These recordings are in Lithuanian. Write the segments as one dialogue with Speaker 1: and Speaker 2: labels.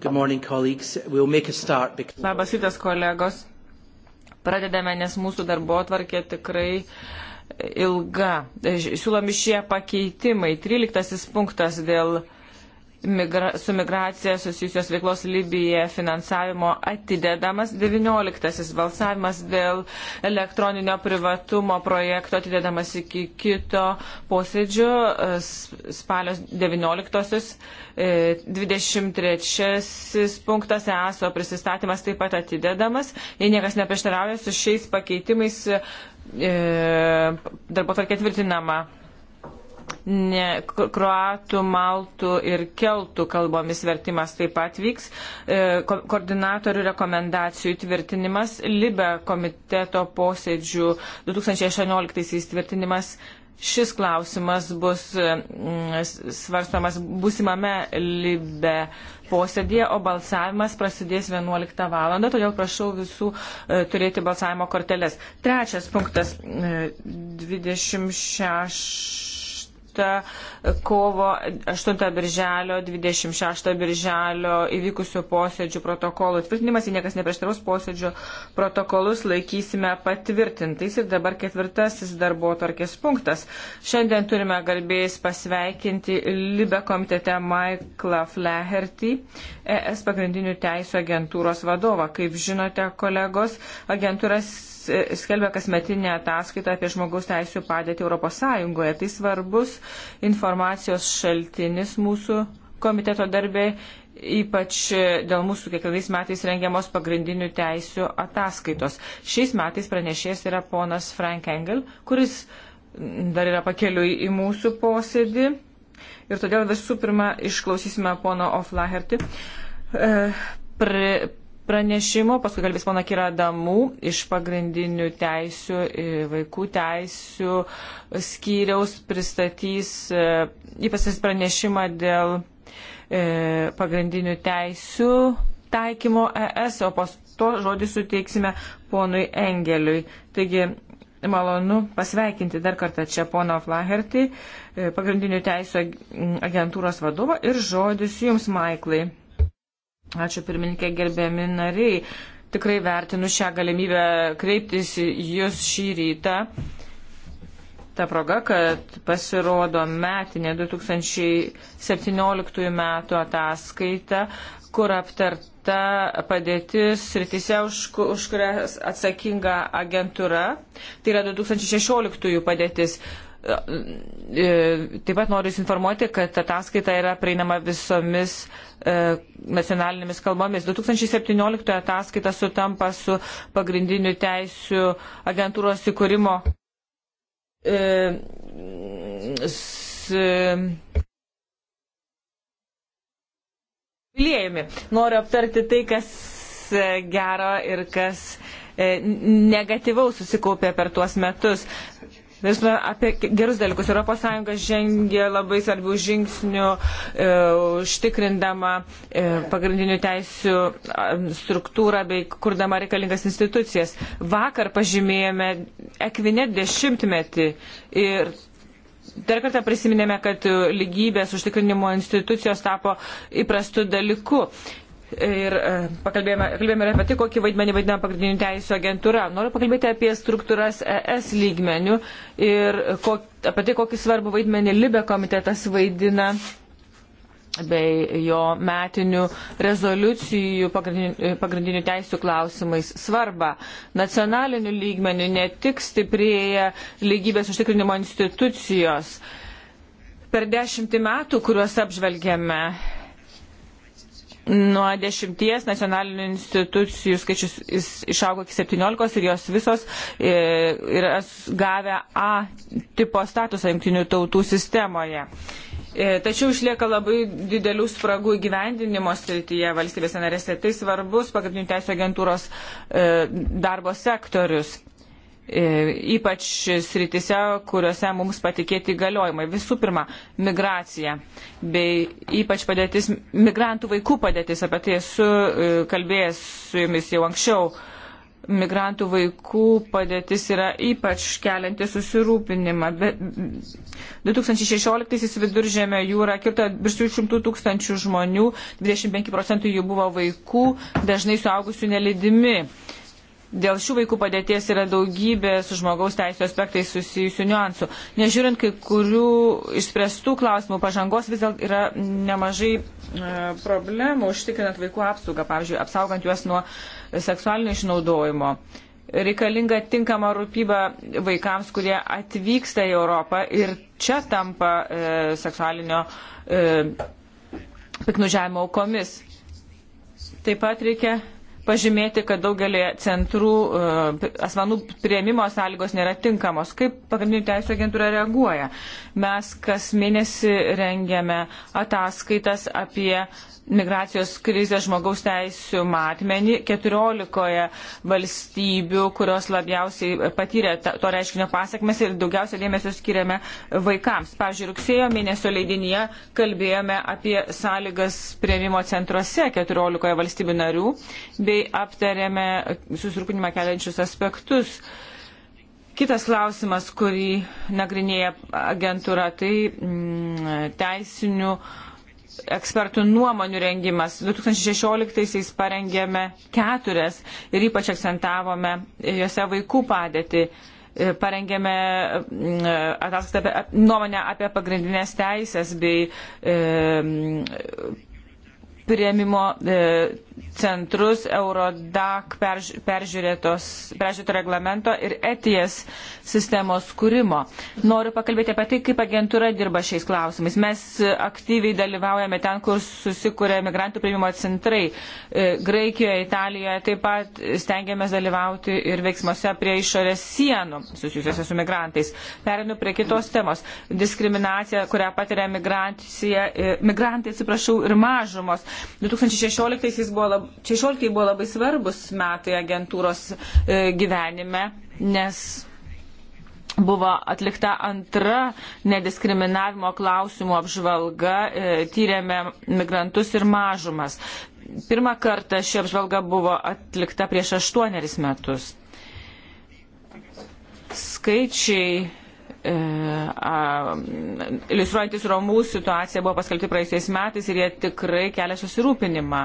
Speaker 1: Good morning,
Speaker 2: colleagues. We'll make a start because... Labas rytas, kolegos. Pradedame, nes mūsų darbo atvarkė tikrai ilga. Siūlomi šie pakeitimai. 13 punktas dėl migra su migracija susijusios veiklos Libijoje finansavimo atidedamas. 19. Balsavimas dėl elektroninio privatumo projekto atidedamas iki kito posėdžio e, spalio 19. 23. E, punktas ESO prisistatymas taip pat atidedamas. Jei niekas neprieštarauja su šiais pakeitimais, e, darbo tvarkė tvirtinama ne, kroatų, maltų ir keltų kalbomis vertimas taip pat vyks, e, ko, koordinatorių rekomendacijų įtvirtinimas, libe komiteto posėdžių 2018 įtvirtinimas. Šis klausimas bus e, svarstamas būsimame libe posėdėje, o balsavimas prasidės 11 val. Todėl prašau visų e, turėti balsavimo korteles. Trečias punktas e, 26 skirta kovo 8 birželio, 26 birželio įvykusių posėdžių protokolų tvirtinimas. Jei niekas neprieštaraus posėdžių protokolus laikysime patvirtintais. Ir dabar ketvirtasis darbo tarkės punktas. Šiandien turime garbėjais pasveikinti Libe komitete Maiklą Flaherty, ES pagrindinių teisų agentūros vadovą. Kaip žinote, kolegos, agentūras E, skelbia kasmetinę ataskaitą apie žmogaus teisų padėtį ES. Tai svarbus informacijos šaltinis mūsų komiteto darbė, ypač e, dėl mūsų kiekvienais metais rengiamos pagrindinių teisių ataskaitos. Šiais metais pranešėjas yra ponas Frank Engel, kuris dar yra pakeliui į mūsų posėdį. Ir todėl visų pirma išklausysime pono Oflaherty. E, pre, pranešimu, paskui kalbės pana Kira Damų iš pagrindinių teisių, e, vaikų teisių skyriaus pristatys įpasis e, pranešimą dėl e, pagrindinių teisių taikymo ES, o po to žodį suteiksime ponui Engeliui. Taigi, malonu pasveikinti dar kartą čia pono Flaherty, pagrindinių teisų agentūros vadovą ir žodis jums, Maiklai. Ačiū pirmininkė gerbėmi nariai. Tikrai vertinu šią galimybę kreiptis į Jūs šį rytą. Ta proga, kad pasirodo metinė 2017 metų ataskaita, kur aptarta padėtis sritise, už, už kurias atsakinga agentūra. Tai yra 2016 padėtis. E, taip pat noriu informuoti, kad ataskaita yra prieinama visomis e, nacionalinėmis kalbomis. 2017 ataskaita sutampa su pagrindiniu teisų agentūros įkūrimo jubiliejumi. E, noriu aptarti tai, kas gero ir kas negatyvaus susikaupė per tuos metus. Mes žinome apie gerus dalykus. ES žengė labai svarbių žingsnių, e, užtikrindama e, pagrindinių teisių struktūrą bei kurdama reikalingas institucijas. Vakar pažymėjome ekvinet dešimtmetį ir Dar kartą prisiminėme, kad lygybės užtikrinimo institucijos tapo įprastu dalyku ir e, pakalbėjome, kalbėjome ir apie tai, kokį vaidmenį vaidina pagrindinių teisų agentūra. Noriu pakalbėti apie struktūras ES lygmenių ir kok, apie tai, kokį svarbų vaidmenį Libe komitetas vaidina bei jo metinių rezoliucijų pagrindinių, pagrindinių teisų klausimais svarbą. Nacionaliniu lygmeniu ne tik stiprėja lygybės užtikrinimo institucijos. Per dešimtį metų, kuriuos apžvelgėme, Nuo dešimties nacionalinių institucijų skaičius išaugo iki 17 ir jos visos e, yra gavę A tipo statusą jungtinių tautų sistemoje. E, tačiau išlieka labai didelių spragų įgyvendinimo srityje valstybėse narėse. Tai svarbus pagrindinių teisų agentūros e, darbo sektorius. E, ypač sritise, kuriuose mums patikėti įgaliojimai. Visų pirma, migracija bei ypač padėtis, migrantų vaikų padėtis, apie tai esu e, kalbėjęs su jumis jau anksčiau. Migrantų vaikų padėtis yra ypač kelianti susirūpinimą. Be 2016 viduržėmė jūra kirto virš 300 tūkstančių žmonių, 25 procentų jų buvo vaikų, dažnai suaugusių nelidimi. Uh, Dėl šių vaikų padėties yra daugybė su žmogaus teisų aspektais susijusių niuansų. Nežiūrint kai kurių išspręstų klausimų pažangos, vis dėlto yra nemažai e, problemų užtikrinant vaikų apsaugą, pavyzdžiui, apsaugant juos nuo seksualinio išnaudojimo. Reikalinga tinkama rūpyba vaikams, kurie atvyksta į Europą ir čia tampa e, seksualinio e, piknužiavimo aukomis. Taip pat reikia pažymėti, kad daugelį centrų e, asmenų prieimimo sąlygos nėra tinkamos. Kaip pagrindinių teisų agentūra reaguoja? Mes kas mėnesį rengiame ataskaitas apie migracijos krizę žmogaus teisų matmenį 14 valstybių, kurios labiausiai patyrė to reiškinio pasiekmes ir daugiausia dėmesio skiriame vaikams. Pavyzdžiui, rugsėjo mėnesio leidinyje kalbėjome apie sąlygas prieimimo centruose 14 valstybių narių bei aptarėme susirūpinimą keliančius aspektus Kitas klausimas, kurį nagrinėja agentūra, tai mm, teisinių ekspertų nuomonių rengimas. 2016-aisiais parengėme keturias ir ypač akcentavome juose vaikų padėtį. E, parengėme mm, ataskaitą apie nuomonę apie pagrindinės teisės bei e, prieimimo e, centrus, Eurodac perž, peržiūrėto reglamento ir ETIES sistemos kūrimo. Noriu pakalbėti apie tai, kaip agentūra dirba šiais klausimais. Mes aktyviai dalyvaujame ten, kur susikūrė migrantų prieimimo centrai. E, Graikijoje, Italijoje taip pat stengiamės dalyvauti ir veiksmuose prie išorės sienų susijusiuose su migrantais. Perinu prie kitos temos. Diskriminacija, kurią patiria e, migrantai, atsiprašau, ir mažumos 2016 buvo, lab, 16 buvo labai svarbus metai agentūros e, gyvenime, nes buvo atlikta antra nediskriminavimo klausimų apžvalga, e, tyrėme migrantus ir mažumas. Pirmą kartą ši apžvalga buvo atlikta prieš aštuoneris metus. Skaičiai E, iliustruojantis Romų situaciją buvo paskelbti praeisiais metais ir jie tikrai kelia susirūpinimą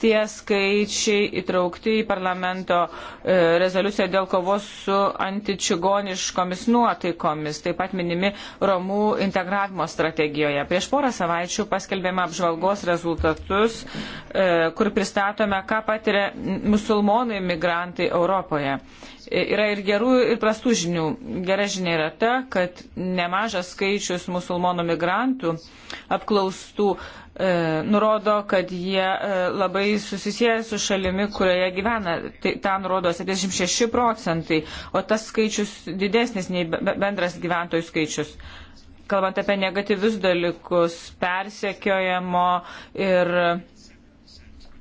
Speaker 2: tie skaičiai įtraukti į parlamento e, rezoliuciją dėl kovos su antičigoniškomis nuotaikomis, taip pat minimi Romų integravimo strategijoje. Prieš porą savaičių paskelbėme apžvalgos rezultatus, e, kur pristatome, ką patiria musulmonai migrantai Europoje. E, yra ir gerų, ir prastų žinių. Gera žinia yra ta, kad nemažas skaičius musulmonų migrantų apklaustų E, nurodo, kad jie e, labai susisieja su šalimi, kurioje gyvena. Tai, ten nurodo 76 procentai, o tas skaičius didesnis nei bendras gyventojų skaičius. Kalbant apie negatyvius dalykus, persekiojamo ir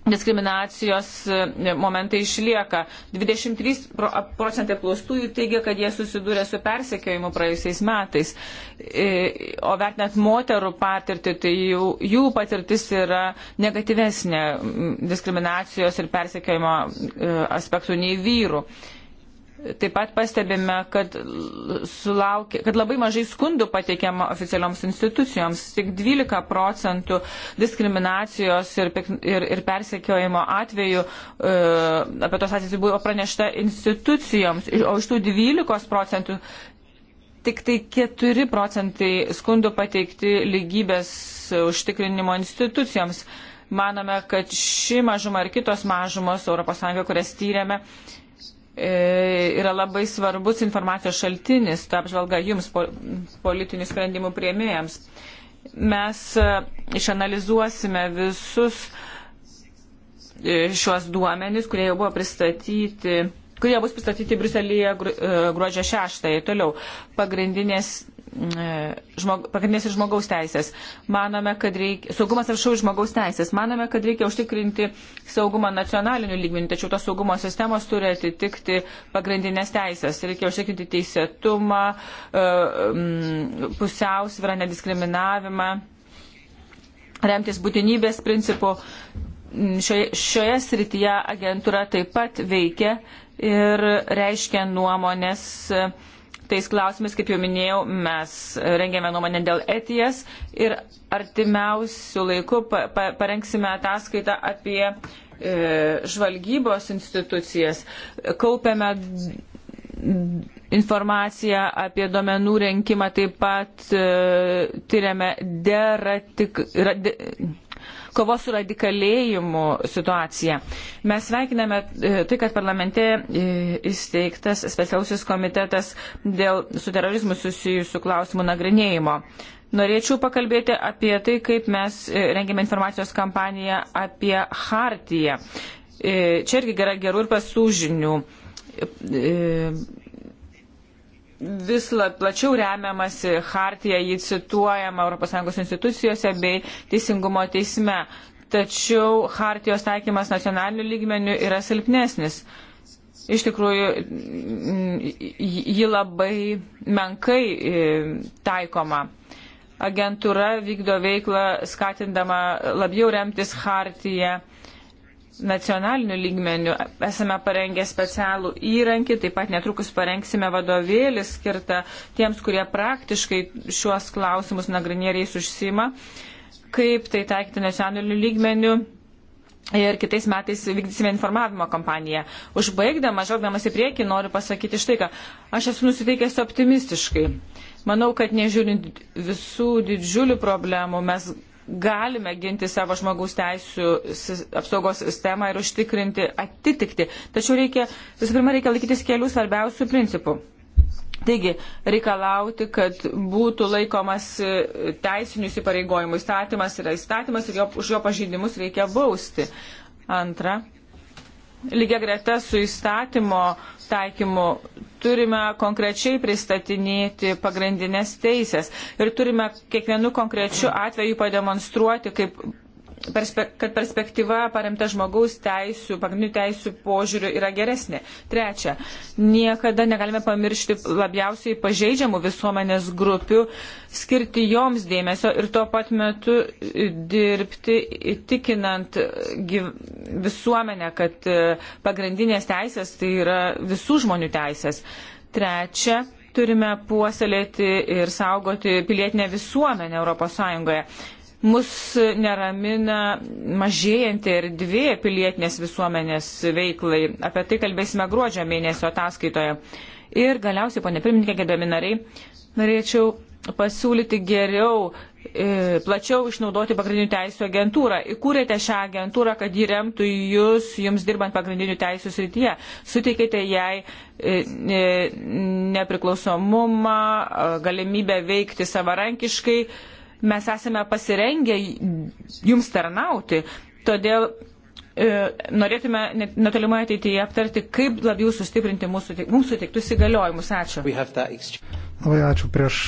Speaker 2: diskriminacijos e, momentai išlieka. 23 procentai apklaustųjų teigia, kad jie susidūrė su persekiojimu praėjusiais metais. E, o vertinant moterų patirtį, tai jų, jų patirtis yra negatyvesnė diskriminacijos ir persekiojimo e, aspektų nei vyrų. Taip pat pastebime, kad, sulaukė, kad labai mažai skundų pateikiama oficialioms institucijoms. Tik 12 procentų diskriminacijos ir, ir, ir persekiojimo atveju e, apie tos atvejus buvo pranešta institucijoms, o iš tų 12 procentų tik tai 4 procentai skundų pateikti lygybės užtikrinimo institucijoms. Manome, kad ši mažuma ir kitos mažumos ES, kurias tyrėme, E, yra labai svarbus informacijos šaltinis, ta apžvalga jums, politinių sprendimų prieimėjams. Mes e, išanalizuosime visus e, šiuos duomenys, kurie jau buvo pristatyti kurie bus pristatyti Bruselėje gruodžio 6. Toliau, pagrindinės E, žmog, pagrindinės ir žmogaus teisės. Manome, kad reikia, saugumas ir šau žmogaus teisės. Manome, kad reikia užtikrinti saugumą nacionaliniu lygmeniu, tačiau tos saugumo sistemos turi atitikti pagrindinės teisės. Reikia užtikrinti teisėtumą, e, pusiausvyrą, nediskriminavimą, remtis būtinybės principu. Šioje, šioje srityje agentūra taip pat veikia ir reiškia nuomonės uh, tais klausimais, kaip jau minėjau, mes rengėme nuomonę dėl etijas ir artimiausių laikų pa, pa, parengsime ataskaitą apie e, žvalgybos institucijas. Kaupėme informaciją apie duomenų rinkimą, taip pat e, tyriame deratik. Radi, kovos su radikalėjimu situaciją. Mes sveikiname e, tai, kad parlamente e, įsteigtas specialusis komitetas dėl su terorizmu susijusių klausimų nagrinėjimo. Norėčiau pakalbėti apie tai, kaip mes e, rengėme informacijos kampaniją apie Hartiją. Čia irgi yra gerų ir pasūžinių vis plačiau remiamasi hartija, jį cituojama ES institucijose bei teisingumo teisme. Tačiau hartijos taikymas nacionaliniu lygmeniu yra silpnesnis. Iš tikrųjų, ji labai menkai e, taikoma. Agentūra vykdo veiklą skatindama labiau remtis hartiją nacionaliniu lygmeniu esame parengę specialų įrankį, taip pat netrukus parengsime vadovėlį skirtą tiems, kurie praktiškai šiuos klausimus nagrinieriais užsima, kaip tai taikyti nacionaliniu lygmeniu. Ir kitais metais vykdysime informavimo kampaniją. Užbaigdama, žvelgdamas į priekį, noriu pasakyti štai ką. Aš esu nusiteikęs optimistiškai. Manau, kad nežiūrint visų didžiulių problemų, mes galime ginti savo žmogaus teisų apsaugos sistemą ir užtikrinti atitikti. Tačiau reikia, visų pirma, reikia laikytis kelių svarbiausių principų. Taigi, reikalauti, kad būtų laikomas e, teisinių įsipareigojimų įstatymas yra įstatymas ir jo, už jo pažydimus reikia bausti. Antra, lygia greta su įstatymo taikymu turime konkrečiai pristatinėti pagrindinės teisės ir turime kiekvienu konkrečiu atveju pademonstruoti, kaip perspe, kad perspektyva paremta žmogaus teisų, pagrindinių teisų požiūriu yra geresnė. Trečia, niekada negalime pamiršti labiausiai pažeidžiamų visuomenės grupių, skirti joms dėmesio ir tuo pat metu dirbti įtikinant visuomenę, kad e, pagrindinės teisės tai yra visų žmonių teisės. Trečia, turime puoselėti ir saugoti pilietinę visuomenę ES. Mus neramina mažėjanti erdvė pilietinės visuomenės veiklai. Apie tai kalbėsime gruodžio mėnesio ataskaitoje. Ir galiausiai, ponė pirmininkė, gerbėmi nariai, norėčiau pasiūlyti geriau, e, plačiau išnaudoti pagrindinių teisų agentūrą. Įkūrėte šią agentūrą, kad ji remtų jūs, jums dirbant pagrindinių teisų srityje. Suteikėte jai e, e, nepriklausomumą, galimybę veikti savarankiškai mes esame pasirengę jums tarnauti. Todėl e, norėtume netolimoje ateityje aptarti, kaip labiau sustiprinti mūsų, mums suteiktus įgaliojimus. Ačiū. Labai
Speaker 3: ačiū prieš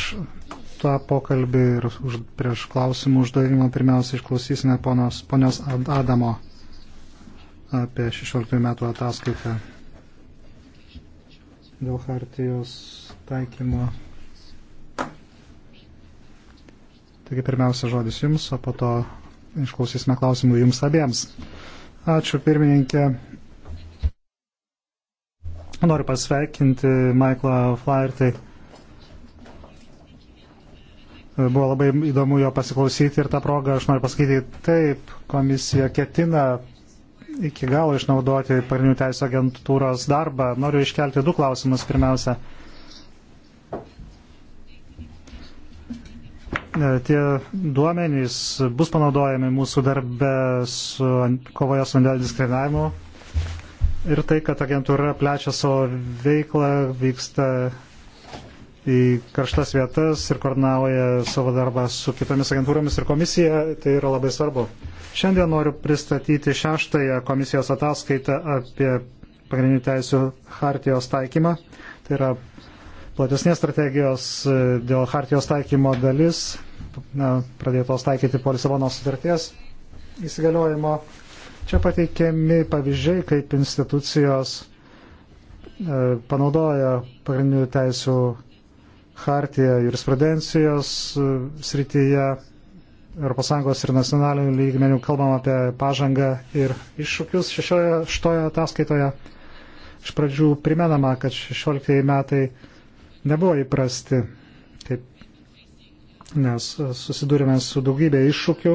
Speaker 3: tą pokalbį ir už, prieš klausimų uždavimą. Pirmiausia, išklausysime ponios, ponios Adamo apie 16 metų ataskaitą dėl hartijos taikymo Taigi pirmiausia žodis jums, o po to išklausysime klausimų jums abiems. Ačiū pirmininkė. Noriu pasveikinti Michaelą Flaherty. Buvo labai įdomu jo pasiklausyti ir tą progą aš noriu pasakyti, taip, komisija ketina iki galo išnaudoti parinių teisų agentūros darbą. Noriu iškelti du klausimus. Pirmiausia, E, tie duomenys bus panaudojami mūsų darbe su kovoje su vandens diskriminavimu. Ir tai, kad agentūra plečia savo veiklą, vyksta į karštas vietas ir koordinavoja savo darbą su kitomis agentūromis ir komisija, tai yra labai svarbu. Šiandien noriu pristatyti šeštąją komisijos ataskaitą apie pagrindinių teisų hartijos taikymą. Tai yra platesnės strategijos e, dėl Hartijos taikymo dalis, na, pradėtos taikyti po Lisabono sutarties įsigaliojimo. Čia pateikiami pavyzdžiai, kaip institucijos e, panaudoja pagrindinių teisų Hartiją jurisprudencijos e, srityje ES ir nacionalinių lygmenių kalbam apie pažangą ir iššūkius šešioje šitoje ataskaitoje. Iš pradžių primenama, kad 16 metai nebuvo įprasti, taip, nes e, susidūrėme su daugybė iššūkių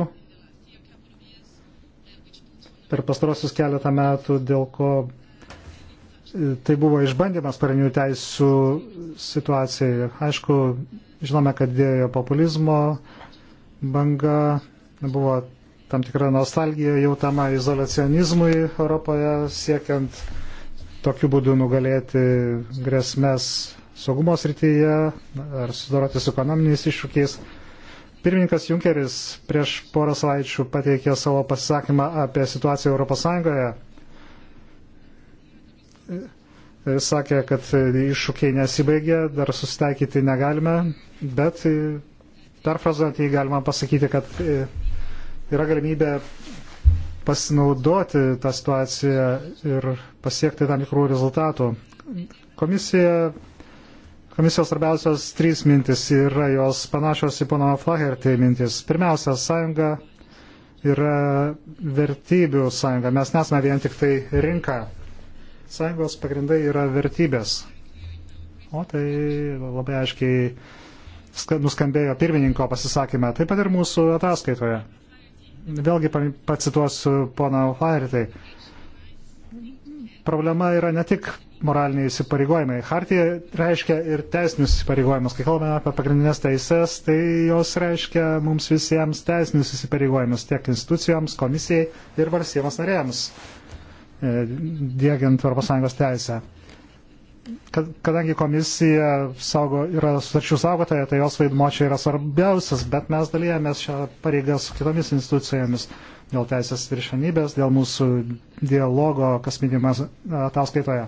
Speaker 3: per pastarosius keletą metų, dėl ko e, tai buvo išbandymas parinių teisų situacijai. Aišku, žinome, kad dėjo populizmo banga, buvo tam tikra nostalgija jautama izolacionizmui Europoje, siekiant tokiu būdu nugalėti grėsmės saugumo srityje ar sudaroti su ekonominiais iššūkiais. Pirmininkas Junkeris prieš porą savaičių pateikė savo pasisakymą apie situaciją ES. Jis e, sakė, kad iššūkiai nesibaigė, dar susitaikyti negalime, bet e, perfrazuojant jį galima pasakyti, kad e, yra galimybė pasinaudoti tą situaciją ir pasiekti tam tikrų rezultatų. Komisija Komisijos svarbiausios trys mintis yra jos panašios į pono Flaherty mintis. Pirmiausia, sąjunga yra vertybių sąjunga. Mes nesame vien tik tai rinka. Sąjungos pagrindai yra vertybės. O tai labai aiškiai nuskambėjo pirmininko pasisakymą, taip pat ir mūsų ataskaitoje. Vėlgi pacituosiu poną Flaherty problema yra ne tik moraliniai įsipareigojimai. Hartija reiškia ir teisinius įsipareigojimus. Kai kalbame apie pagrindinės teises, tai jos reiškia mums visiems teisinius įsipareigojimus tiek institucijoms, komisijai ir valstybės narėms, e, dėgiant ES teisę. Kad, kadangi komisija saugo, yra sutarčių saugotoja, tai jos vaidmo čia yra svarbiausias, bet mes dalyjame šią pareigą su kitomis institucijomis dėl teisės viršenybės, dėl mūsų dialogo, kas minimas ataskaitoje,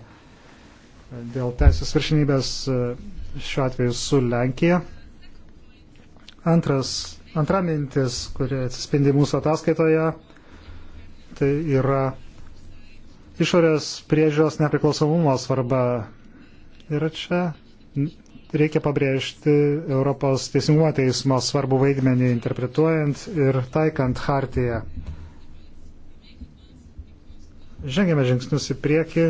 Speaker 3: dėl teisės viršenybės e, šiuo atveju su Lenkija. Antras, antra mintis, kuri atsispindi mūsų ataskaitoje, tai yra išorės priežiūros nepriklausomumo svarba. Ir čia reikia pabrėžti Europos teisingumo teismo svarbu vaidmenį interpretuojant ir taikant hartiją. Žengėme žingsnius į priekį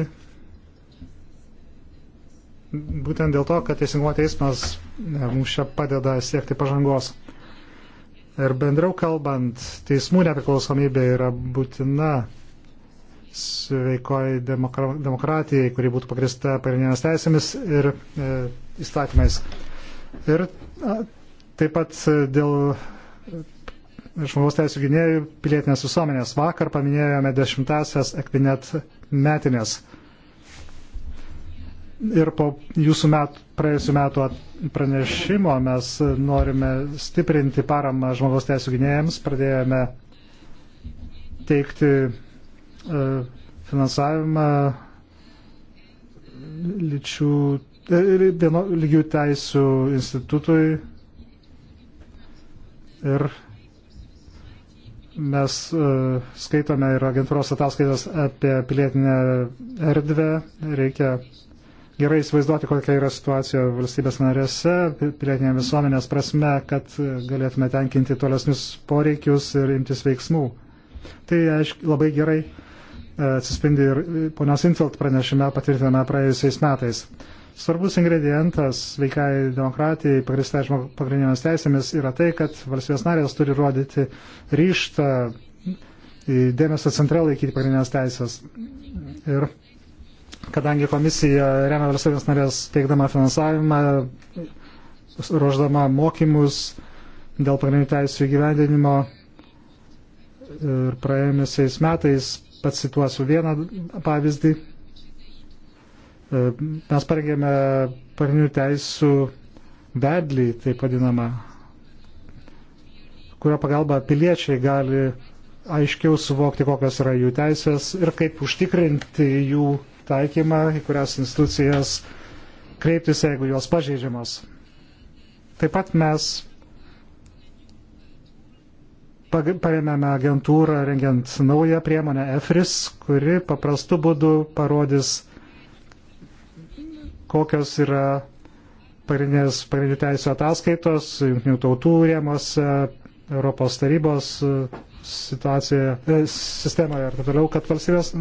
Speaker 3: būtent dėl to, kad Teisingumo teismas e, mums čia padeda siekti pažangos. Ir bendriau kalbant, teismų nepriklausomybė yra būtina sveikoji demokratijai, kuri būtų pagrista pagrindinės teisėmis ir e, įstatymais. Ir a, taip pat e, dėl žmogaus teisų gynėjų pilietinės visuomenės. Vakar paminėjome dešimtasias ekvinet metinės. Ir po jūsų met, praėjusių metų pranešimo mes norime stiprinti paramą žmogaus teisų gynėjams. Pradėjome teikti uh, finansavimą lyčių, vieno, lygių teisų institutui ir mes uh, skaitome ir agentūros ataskaitas apie pilietinę erdvę. Reikia gerai įsivaizduoti, kokia yra situacija valstybės narėse, pilietinė visuomenės prasme, kad galėtume tenkinti tolesnius poreikius ir imtis veiksmų. Tai aiškiai labai gerai e, atsispindi ir ponios Infeld pranešime patvirtiname praėjusiais metais. Svarbus ingredientas sveikai demokratijai pagristai pagrindinėmis teisėmis yra tai, kad valstybės narės turi rodyti ryštą dėmesio centre laikyti pagrindinės teisės. Ir kadangi komisija remia valstybės narės teikdama finansavimą, ruoždama mokymus dėl pagrindinių teisų įgyvendinimo ir praėjusiais metais pacituosiu vieną pavyzdį E, mes parengėme pagrindinių teisų vedlį, taip vadinamą, kurio pagalba piliečiai gali aiškiau suvokti, kokios yra jų teisės ir kaip užtikrinti jų taikymą, į kurias institucijas kreiptis, jeigu jos pažeidžiamos. Taip pat mes paremėme agentūrą rengiant naują priemonę EFRIS, kuri paprastu būdu parodys kokios yra pagrindinės pagrindinių teisų ataskaitos, jungtinių tautų rėmose, Europos tarybos e, situacijoje, e, sistemoje ir taip toliau, kad valstybės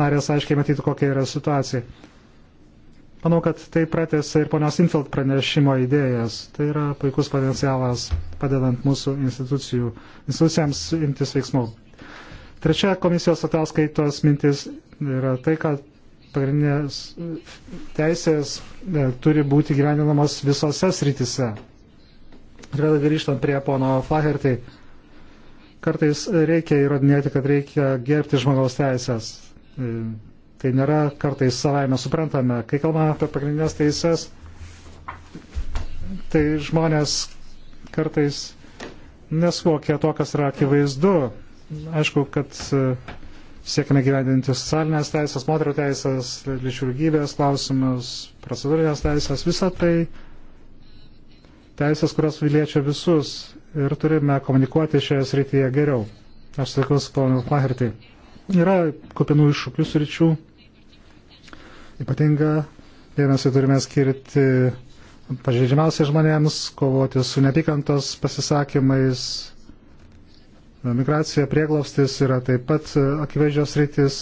Speaker 3: narės aiškiai matytų, kokia yra situacija. Manau, kad tai pratėsi ir ponios Infeld pranešimo idėjas. Tai yra puikus potencialas padedant mūsų institucijams imtis veiksmų. Trečia komisijos ataskaitos mintis yra tai, kad pagrindinės teisės e, turi būti gyveninamos visose srityse. Ir vėl grįžtant prie pono Flaherty, kartais reikia įrodinėti, kad reikia gerbti žmogaus teisės. E, tai nėra kartais savaime suprantame. Kai kalbame apie pagrindinės teises, tai žmonės kartais nesuvokia to, kas yra akivaizdu. Aišku, kad e, Siekime gyvendinti socialinės teisės, moterų teisės, lyčių lygybės klausimus, procedūrinės teisės, visą tai teisės, kurios viliečia visus ir turime komunikuoti šioje srityje geriau. Aš sakau su ponu Flaherty. Yra kupinų iššūkių sričių. Ypatinga dėmesį turime skirti pažeidžiamiausiai žmonėms, kovoti su nepykantos pasisakymais, Migracija prieglaustis yra taip pat e, akivaizdžios rytis.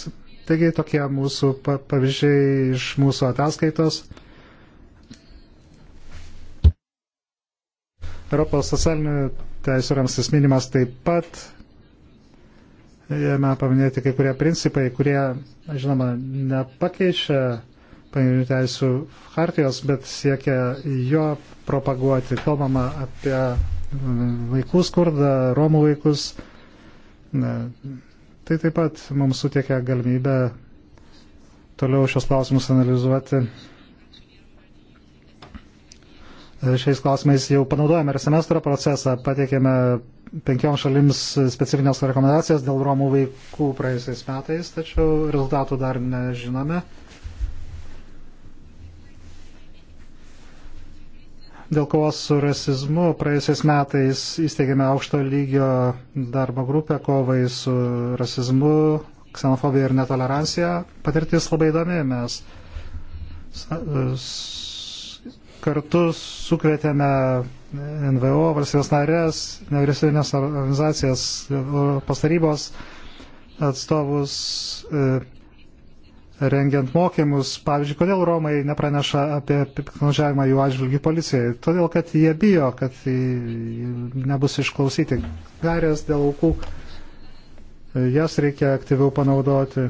Speaker 3: Taigi tokie mūsų pavyzdžiai iš mūsų ataskaitos. Europos socialinių teisų ramstis minimas taip pat. Jame paminėti kai kurie principai, kurie, žinoma, nepakeičia pagrindinių teisų hartijos, bet siekia jo propaguoti. Kalbama apie mm, vaikų skurdą, romų vaikus, Na, tai taip pat mums sutiekia galimybę toliau šios klausimus analizuoti. Šiais klausimais jau panaudojame ir semestro procesą, pateikėme penkiom šalims specifinės rekomendacijas dėl Romų vaikų praėjusiais metais, tačiau rezultatų dar nežinome. Dėl kovos su rasizmu praėjusiais metais įsteigėme aukšto lygio darbo grupę kovai su rasizmu, ksenofobija ir netolerancija. Patirtis labai įdomi, mes kartu sukvietėme NVO, valstybės narės, nevyriausybinės organizacijas, pastarybos atstovus e, rengiant mokymus. Pavyzdžiui, kodėl Romai nepraneša apie piknaudžiavimą jų atžvilgių policijai? Todėl, kad jie bijo, kad nebus išklausyti. Garės dėl aukų, jas reikia aktyviau panaudoti.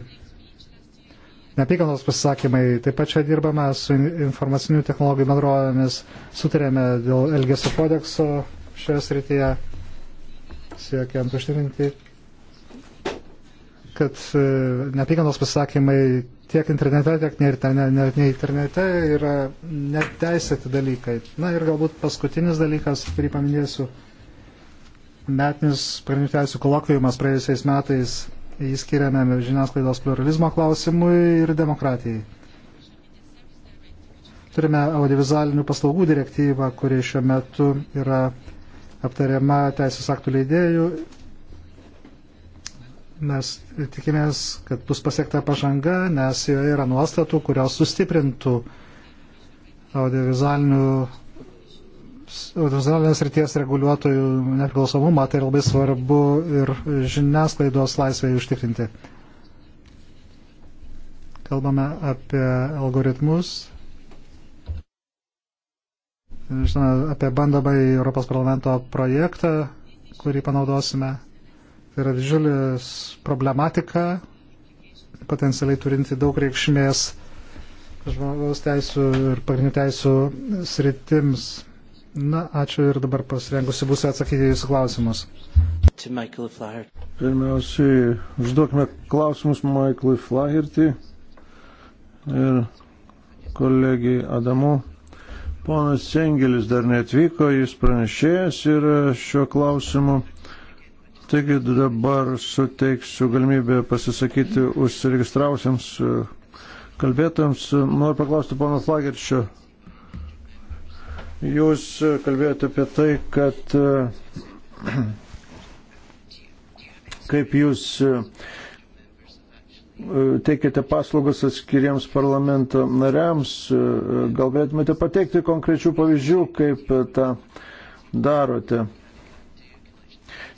Speaker 3: Nepykantos pasisakymai, taip pat čia dirbame su informacinių technologijų bendrovėmis, sutarėme dėl Elgesio kodekso šioje srityje, siekiant užtikrinti kad e, neapykantos pasisakymai tiek internete, tiek ne, ne, ne, ne internete yra neteisėti dalykai. Na ir galbūt paskutinis dalykas, kurį paminėsiu, metinis pagrindinių teisų kolokvijumas praėjusiais metais jį skiriame žiniasklaidos pluralizmo klausimui ir demokratijai. Turime audiovizualinių paslaugų direktyvą, kuri šiuo metu yra aptariama teisės aktų leidėjų mes tikimės, kad bus pasiekta pažanga, nes joje yra nuostatų, kurios sustiprintų audiovizualinės ryties reguliuotojų nepriklausomumą, tai labai svarbu ir žiniasklaidos laisvėje užtikrinti. Kalbame apie algoritmus, žinoma, apie bandomąjį Europos parlamento projektą, kurį panaudosime Tai yra didžiulis problematika, potencialiai turinti daug reikšmės žmogaus teisų ir pagrindinių teisų sritims. Na, ačiū ir dabar pasirengusi būsiu atsakyti į jūsų klausimus. Pirmiausiai, užduokime klausimus Michaelui
Speaker 4: Flaherty ir kolegijai Adamu. Ponas Sengelis dar netvyko, jis pranešėjas ir šiuo klausimu. Taigi dabar suteiksiu galimybę pasisakyti užsiregistrausiams e, kalbėtojams. Noriu paklausti pono Flagerčio. Jūs kalbėjote apie tai, kad e, kaip jūs e, teikiate paslaugas atskiriems parlamento nariams, galėtumėte pateikti konkrečių pavyzdžių, kaip tą darote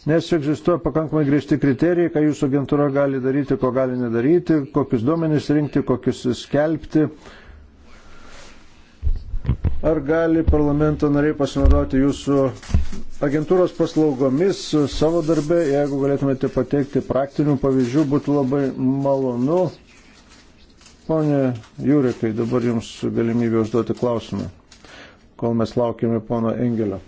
Speaker 4: nes egzistuoja pakankamai griežti kriterijai, ką jūsų agentūra gali daryti, ko gali nedaryti, kokius duomenys rinkti, kokius skelbti. Ar gali parlamento nariai pasinaudoti jūsų agentūros paslaugomis savo darbę, jeigu galėtumėte pateikti praktinių pavyzdžių, būtų labai malonu. Pone Jurekai, dabar jums galimybė užduoti klausimą, kol mes laukime pono Engelio.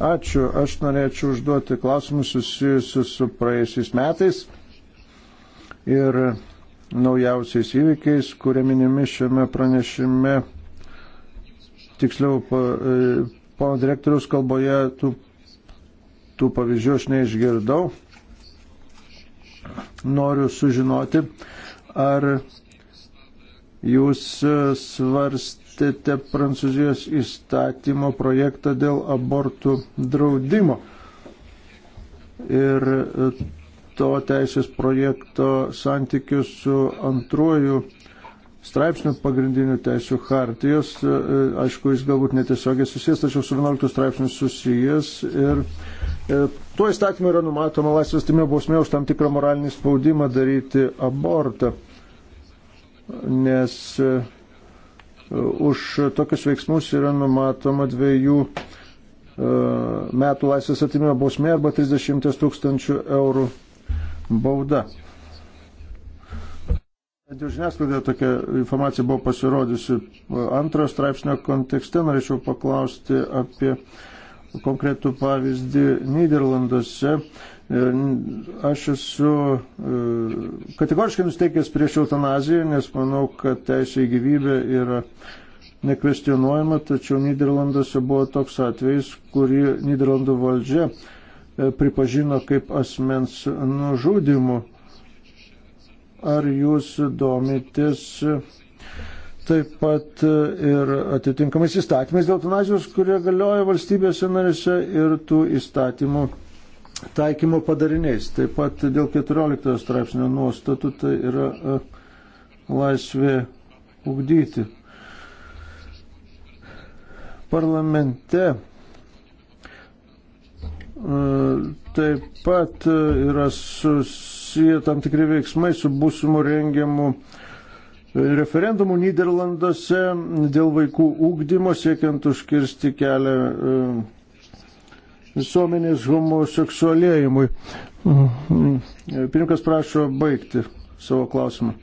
Speaker 4: Ačiū. Aš norėčiau užduoti klausimus susijusius su praėjusiais metais ir naujausiais įvykiais, kurie minimi šiame pranešime, tiksliau, e, pono po direktoriaus kalboje tų, tų pavyzdžių aš neišgirdau. Noriu sužinoti, ar jūs svarst svarstėte Prancūzijos įstatymo projektą dėl abortų draudimo. Ir e, to teisės projekto santykius su antruoju straipsnių pagrindinių teisų hartijos, e, e, aišku, jis galbūt netiesiogiai susijęs, tačiau su 11 straipsniu susijęs. Ir tuo įstatymu yra numatoma laisvės timio bausmė už tam tikrą moralinį spaudimą daryti abortą, nes Už tokius veiksmus yra numatoma dviejų e, metų laisvės atimimo bausmė arba 30 tūkstančių eurų bauda. Dėl žiniasklaidoje tokia informacija buvo pasirodžiusi. E, antrojo straipsnio kontekste norėčiau paklausti apie konkretų pavyzdį Niderlanduose. Aš esu e, kategoriškai nusteikęs prieš eutanaziją, nes manau, kad teisė į gyvybę yra nekvestionuojama, tačiau Niderlanduose buvo toks atvejis, kurį Niderlandų valdžia e, pripažino kaip asmens nužudimu. Ar jūs domitės e, taip pat ir atitinkamais įstatymais dėl eutanazijos, kurie galioja valstybėse narėse ir tų įstatymų taikymo padariniais. Taip pat dėl 14 straipsnio nuostatų tai yra e, laisvė ugdyti. Parlamente e, taip pat e, yra susiję tam tikri veiksmai su būsimu rengiamu referendumu Niderlanduose dėl vaikų ūkdymo siekiant užkirsti kelią visuomenės homoseksualėjimui. Mm-hmm. Pirmininkas prašo baigti savo klausimą.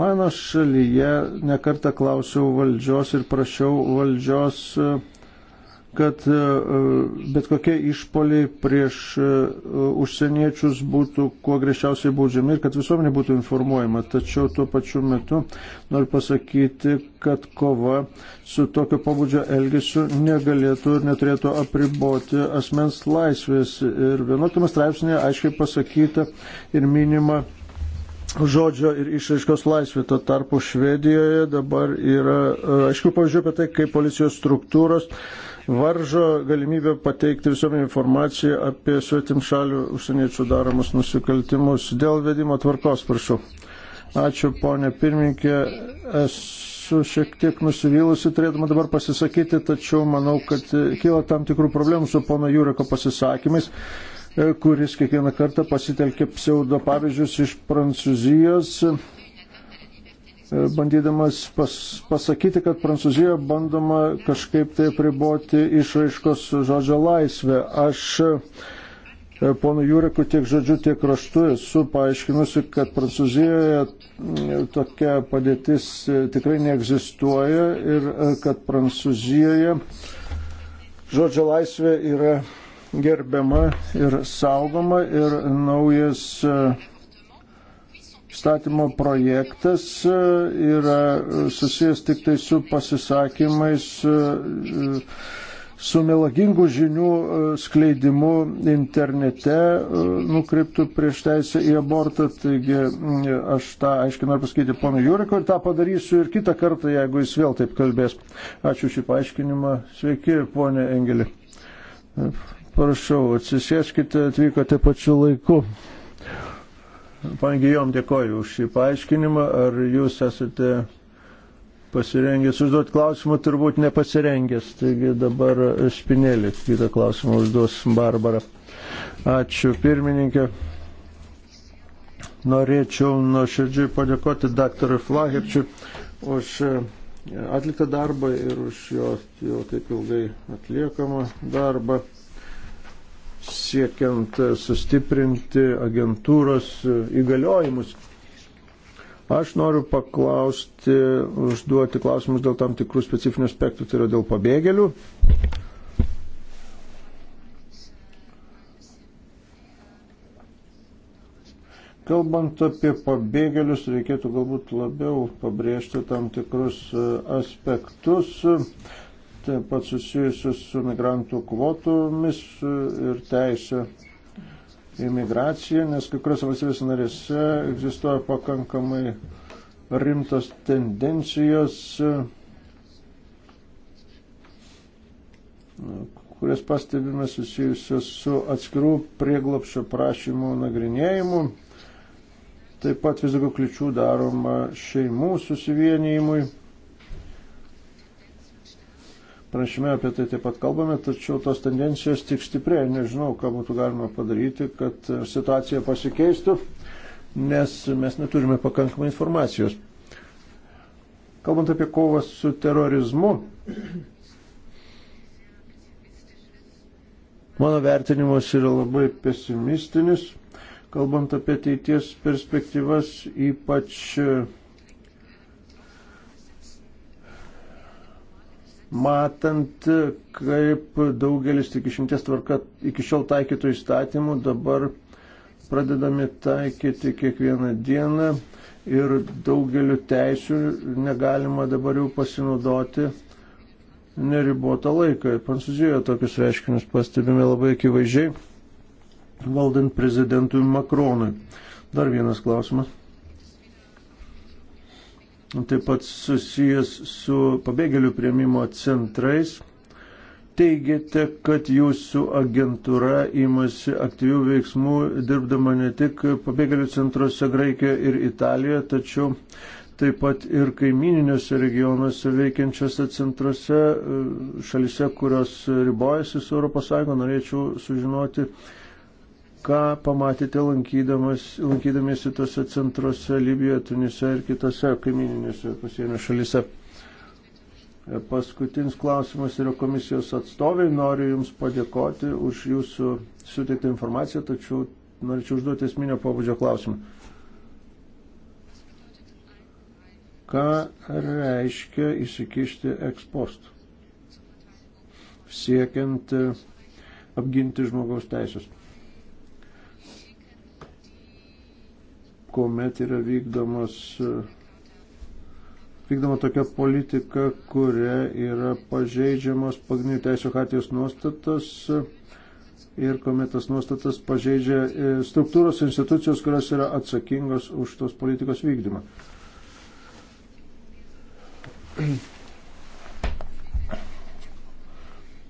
Speaker 4: Mano šalyje nekartą klausiau valdžios ir prašiau valdžios kad e, e, bet kokie išpoliai prieš e, užsieniečius būtų kuo greičiausiai baudžiami ir kad visuomenė būtų informuojama. Tačiau tuo pačiu metu noriu pasakyti, kad kova su tokio pabudžio elgesiu negalėtų ir neturėtų apriboti asmens laisvės. Ir vienokime straipsnėje aiškiai pasakyta ir minima žodžio ir išaiškos laisvė. Tuo tarpu Švedijoje dabar yra aiškių pavyzdžių apie tai, kaip policijos struktūros varžo galimybę pateikti visuomenį informaciją apie svetim šalių užsieniečių daromus nusikaltimus. Dėl vedimo tvarkos, prašau. Ačiū, ponė pirmininkė. Esu šiek tiek nusivylusi, turėdama dabar pasisakyti, tačiau manau, kad kyla tam tikrų problemų su pono Jūriko pasisakymais kuris kiekvieną kartą pasitelkė pseudo pavyzdžius iš Prancūzijos E, bandydamas pas, pasakyti, kad Prancūzijoje bandoma kažkaip tai priboti išraiškos žodžio laisvę. Aš e, ponu Jureku tiek žodžiu, tiek raštu esu paaiškinusi, kad Prancūzijoje tokia padėtis e, tikrai neegzistuoja ir kad Prancūzijoje žodžio laisvė yra gerbiama ir saugoma ir naujas Statymo projektas e, yra susijęs tik tai su pasisakymais, e, su melagingų žinių e, skleidimu internete nukreiptų prieš teisę į abortą. Taigi aš tą aiškiai noriu pasakyti ponui Jurikui ir tą padarysiu ir kitą kartą, jeigu jis vėl taip kalbės. Ačiū šį paaiškinimą. Sveiki, ponė Engelė. Prašau, atsisėskite, atvykote pačiu laiku. Pangijom dėkoju už šį paaiškinimą. Ar jūs esate pasirengęs užduoti klausimą? Turbūt nepasirengęs. Taigi dabar Špinėlė kitą klausimą užduos Barbara. Ačiū pirmininkė. Norėčiau nuoširdžiai padėkoti daktarui Flahirčiui už e, atliktą darbą ir už jo jau taip ilgai atliekamą darbą siekiant e, sustiprinti agentūros e, įgaliojimus. Aš noriu paklausti, užduoti klausimus dėl tam tikrų specifinių aspektų, tai yra dėl pabėgėlių. Kalbant apie pabėgėlius, reikėtų galbūt labiau pabrėžti tam tikrus e, aspektus taip pat susijusius su migrantų kvotomis ir teisė imigracija, nes kai kuriuose valstybės narėse egzistuoja pakankamai rimtos tendencijos, kurias pastebime susijusios su atskirų prieglopšio prašymų nagrinėjimu. Taip pat vis daugiau kliučių daroma šeimų susivienijimui. Pranešime apie tai taip pat kalbame, tačiau tos tendencijos tik stiprėja. Nežinau, ką būtų galima padaryti, kad situacija pasikeistų, nes mes neturime pakankamai informacijos. Kalbant apie kovą su terorizmu, mano vertinimas yra labai pesimistinis. Kalbant apie ateities perspektyvas, ypač matant, kaip daugelis tik išimties tvarka iki šiol taikytų įstatymų dabar pradedami taikyti kiekvieną dieną ir daugeliu teisių negalima dabar jau pasinaudoti neribotą laiką. Prancūzijoje tokius reiškinius pastebime labai akivaizdžiai valdant prezidentui Makronui. Dar vienas klausimas taip pat susijęs su pabėgėlių prieimimo centrais. Teigiate, kad jūsų agentūra imasi aktyvių veiksmų, dirbdama ne tik pabėgėlių centruose Graikijoje ir Italijoje, tačiau taip pat ir kaimininėse regionuose veikiančiose centruose, e, šalise, kurios ribojasi su ES, norėčiau sužinoti, ką pamatėte lankydamėsi tose centruose Libijoje, Tunise ir kitose kaimininėse pasienio šalise. E, paskutinis klausimas yra komisijos atstoviai. Noriu Jums padėkoti už Jūsų suteiktą informaciją, tačiau norėčiau užduoti esminio pobūdžio klausimą. Ką reiškia įsikišti ekspostų, siekiant e, apginti žmogaus teisės? kuomet yra vykdomas, e, vykdoma tokia politika, kuria yra pažeidžiamos pagrindinių teisų hartijos nuostatos e, ir kuomet tas nuostatas pažeidžia e, struktūros institucijos, kurios yra atsakingos už tos politikos vykdymą.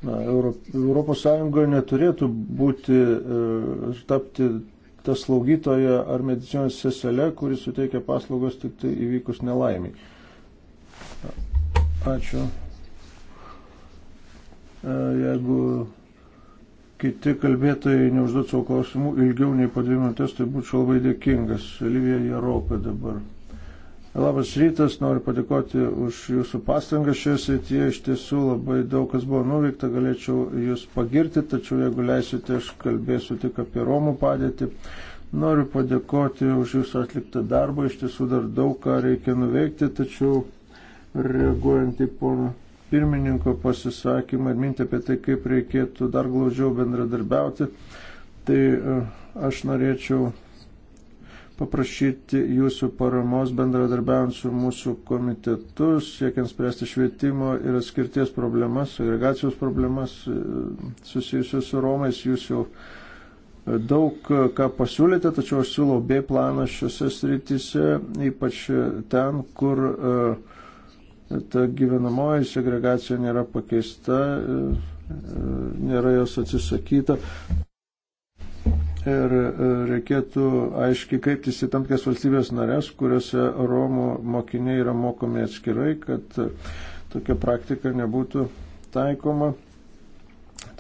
Speaker 4: Na, Europos Sąjungoje neturėtų būti ir tapti ta slaugytoja ar medicinos seselė, kuris suteikia paslaugos tik tai įvykus nelaimiai. Ačiū. E, jeigu kiti kalbėtojai neužduot savo klausimų ilgiau nei po dvi minutės, tai būčiau labai dėkingas. Livija Jaropė dabar. Labas rytas, noriu padėkoti už jūsų pastangą šioje srityje. Iš tiesų labai daug kas buvo nuveikta, galėčiau jūs pagirti, tačiau jeigu leisite, aš kalbėsiu tik apie Romų padėtį. Noriu padėkoti už jūsų atliktą darbą, iš tiesų dar daug ką reikia nuveikti, tačiau reaguojant į pono pirmininko pasisakymą ir mintį apie tai, kaip reikėtų dar glaudžiau bendradarbiauti, tai e, aš norėčiau paprašyti jūsų paramos bendradarbiavant su mūsų komitetu, siekiant spręsti švietimo ir atskirties problemas, agregacijos problemas e, susijusius su Romais. Jūs jau e, daug e, ką pasiūlėte, tačiau aš siūlau B planą šiuose srityse, ypač ten, kur ta gyvenamoji segregacija nėra pakeista, nėra jos atsisakyta ir e, reikėtų aiškiai kreiptis į tam tikras valstybės narės, kuriuose Romų mokiniai yra mokomi atskirai, kad e, tokia praktika nebūtų taikoma.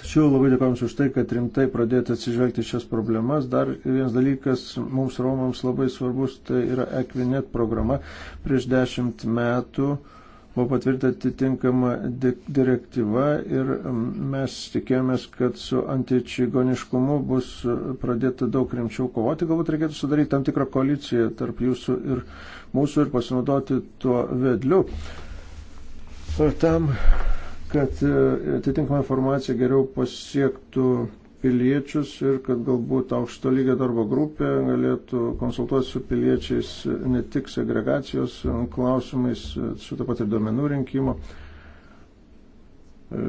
Speaker 4: Tačiau labai dėkojams už tai, kad rimtai pradėti atsižvelgti šias problemas. Dar vienas dalykas mums Romams labai svarbus, tai yra Equinet programa. Prieš dešimt metų uh, buvo patvirtinta atitinkama di direktyva ir mes tikėjomės, kad su antičigoniškumu bus pradėta daug rimčiau kovoti. Galbūt reikėtų sudaryti tam tikrą koaliciją tarp jūsų ir mūsų ir pasinaudoti tuo vedliu. Ar tam, kad e, atitinkama informacija geriau pasiektų piliečius ir kad galbūt aukšto lygio darbo grupė galėtų konsultuoti su piliečiais ne tik segregacijos klausimais, su taip pat ir duomenų rinkimo. E,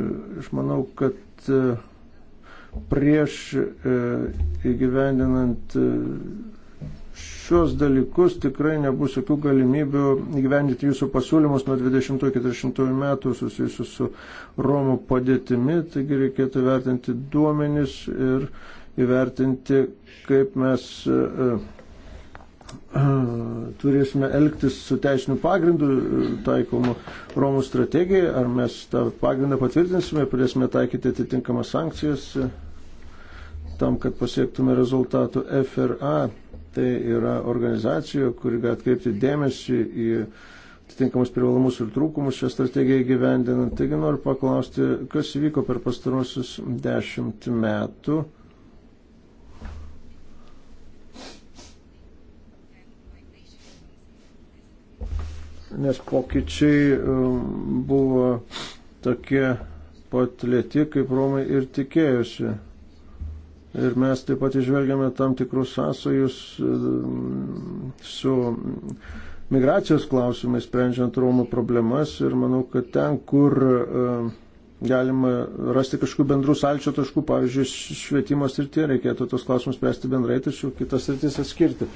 Speaker 4: aš manau, kad e, prieš e, įgyvendinant šios dalykus tikrai nebus jokių galimybių gyvendyti jūsų pasiūlymus nuo 20-40 metų susijusius su Romų padėtimi, taigi reikėtų vertinti duomenis ir įvertinti, kaip mes e, e, e, turėsime elgtis su teisiniu pagrindu taikomu Romų strategijai, ar mes tą pagrindą patvirtinsime, turėsime taikyti atitinkamas sankcijas tam, kad pasiektume rezultatų FRA. Tai yra organizacija, kuri gali atkreipti dėmesį į atitinkamus privalumus ir trūkumus šią strategiją gyvendinant. Taigi noriu paklausti, kas įvyko per pastarosius dešimt metų. Nes pokyčiai um, buvo tokie pat lėti, kaip Romai ir tikėjosi. Ir mes taip pat išvelgiame tam tikrus sąsojus e, su migracijos klausimais, sprendžiant Romų problemas. Ir manau, kad ten, kur e, galima rasti kažkokių bendrų salčio taškų, pavyzdžiui, švietimo srityje reikėtų tos klausimus spręsti bendrai, tačiau kitas sritis atskirti.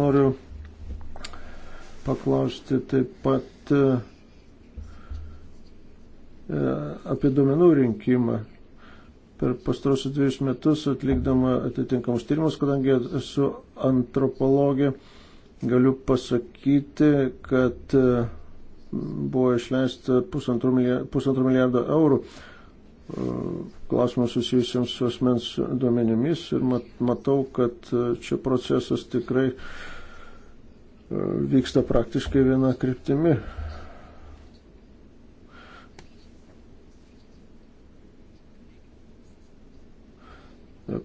Speaker 4: Noriu paklausti taip pat e, apie duomenų rinkimą per pastarosius dviejus metus atlikdama atitinkamus tyrimus, kadangi esu antropologė, galiu pasakyti, kad e, buvo išleista pusantro milijardo, milijardo eurų e, klausimus susijusiams su asmens duomenimis ir matau, kad e, čia procesas tikrai vyksta praktiškai viena kryptimi.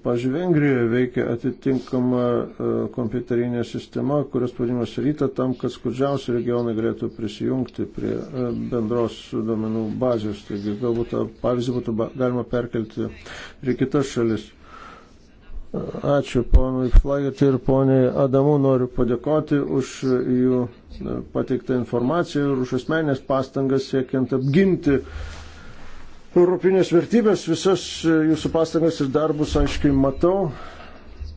Speaker 4: Pavyzdžiui, Vengrijoje veikia atitinkama e, kompiuterinė sistema, kurios pavadinimas ryta tam, kad skurdžiausi regionai galėtų prisijungti prie e, bendros duomenų bazės. Taigi galbūt tą pavyzdį būtų galima perkelti ir į kitas šalis. Ačiū ponui Flagetui ir poniai Adamu noriu padėkoti už e, jų pateiktą informaciją ir už asmenės pastangas siekiant apginti europinės vertybės, visas e, jūsų pastangas ir darbus aiškiai matau.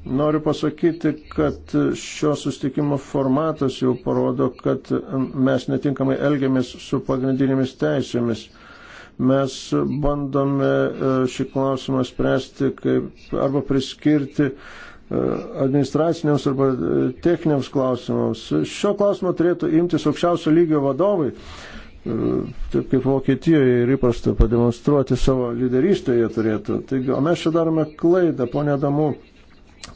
Speaker 4: Noriu pasakyti, kad e, šio sustikimo formatas jau parodo, kad e, mes netinkamai elgiamės su pagrindinėmis teisėmis. Mes bandome šį klausimą spręsti kaip arba priskirti administraciniams arba techniniams klausimams. Šio klausimo turėtų imtis aukščiausio lygio vadovai taip kaip Vokietijoje ir įprasta pademonstruoti savo lyderystę jie turėtų. Taigi, o mes čia darome klaidą, ponė Damu,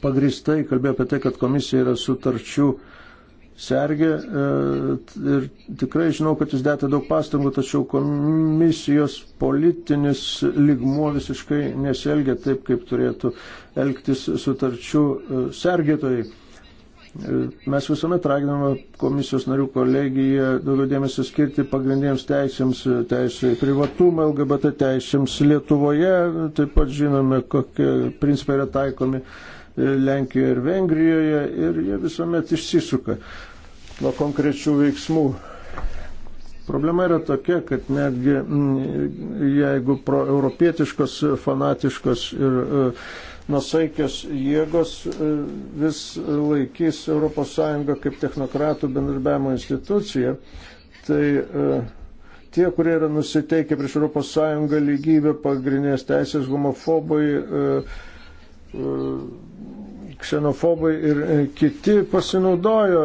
Speaker 4: pagristai kalbėjo apie tai, kad komisija yra sutarčių sergė e, ir tikrai žinau, kad jūs dėte daug pastangų, tačiau komisijos politinis ligmuo visiškai nesielgia taip, kaip turėtų elgtis sutarčių e, sergėtojai Mes visuomet raginame komisijos narių kolegiją daugiau dėmesio skirti pagrindiniams teisėms, teisė į privatumą, LGBT teisėms Lietuvoje. Taip pat žinome, kokie principai yra taikomi Lenkijoje ir Vengrijoje ir jie visuomet išsisuka nuo konkrečių veiksmų. Problema yra tokia, kad netgi mm, jeigu proeuropietiškos, fanatiškos ir uh, nusaikios jėgos e, vis laikys ES kaip technokratų bendarbiavimo instituciją, tai e, tie, kurie yra nusiteikę prieš ES lygybę, pagrindinės teisės, homofobai, e, ksenofobai ir kiti pasinaudojo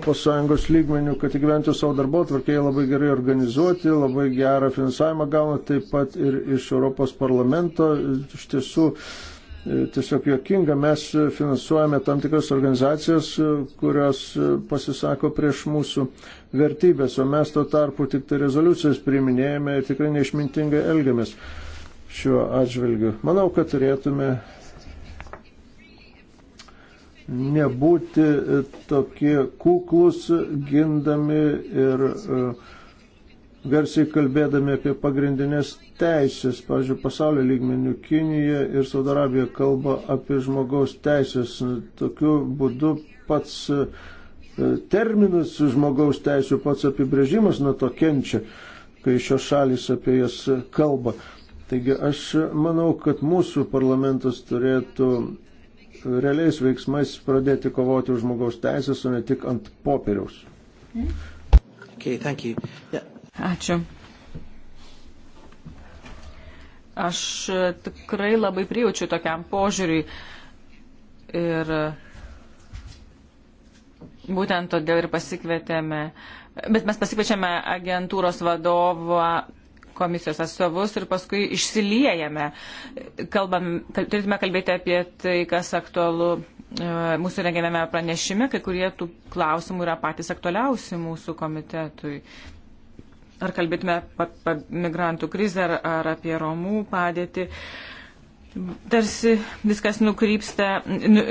Speaker 4: ES lygmenių, kad įgyventų savo darbo tvarkėje labai gerai organizuoti, labai gerą finansavimą gauna taip pat ir iš Europos parlamento. Iš tiesų, E, tiesiog jokinga. Mes finansuojame tam tikras organizacijas, e, kurios e, pasisako prieš mūsų vertybės, o mes tuo tarpu tik tai rezoliucijas priiminėjame ir tikrai neišmintingai elgiamės šiuo atžvilgiu. Manau, kad turėtume nebūti tokie kuklus, gindami ir uh, garsiai kalbėdami apie pagrindinės teisės, pavyzdžiui, pasaulio lygmenių Kinija ir Saudarabija kalba apie žmogaus teisės. Tokiu būdu pats e, terminas žmogaus teisų, pats apibrėžimas nuo to kenčia, kai šios šalis apie jas kalba. Taigi aš manau, kad mūsų parlamentas turėtų realiais veiksmais pradėti kovoti už žmogaus teisės, o ne tik ant popieriaus.
Speaker 1: Okay, thank you. Yeah.
Speaker 2: Ačiū. Aš tikrai labai prijaučiu tokiam požiūriui ir būtent todėl ir pasikvietėme, bet mes pasikviečiame agentūros vadovą komisijos atstovus ir paskui išsiliejame. Kalbam, kal, turėtume kalbėti apie tai, kas aktualu e, mūsų rengiamėme pranešime, kai kurie tų klausimų yra patys aktualiausi mūsų komitetui ar kalbėtume apie migrantų krizę ar, ar apie Romų padėtį, tarsi viskas nukrypsta nu,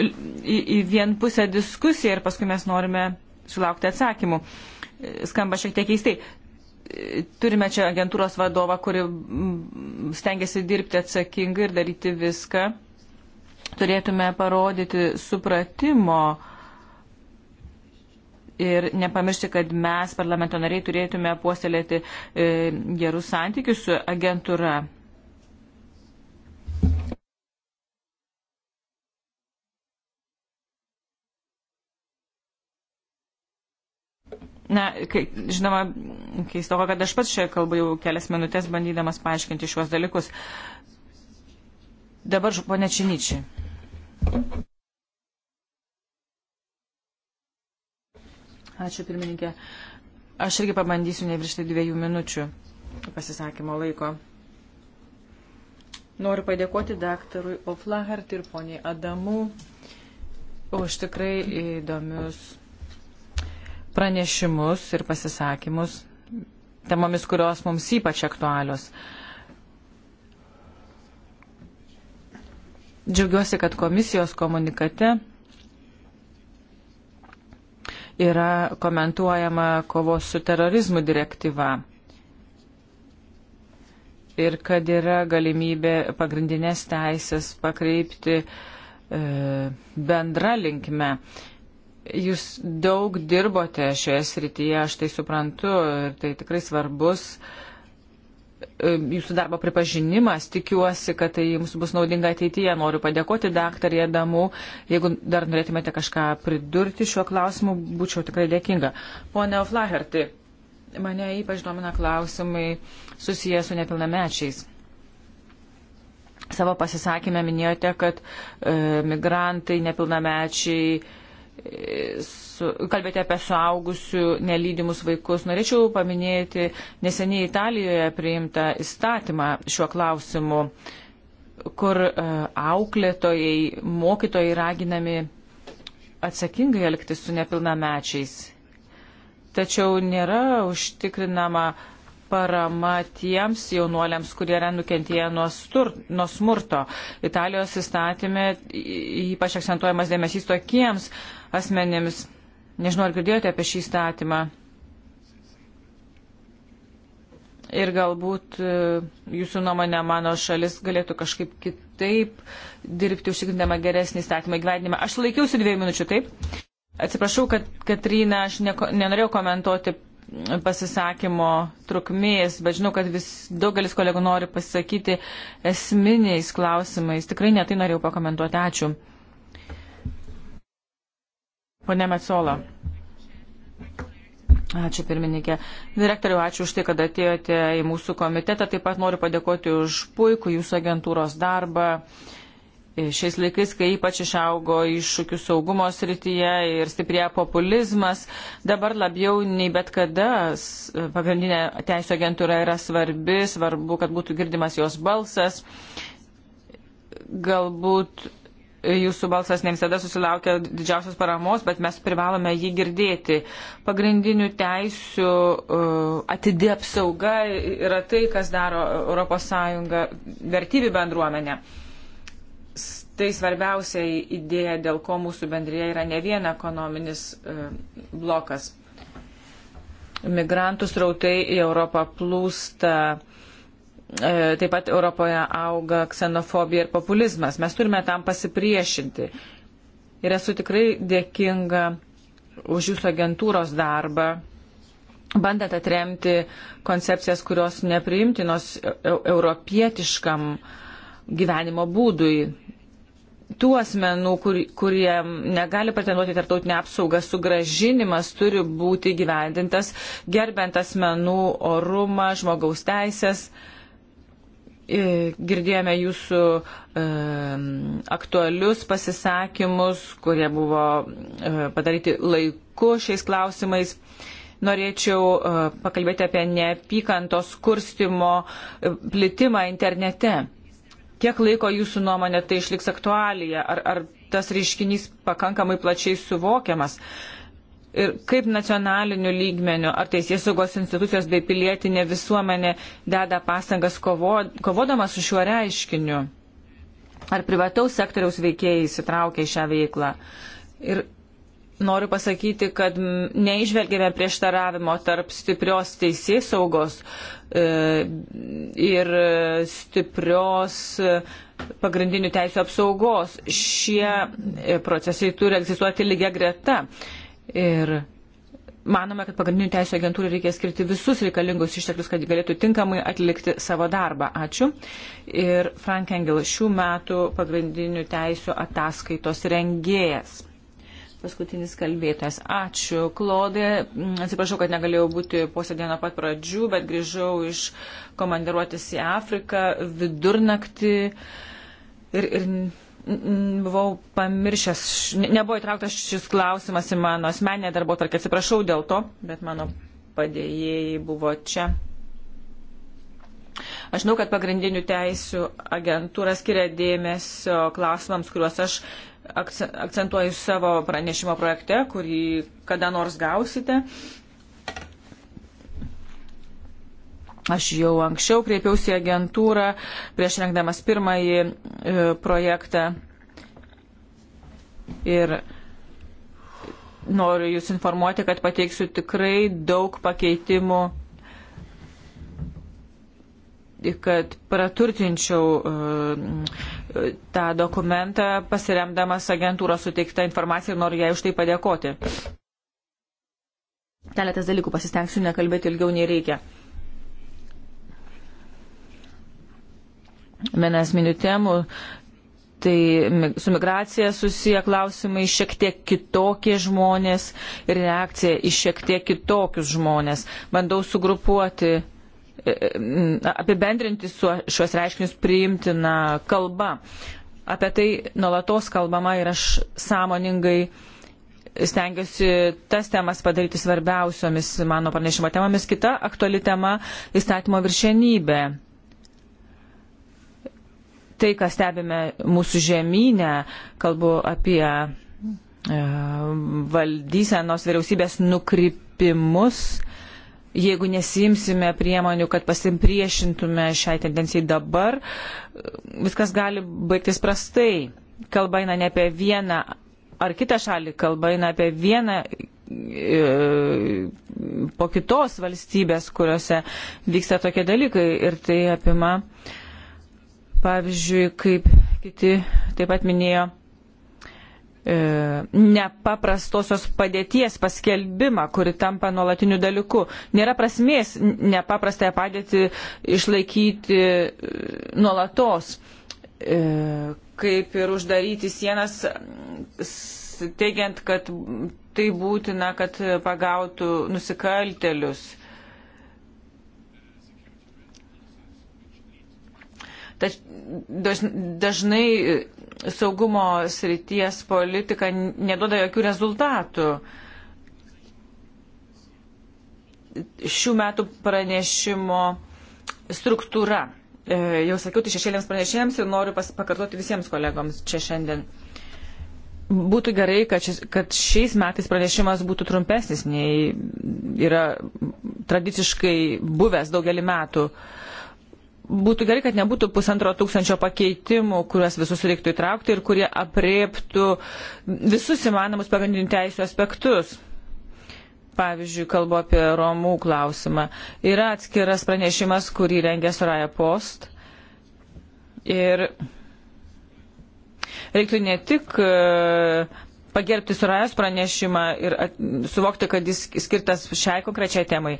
Speaker 2: į, į vienpusę diskusiją ir paskui mes norime sulaukti atsakymų. Skamba šiek tiek keistai. Turime čia agentūros vadovą, kuri stengiasi dirbti atsakingai ir daryti viską. Turėtume parodyti supratimo ir nepamiršti, kad mes, parlamento nariai, turėtume puoselėti e, gerus santykius su agentūra. Na, kai, žinoma, keisto, kad aš pats čia kalbu jau kelias minutės, bandydamas paaiškinti šiuos dalykus. Dabar, ponia Činičiai. Ačiū pirmininkė. Aš irgi pabandysiu neviršti dviejų minučių pasisakymo laiko. Noriu padėkoti daktarui Oflahart ir poniai Adamu už tikrai įdomius pranešimus ir pasisakymus temomis, kurios mums ypač aktualios. Džiaugiuosi, kad komisijos komunikate yra komentuojama kovos su terorizmu direktyva ir kad yra galimybė pagrindinės teisės pakreipti e, bendra linkme. Jūs daug dirbote šioje srityje, aš tai suprantu, ir tai tikrai svarbus e, E, jūsų darbo pripažinimas. Tikiuosi, kad tai jums bus naudinga ateityje. Noriu padėkoti daktarė Damu. Jeigu dar norėtumėte kažką pridurti šiuo klausimu, būčiau tikrai dėkinga. Pone Oflaherty, mane ypač domina klausimai susiję su nepilnamečiais. Savo pasisakymę minėjote, kad e, migrantai, nepilnamečiai, e, su, kalbėti apie suaugusių nelydimus vaikus. Norėčiau paminėti neseniai Italijoje priimtą įstatymą šiuo klausimu, kur e, auklėtojai, mokytojai raginami atsakingai elgtis su nepilnamečiais. Tačiau nėra užtikrinama uh, parama tiems jaunuoliams, kurie yra nukentėję nuo, stur, nuo smurto. Italijos įstatymė ypač akcentuojamas dėmesys tokiems asmenėms. Nežinau, ar girdėjote apie šį įstatymą. Ir galbūt e, jūsų nuomonė mano šalis galėtų kažkaip kitaip dirbti, užtikrindama geresnį įstatymą įgyvendinimą. Aš laikiausi dviejų minučių, taip? Atsiprašau, kad Katrina, aš ne, nenorėjau komentuoti pasisakymo trukmės, bet žinau, kad vis daugelis kolegų nori pasisakyti esminiais klausimais. Tikrai netai norėjau pakomentuoti. Ačiū. Pone Metsola. Ačiū pirmininkė. Direktoriu, ačiū už tai, kad atėjote į mūsų komitetą. Taip pat noriu padėkoti už puikų jūsų agentūros darbą. Uh, Šiais laikais, kai ypač išaugo iššūkių saugumo srityje ir stiprėja populizmas, dabar labiau nei bet kada pagrindinė teisų agentūra yra svarbi, svarbu, kad būtų girdimas jos balsas. Galbūt jūsų balsas ne visada susilaukia didžiausios paramos, bet mes privalome jį girdėti. Pagrindinių teisių e, atidė apsauga yra tai, kas daro ES vertybių bendruomenę tai svarbiausia idėja, dėl ko mūsų bendrėje yra ne vien ekonominis e, blokas. Migrantų srautai į Europą plūsta e, taip pat Europoje auga ksenofobija ir populizmas. Mes turime tam pasipriešinti. Ir esu tikrai dėkinga už jūsų agentūros darbą, bandant atremti koncepcijas, kurios nepriimtinos europietiškam gyvenimo būdui kitų asmenų, kur, kurie negali pretenduoti tartautinę apsaugą, sugražinimas turi būti gyvendintas, gerbent asmenų orumą, žmogaus teisės. E, girdėjome jūsų e, aktualius pasisakymus, kurie buvo e, padaryti laiku šiais klausimais. Norėčiau e, pakalbėti apie neapykantos kurstimo e, plitimą internete Kiek laiko jūsų nuomonė tai išliks aktualija? Ar, ar tas reiškinys pakankamai plačiai suvokiamas? ir kaip nacionaliniu lygmeniu, ar teisės saugos institucijos bei pilietinė visuomenė deda pastangas kovo, kovodamas su šiuo reiškiniu, ar privataus sektoriaus veikėjai įsitraukia į šią veiklą. Ir noriu pasakyti, kad neižvelgėme prieštaravimo tarp stiprios teisės saugos e, ir stiprios e, pagrindinių teisų apsaugos. Šie e, procesai turi egzistuoti lygia greta. Ir manome, kad pagrindinių teisų agentūrai reikia skirti visus reikalingus išteklius, kad galėtų tinkamai atlikti savo darbą. Ačiū. Ir Frank Engel, šių metų pagrindinių teisų ataskaitos rengėjas. Paskutinis kalbėtas. Ačiū, Klodė. Mm, atsiprašau, kad negalėjau būti posėdė nuo pat pradžių, bet grįžau iš komandiruotis į Afriką vidurnaktį ir, ir buvau pamiršęs, nebuvo įtrauktas šis klausimas į mano asmenę darbo tarkį. Atsiprašau dėl to, bet mano padėjėjai buvo čia. Aš žinau, kad pagrindinių teisų agentūra skiria dėmesio klausimams, kuriuos aš akcentuoju savo pranešimo projekte, kurį kada nors gausite. Aš jau anksčiau kreipiausi į agentūrą prieš rengdamas pirmąjį e, projektą ir noriu Jūs informuoti, kad pateiksiu tikrai daug pakeitimų kad praturtinčiau e, tą dokumentą pasiremdamas agentūros suteiktą informaciją ir noriu jai už tai padėkoti. Keletas dalykų pasistengsiu nekalbėti ilgiau nei reikia. Vienas minutėmų tai su migracija susiję klausimai, šiek tiek kitokie žmonės ir reakcija į šiek tiek kitokius žmonės. Bandau sugrupuoti E, e, apibendrinti su šios reiškinius priimtina kalba. Apie tai nuolatos kalbama ir aš sąmoningai stengiuosi tas temas padaryti svarbiausiomis mano pranešimo temomis. Kita aktuali tema - įstatymo viršenybė. Tai, ką stebime mūsų žemynę, kalbu apie e, valdysenos vyriausybės nukrypimus jeigu nesimsime priemonių, kad pasimpriešintume šiai tendencijai dabar, viskas gali baigtis prastai. Kalba eina ne apie vieną ar kitą šalį, kalba eina apie vieną e, po kitos valstybės, kuriuose vyksta tokie dalykai ir tai apima, pavyzdžiui, kaip kiti taip pat minėjo, E, nepaprastosios padėties paskelbimą, kuri tampa nuolatiniu dalyku. Nėra prasmės nepaprastąją padėtį išlaikyti e, nuolatos, e, kaip ir uždaryti sienas, teigiant, kad tai būtina, kad pagautų nusikaltelius. Tač, dažnai saugumo srities politika neduoda jokių rezultatų. Šių metų pranešimo struktūra. E, jau sakiau, tai šešėlėms pranešėjams ir noriu pakartoti visiems kolegoms čia šiandien. Būtų gerai, kad, šis, kad šiais metais pranešimas būtų trumpesnis nei yra tradiciškai buvęs daugelį metų. Uh, būtų gerai, kad nebūtų pusantro tūkstančio pakeitimų, kuriuos visus reiktų įtraukti ir kurie apriektų visus įmanomus pagrindinių teisų aspektus. Pavyzdžiui, kalbu apie Romų klausimą. Yra atskiras pranešimas, kurį rengia Soraya Post. Ir reiktų ne tik e, pagerbti Sorajos pranešimą ir suvokti, kad jis skirtas šiai konkrečiai temai,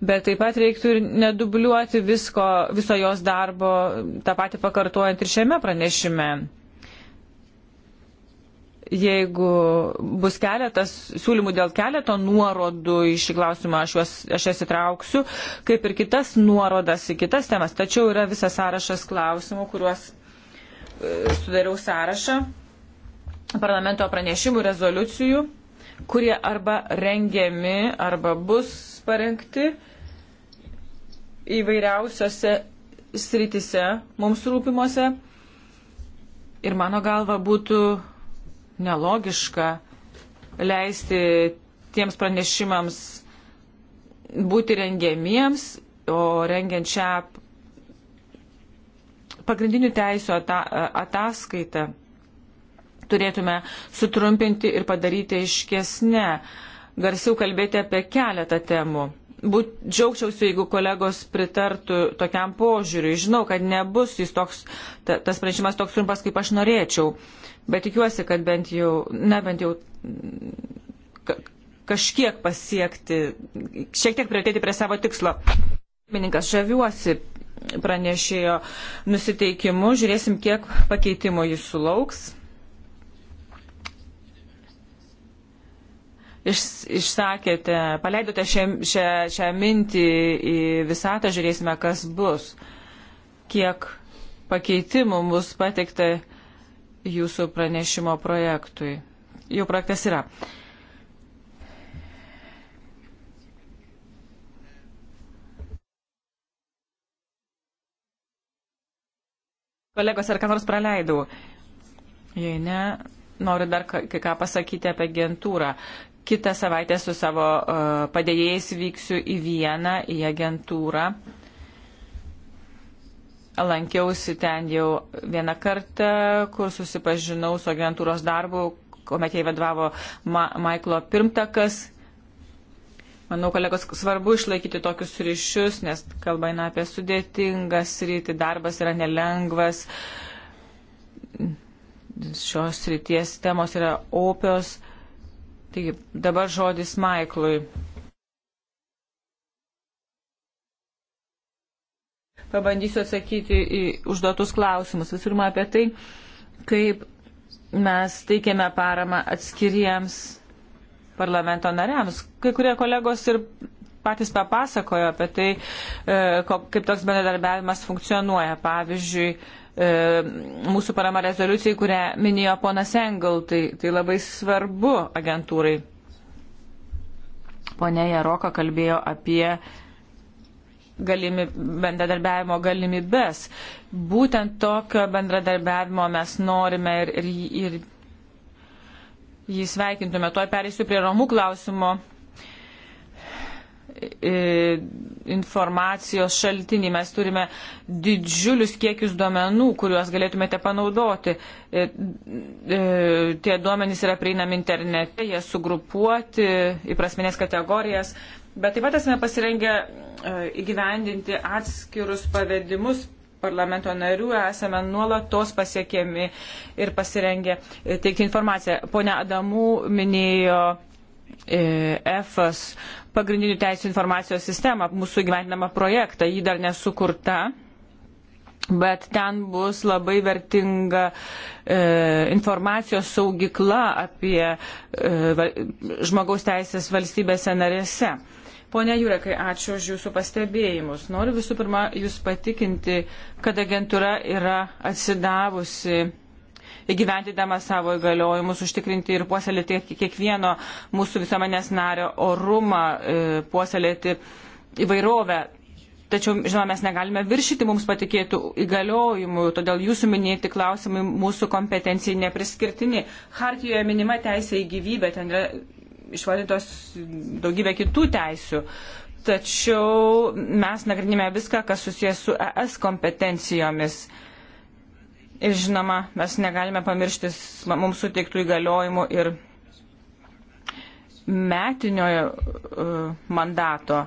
Speaker 2: bet taip pat reiktų ir nedubliuoti visko, viso jos darbo, tą patį pakartojant ir šiame pranešime. Jeigu bus keletas siūlymų dėl keleto nuorodų į šį klausimą, aš, juos, aš jas įtrauksiu, kaip ir kitas nuorodas į kitas temas. Tačiau yra visas sąrašas klausimų, kuriuos e, sudariau sąrašą parlamento pranešimų, rezoliucijų kurie arba rengiami, arba bus parengti įvairiausiose sritise mums rūpimuose. Ir mano galva būtų nelogiška leisti tiems pranešimams būti rengiamiems, o rengiant šią pagrindinių teisų ataskaitą turėtume sutrumpinti ir padaryti iškesnę, garsiau kalbėti apie keletą temų. Būt, džiaugčiausi, jeigu kolegos pritartų tokiam požiūriui. Žinau, kad nebus jis toks, ta, tas pranešimas toks trumpas, kaip aš norėčiau, bet tikiuosi, kad bent jau, ne bent jau kažkiek pasiekti, šiek tiek prieartėti prie savo tikslo. Pirmininkas, žaviuosi pranešėjo nusiteikimu, žiūrėsim, kiek pakeitimų jis sulauks. iš, išsakėte, paleidote šią, šią, šią mintį į visatą, žiūrėsime, kas bus, kiek pakeitimų bus pateikta jūsų pranešimo projektui. Jau projektas yra. Kolegos, ar ką nors praleidau? Jei ne, noriu dar kai ką pasakyti apie agentūrą. Kitą savaitę su savo e, padėjėjais vyksiu į Vieną, į agentūrą. Lankiausi ten jau vieną kartą, kur susipažinau su agentūros darbu, kuomet jai vadovavo Ma Maiklo pirmtakas, Manau, kolegos, svarbu išlaikyti tokius ryšius, nes kalba eina apie sudėtingą sritį, darbas yra nelengvas, šios srities temos yra opios. Taigi dabar žodis Maiklui. Pabandysiu atsakyti į užduotus klausimus. Visų pirma, apie tai, kaip mes teikiame paramą atskiriems parlamento nariams. Kai kurie kolegos ir patys papasakojo apie tai, e, kaip toks bendradarbiavimas funkcionuoja. Pavyzdžiui, E, mūsų parama rezoliucijai, kurią minėjo ponas Engel, tai, tai labai svarbu agentūrai. Pone Jaroka kalbėjo apie galimi, bendradarbiavimo galimybes. Būtent tokio bendradarbiavimo mes norime ir, ir, ir jį sveikintume. Tuo perėsiu prie Romų klausimo informacijos šaltiniai. Mes turime didžiulius kiekius duomenų, kuriuos galėtumėte panaudoti. Tie duomenys yra prieinami internete, jie sugrupuoti į prasmenės kategorijas. Bet taip pat esame pasirengę e, įgyvendinti atskirus pavedimus parlamento narių esame nuolatos pasiekiami ir pasirengę teikti informaciją. Pone Adamų minėjo E, EFAS pagrindinių teisų informacijos sistemą, mūsų gyventinamą projektą, jį dar nesukurta. Bet ten bus labai vertinga e, informacijos saugikla apie e, val, žmogaus teisės valstybėse narėse. Pone Jurekai, ačiū už Jūsų pastebėjimus. Noriu visų pirma Jūs patikinti, kad agentūra yra atsidavusi įgyvendinama savo įgaliojimus, užtikrinti ir puoselėti kiekvieno mūsų visuomenės nario orumą, e, puoselėti įvairovę. Tačiau, žinoma, mes negalime viršyti mums patikėtų įgaliojimų, todėl jūsų minėti klausimai mūsų kompetencijai nepriskirtini. Hartijoje minima teisė į gyvybę, ten yra išvadytos daugybė kitų teisių. Tačiau mes nagrinime viską, kas susijęs su ES kompetencijomis. Uh, Ir žinoma, mes negalime pamiršti mums suteiktų įgaliojimų ir metinio e, mandato.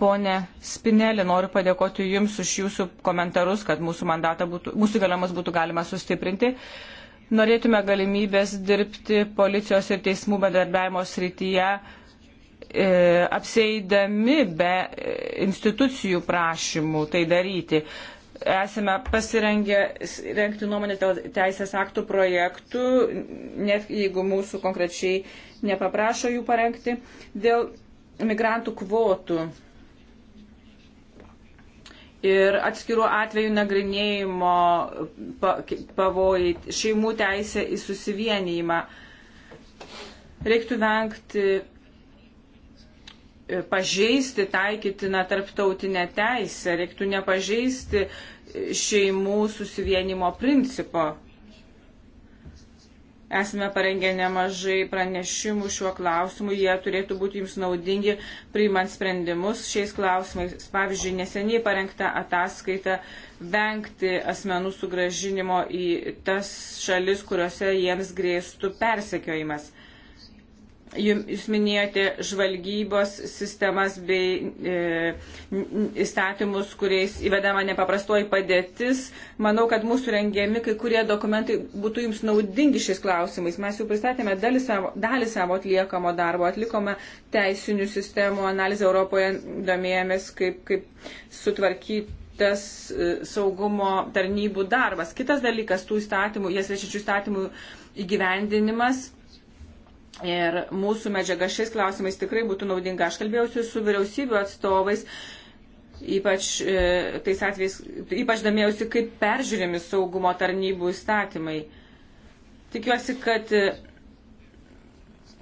Speaker 2: Pone Spinelį, noriu padėkoti Jums už Jūsų komentarus, kad mūsų, būtų, mūsų įgaliojimus būtų galima sustiprinti. Norėtume galimybės dirbti policijos ir teismų bendarbiavimo srityje e, apseidami be e, institucijų prašymų tai daryti esame pasirengę renkti nuomonės dėl teisės aktų projektų, net jeigu mūsų konkrečiai nepaprašo jų parengti, dėl migrantų kvotų ir atskirų atvejų nagrinėjimo pavojai, šeimų teisė į susivienijimą. Reiktų vengti E, pažeisti taikytiną tarptautinę teisę, reiktų nepažeisti šeimų susivienimo principo. Esame parengę nemažai pranešimų šiuo klausimu, jie turėtų būti jums naudingi priimant sprendimus šiais klausimais. Pavyzdžiui, neseniai parengta ataskaita vengti asmenų sugražinimo į tas šalis, kuriuose jiems grėstų persekiojimas. Jūs minėjote žvalgybos sistemas bei e, įstatymus, kuriais įvedama nepaprastoji padėtis. Manau, kad mūsų rengiami kai kurie dokumentai būtų jums naudingi šiais klausimais. Mes jau pristatėme dalį savo, dalį savo atliekamo darbo, atlikome teisinių sistemų analizę Europoje, domėjomės, kaip, kaip sutvarkyti tas e, saugumo tarnybų darbas. Kitas dalykas tų įstatymų, jas reišinčių įstatymų įgyvendinimas Ir mūsų medžiaga šiais klausimais tikrai būtų naudinga. Aš kalbėjausi su vyriausybių atstovais, ypač, e, tais atvejais, ypač damėjausi, kaip peržiūrimi saugumo tarnybų įstatymai. Tikiuosi, kad e,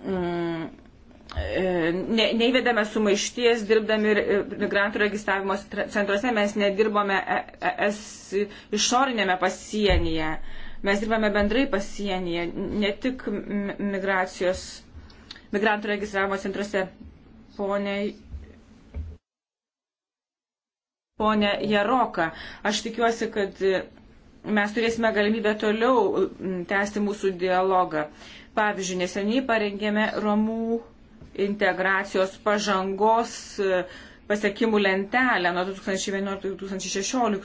Speaker 2: mm, e, ne, neįvedame sumaišties, dirbdami migrantų registravimo centruose, mes nedirbome e-, es išorinėme pasienyje. E, Mes dirbame bendrai pasienyje, ne tik migracijos, migrantų registravimo centruose. Pone, pone Jaroka, aš tikiuosi, kad mes turėsime galimybę toliau tęsti mūsų dialogą. Pavyzdžiui, neseniai parengėme Romų integracijos pažangos e, pasiekimų lentelę nuo 2011-2016.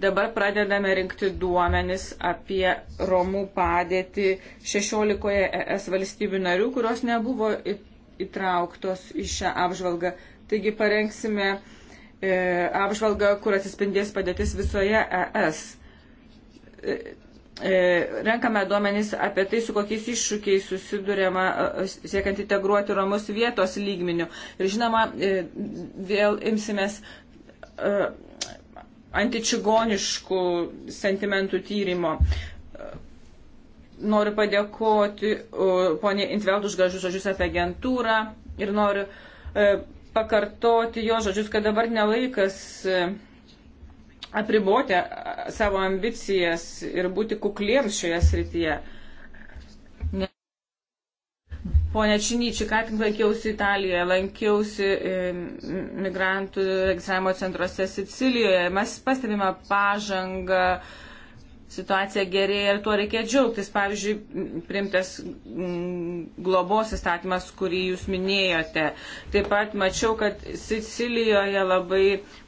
Speaker 2: Dabar pradedame rinkti duomenis apie Romų padėtį 16 ES valstybių narių, kurios nebuvo įtrauktos į šią apžvalgą. Taigi parengsime e, apžvalgą, kur atsispindės padėtis visoje ES. E, e, renkame duomenys apie tai, su kokiais iššūkiais susidurėma siekiant integruoti Romus vietos lygminių. Ir žinoma, vėl imsimės antičigoniškų sentimentų tyrimo. Noriu padėkoti ponė Intveld už gražius žodžius apie agentūrą ir noriu e, pakartoti jo žodžius, kad dabar nelaikas e, apriboti savo ambicijas ir būti kukliems šioje srityje. Pone Činyčiai, ką tik lankiausi Italijoje, lankiausi e, migrantų registravimo centruose Sicilijoje. Mes pastebime pažangą, situacija gerėja ir tuo reikia džiaugtis. Pavyzdžiui, primtas globos įstatymas, kurį jūs minėjote. Taip pat mačiau, kad Sicilijoje labai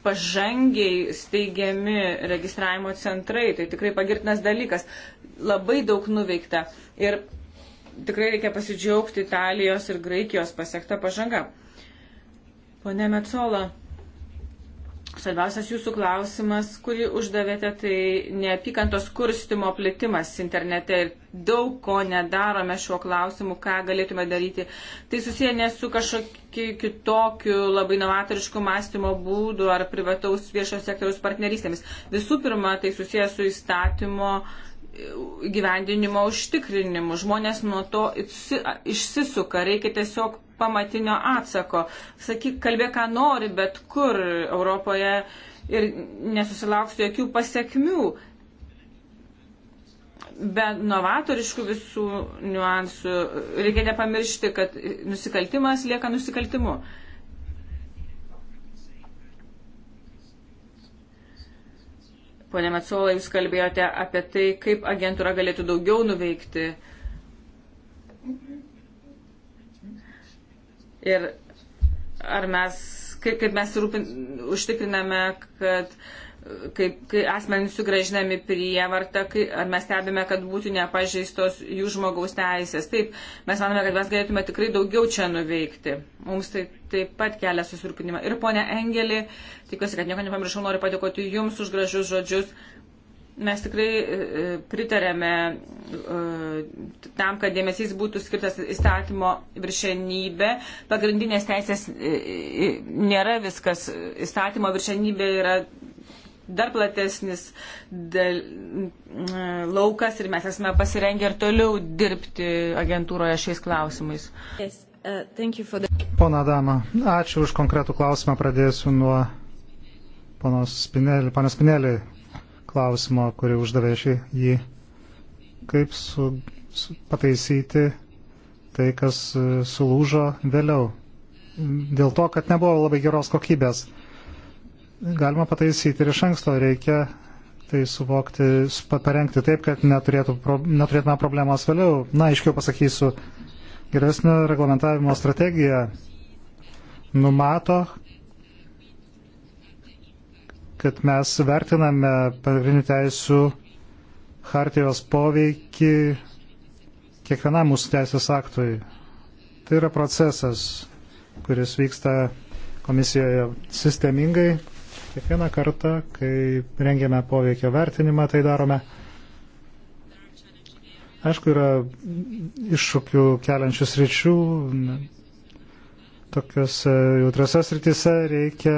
Speaker 2: pažangiai steigiami registravimo centrai. Tai tikrai pagirtinas dalykas. Labai daug nuveikta. Ir tikrai reikia pasidžiaugti Italijos ir Graikijos pasiektą pažangą. Pone Metsola, svarbiausias jūsų klausimas, kurį uždavėte, tai neapykantos kurstimo plėtimas internete ir daug ko nedarome šiuo klausimu, ką galėtume daryti. Tai susiję ne su kažkokiu kitokiu labai novatorišku mąstymo būdu ar privataus viešo sektoriaus partnerystėmis. Visų pirma, tai susiję su įstatymo gyvendinimo užtikrinimu. Žmonės nuo to išsisuka, reikia tiesiog pamatinio atsako. Sakyk, kalbė, ką nori, bet kur Europoje ir nesusilauks jokių pasiekmių. Be novatoriškų visų niuansų reikia nepamiršti, kad nusikaltimas lieka nusikaltimu. Uh, Pone Metsola, jūs kalbėjote apie tai, kaip agentūra galėtų daugiau nuveikti. Ir ar mes, kaip, kaip mes rūpin, užtikriname, kad kaip, kai asmenys sugražinami prievartą, kai, ar mes stebime, kad būtų nepažeistos jų žmogaus teisės. Taip, mes manome, kad mes galėtume tikrai daugiau čia nuveikti. Mums tai taip pat kelia susirūpinimą. Ir ponia Engelį, Tikiuosi, kad nieko nepamiršau, noriu padėkoti Jums už gražius žodžius. Mes tikrai e, e, pritarėme e, tam, kad dėmesys būtų skirtas įstatymo viršenybė. Pagrindinės teisės nėra viskas. Įstatymo viršenybė yra dar platesnis dėl, laukas ir mes esame pasirengę ir toliau dirbti agentūroje šiais klausimais. Yes, uh, the...
Speaker 3: Pona Dama, ačiū už konkretų klausimą. Pradėsiu nuo panas Spinelį, panas Spinelį klausimo, kurį uždavė šį jį. Kaip su, su, pataisyti tai, kas e, sulūžo vėliau? Dėl to, kad nebuvo labai geros kokybės. Galima pataisyti ir iš anksto reikia tai suvokti, parengti taip, kad neturėtų, neturėtume problemos vėliau. Na, aiškiau pasakysiu, geresnio reglamentavimo strategija numato, kad mes vertiname pagrindinių teisų hartijos poveikį kiekvienam mūsų teisės aktui. Tai yra procesas, kuris vyksta komisijoje sistemingai. Kiekvieną kartą, kai rengiame poveikio vertinimą, tai darome. Aišku, yra iššūkių keliančių sričių. Tokios jautriose srityse reikia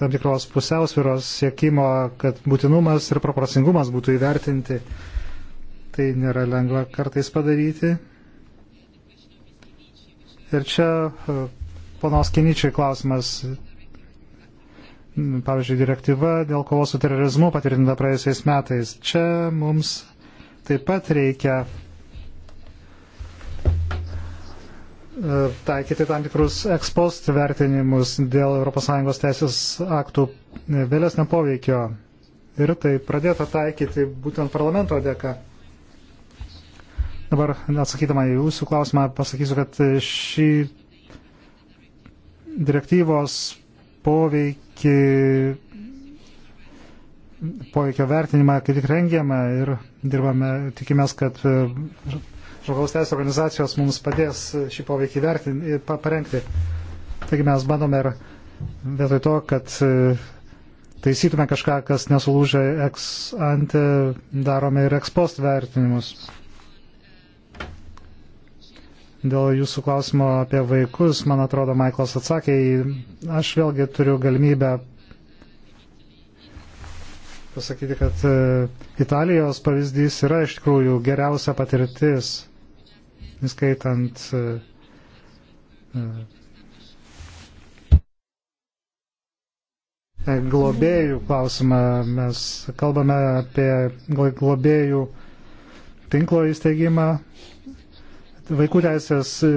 Speaker 3: tam tikros pusiausviros siekimo, kad būtinumas ir proporcingumas būtų įvertinti. Tai nėra lengva kartais padaryti. Ir čia e, panos Kiničiai klausimas, pavyzdžiui, direktyva dėl kovos su terorizmu patvirtinta praėjusiais metais. Čia mums taip pat reikia E, taikyti tam tikrus ekspost vertinimus dėl ES teisės aktų e, vėlesnio poveikio. Ir tai pradėta taikyti būtent parlamento dėka. Dabar atsakydama į jūsų klausimą pasakysiu, kad šį direktyvos poveikį, poveikio vertinimą kaip tik rengiame ir dirbame, tikimės, kad žmogaus teisų organizacijos mums padės šį poveikį vertinti, parengti. Taigi mes bandome ir vietoj to, kad e, taisytume kažką, kas nesulūžė ex ante, darome ir ex post vertinimus. Dėl jūsų klausimo apie vaikus, man atrodo, Maiklas atsakė, aš vėlgi turiu galimybę pasakyti, kad e, Italijos pavyzdys yra iš tikrųjų geriausia patirtis įskaitant e, e, globėjų klausimą. Mes kalbame apie globėjų tinklo įsteigimą. Vaikų teisės e,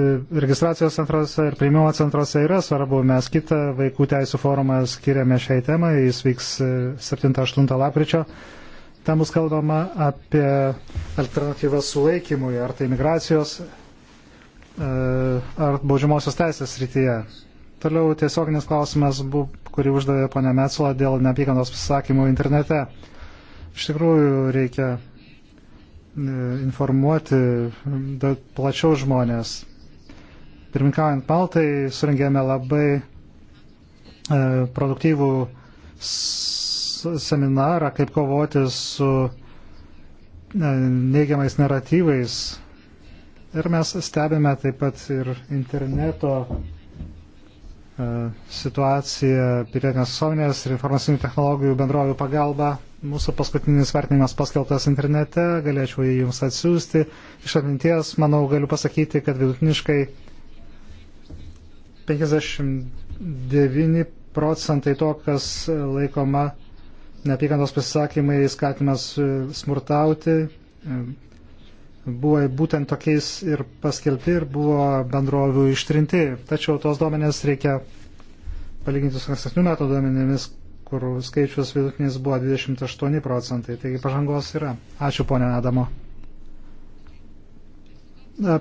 Speaker 3: registracijos centruose ir priimimo centruose yra svarbu. Mes kitą vaikų teisų forumą skiriame šiai temai. Jis vyks 7-8 lapkričio. Ten bus kalbama apie alternatyvas sulaikymui, ar tai migracijos, e, ar baudžiamosios teisės rytyje. Toliau tiesioginis klausimas, bu, kurį uždavė ponia Metsula dėl neapykantos pasisakymų internete. Iš tikrųjų reikia e, informuoti plačiau žmonės. Pirminkaujant Maltai, surinkėme labai e, produktyvų seminarą, kaip kovoti su e, neigiamais naratyvais. Ir mes stebime taip pat ir interneto e, situaciją pilietinės visuomenės ir informacinių technologijų bendrovių pagalba. Mūsų paskutinis vertinimas paskeltas internete, galėčiau jį jums atsiųsti. Iš atminties, manau, galiu pasakyti, kad vidutiniškai 59 procentai to, kas laikoma neapykantos pasisakymai skatimas smurtauti. Buvo būtent tokiais ir paskelbti ir buvo bendrovių ištrinti. Tačiau tos duomenės reikia palyginti su ankstesnių metų duomenėmis, kur skaičius vidutinis buvo 28 procentai. Taigi pažangos yra. Ačiū, ponė Adamo.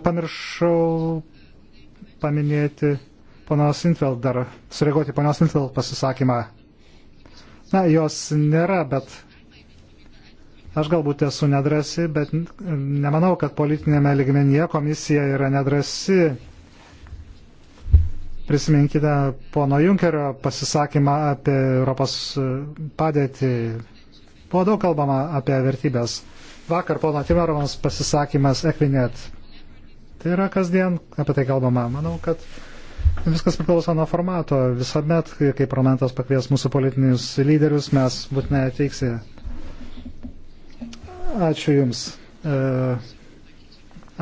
Speaker 3: Pamiršau paminėti ponos Intveld dar, sureaguoti ponos Intveld pasisakymą Na, jos nėra, bet aš galbūt esu nedrasi, bet nemanau, kad politinėme ligmenyje komisija yra nedrasi. Prisiminkite pono Junkerio pasisakymą apie Europos padėtį. Buvo daug kalbama apie vertybės. Vakar pono Timermans pasisakymas Equinet. Tai yra kasdien apie tai kalbama. Manau, kad Viskas priklauso nuo formato. Visuomet, kai parlamentas pakvies mūsų politinius lyderius, mes būtinai atvyksime. Ačiū Jums. E,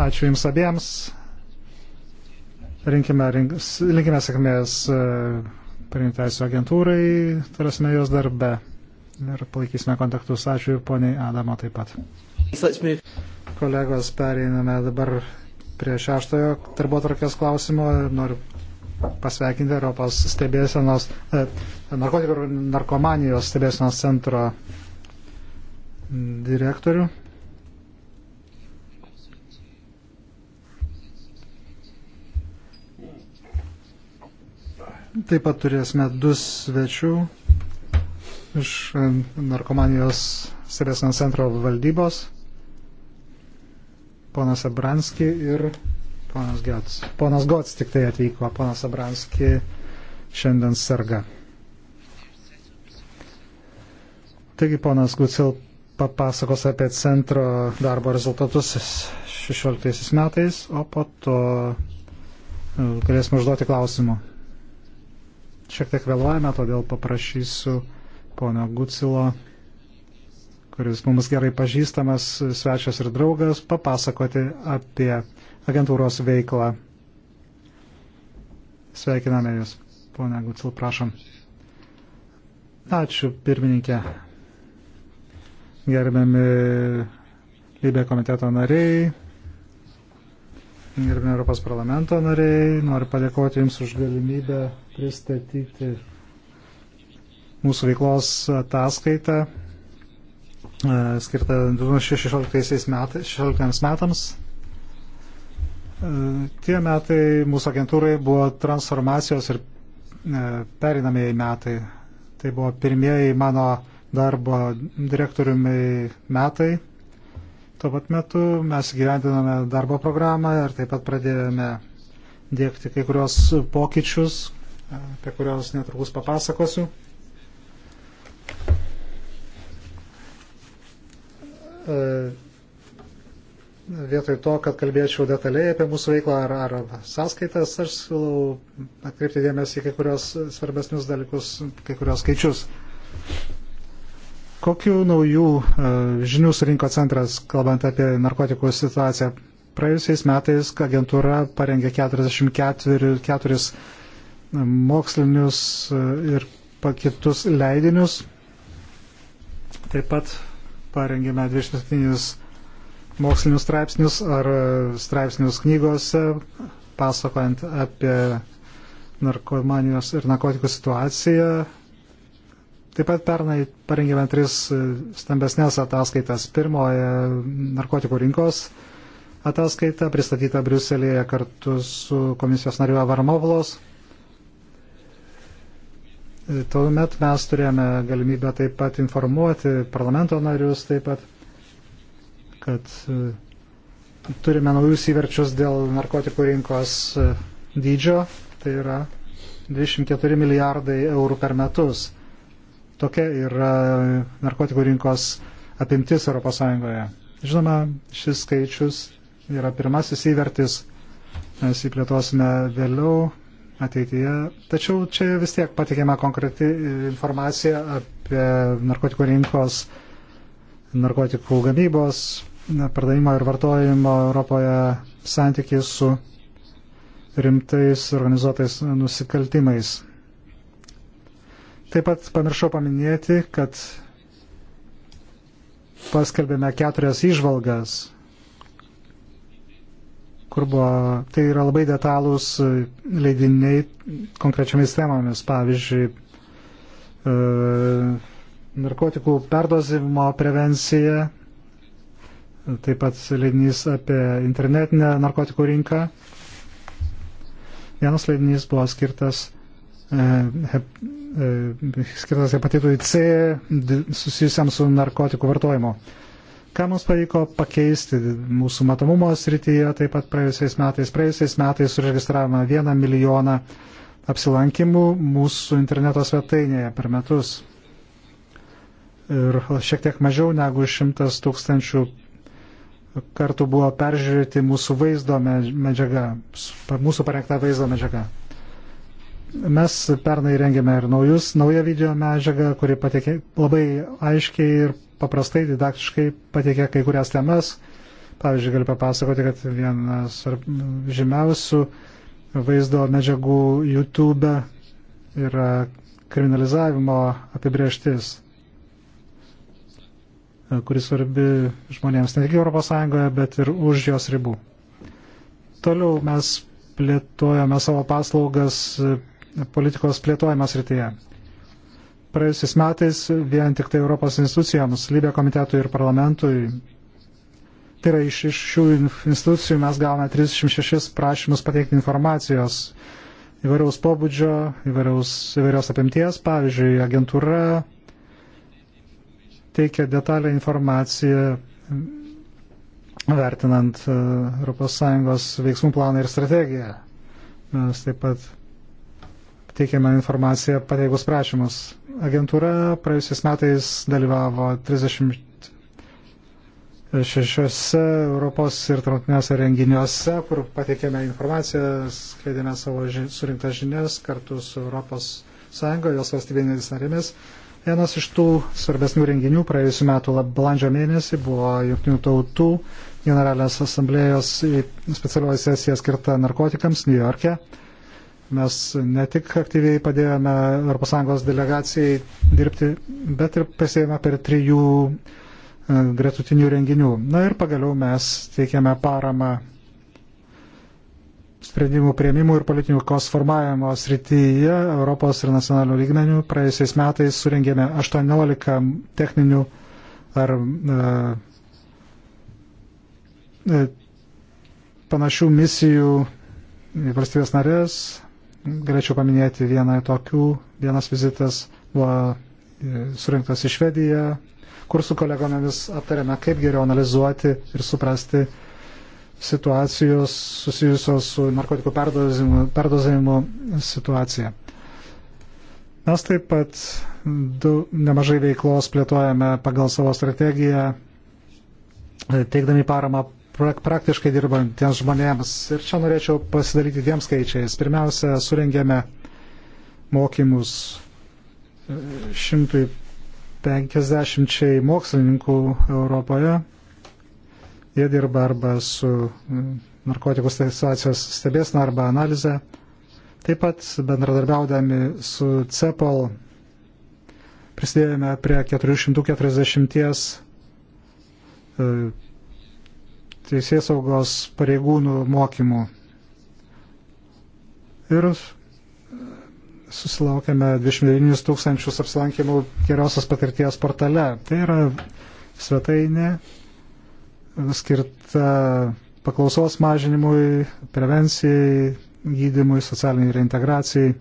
Speaker 3: ačiū Jums abiems. Rinkime, rink, linkime sėkmės e, priimtaisio agentūrai, turėsime jos darbę ir palaikysime kontaktus. Ačiū ir poniai Adamo taip pat. Kolegos, pereiname dabar prie šeštojo darbo tvarkės klausimo. Noriu pasveikinti Europos stebėsenos, e, narkotikų ir narkomanijos stebėsenos centro direktorių. Taip pat turėsime du svečių iš e, narkomanijos stebėsenos centro valdybos, ponas Abranski ir Ponas Gots. Ponas Gots tik tai atvyko, ponas Abranski šiandien sarga. Taigi ponas Gucil papasakos apie centro darbo rezultatus 16 metais, o po to e, galėsime užduoti klausimų. Šiek tiek vėluojame, todėl paprašysiu pono Gucilo kuris mums gerai pažįstamas, svečias ir draugas, papasakoti apie agentūros veiklą. Sveikiname Jūs, ponia Gucil, prašom. Ačiū, pirmininkė. Gerbiami Lybė komiteto nariai, gerbiami Europos parlamento nariai, noriu padėkoti Jums už galimybę pristatyti mūsų veiklos ataskaitą e, skirtą 2016 metams, metams Tie metai mūsų agentūrai buvo transformacijos ir e, perinamieji metai. Tai buvo pirmieji mano darbo direktoriumi metai. Tuo pat metu mes gyvendinome darbo programą ir taip pat pradėjome dėkti kai kurios pokyčius, e, apie kurios netrukus papasakosiu. E, vietoj to, kad kalbėčiau detaliai apie mūsų veiklą ar, ar sąskaitas, aš siūlau atkreipti dėmesį į kai kurios svarbesnius dalykus, kai kurios skaičius. Kokių naujų uh, žinių surinko centras, kalbant apie narkotikų situaciją? Praėjusiais metais agentūra parengė 44 4 e, mokslinius e, ir kitus leidinius. Taip pat parengėme 27 mokslinius straipsnius ar straipsnius knygose, pasakojant apie narkomanijos ir narkotikų situaciją. Taip pat pernai parengėme tris stambesnės ataskaitas. Pirmoje narkotikų rinkos ataskaita pristatyta Briuselėje kartu su komisijos nariu Avaramovlos. Tuomet mes turėjome galimybę taip pat informuoti parlamento narius taip pat kad e, turime naujus įverčius dėl narkotikų rinkos e, dydžio, tai yra 24 milijardai eurų per metus. Tokia yra narkotikų rinkos apimtis ES. Žinoma, šis skaičius yra pirmasis įvertis, mes jį plėtosime vėliau ateityje. Tačiau čia vis tiek patikėma konkreti informacija apie narkotikų rinkos, narkotikų gamybos, pardavimo ir vartojimo Europoje santykiai su rimtais organizuotais nusikaltimais. Taip pat pamiršau paminėti, kad paskelbėme keturias išvalgas, kur buvo, tai yra labai detalūs leidiniai konkrečiamis temomis, pavyzdžiui, e, narkotikų perdozivimo prevencija, taip pat leidinys apie internetinę narkotikų rinką. Vienas leidinys buvo skirtas, e, hep, e, skirtas hepatitui C susijusiam su narkotikų vartojimu. Ką mums pavyko pakeisti mūsų matomumo srityje, taip pat praėjusiais metais. Praėjusiais metais suregistravome vieną milijoną apsilankimų mūsų interneto svetainėje per metus. Ir šiek tiek mažiau negu šimtas tūkstančių kartų buvo peržiūrėti mūsų vaizdo medžiaga, mūsų parengta vaizdo medžiaga. Mes pernai rengėme ir naujus, naują video medžiagą, kuri patikė, labai aiškiai ir paprastai didaktiškai patikė kai kurias temas. Pavyzdžiui, galiu papasakoti, kad vienas žymiausių vaizdo medžiagų YouTube yra kriminalizavimo apibrieštis. E, kuris svarbi žmonėms ne tik ES, bet ir už jos ribų. Toliau mes plėtojame savo paslaugas e, politikos plėtojimas rytyje. Praėjusiais metais vien tik tai Europos institucijoms, Libė komitetui ir parlamentui, tai yra iš, iš šių institucijų mes gavome 36 prašymus pateikti informacijos įvairiaus pobūdžio, įvairiaus, įvairios apimties, pavyzdžiui, agentūra, teikia detalę informaciją vertinant ES veiksmų planą ir strategiją. Mes taip pat teikiame informaciją pateikus prašymus. Agentūra praėjusiais metais dalyvavo 36 Europos ir tarptautiniuose renginiuose, kur pateikėme informaciją, skleidėme savo ži surinktą žinias kartu su Europos Sąjunga, jos valstybinėmis narėmis Vienas iš tų svarbesnių renginių praėjusiu metu balandžio mėnesį buvo Junktinių tautų generalinės asamblėjos specialioji sesija skirta narkotikams New York'e. Mes ne tik aktyviai padėjome ES delegacijai dirbti, bet ir prisėjome per trijų e, gretutinių renginių. Na ir pagaliau mes teikėme paramą sprendimų prieimimų ir politinių kos formavimo srityje Europos ir nacionalinių lygmenių praėjusiais metais surengėme 18 techninių ar e, e, panašių misijų į valstybės narės. Galėčiau paminėti vieną tokių. Vienas vizitas buvo e, surinktas į Švediją, kur su kolegomis aptarėme, kaip geriau analizuoti ir suprasti situacijos susijusios su narkotikų perdozavimu situacija. Mes taip pat du, nemažai veiklos plėtojame pagal savo strategiją, teikdami paramą praktiškai dirbantiems žmonėms. Ir čia norėčiau pasidalyti dviem skaičiais. Pirmiausia, surengėme mokymus 150 mokslininkų Europoje Jie dirba arba su mm, narkotikų situacijos stebėsna arba analize. Taip pat bendradarbiaudami su CEPOL prisidėjome prie 440 teisės saugos pareigūnų mokymų. Ir susilaukėme 29 tūkstančius apsilankimų geriausios patirties portale. Tai yra svetainė skirta paklausos mažinimui, prevencijai, gydimui, socialiniai reintegracijai.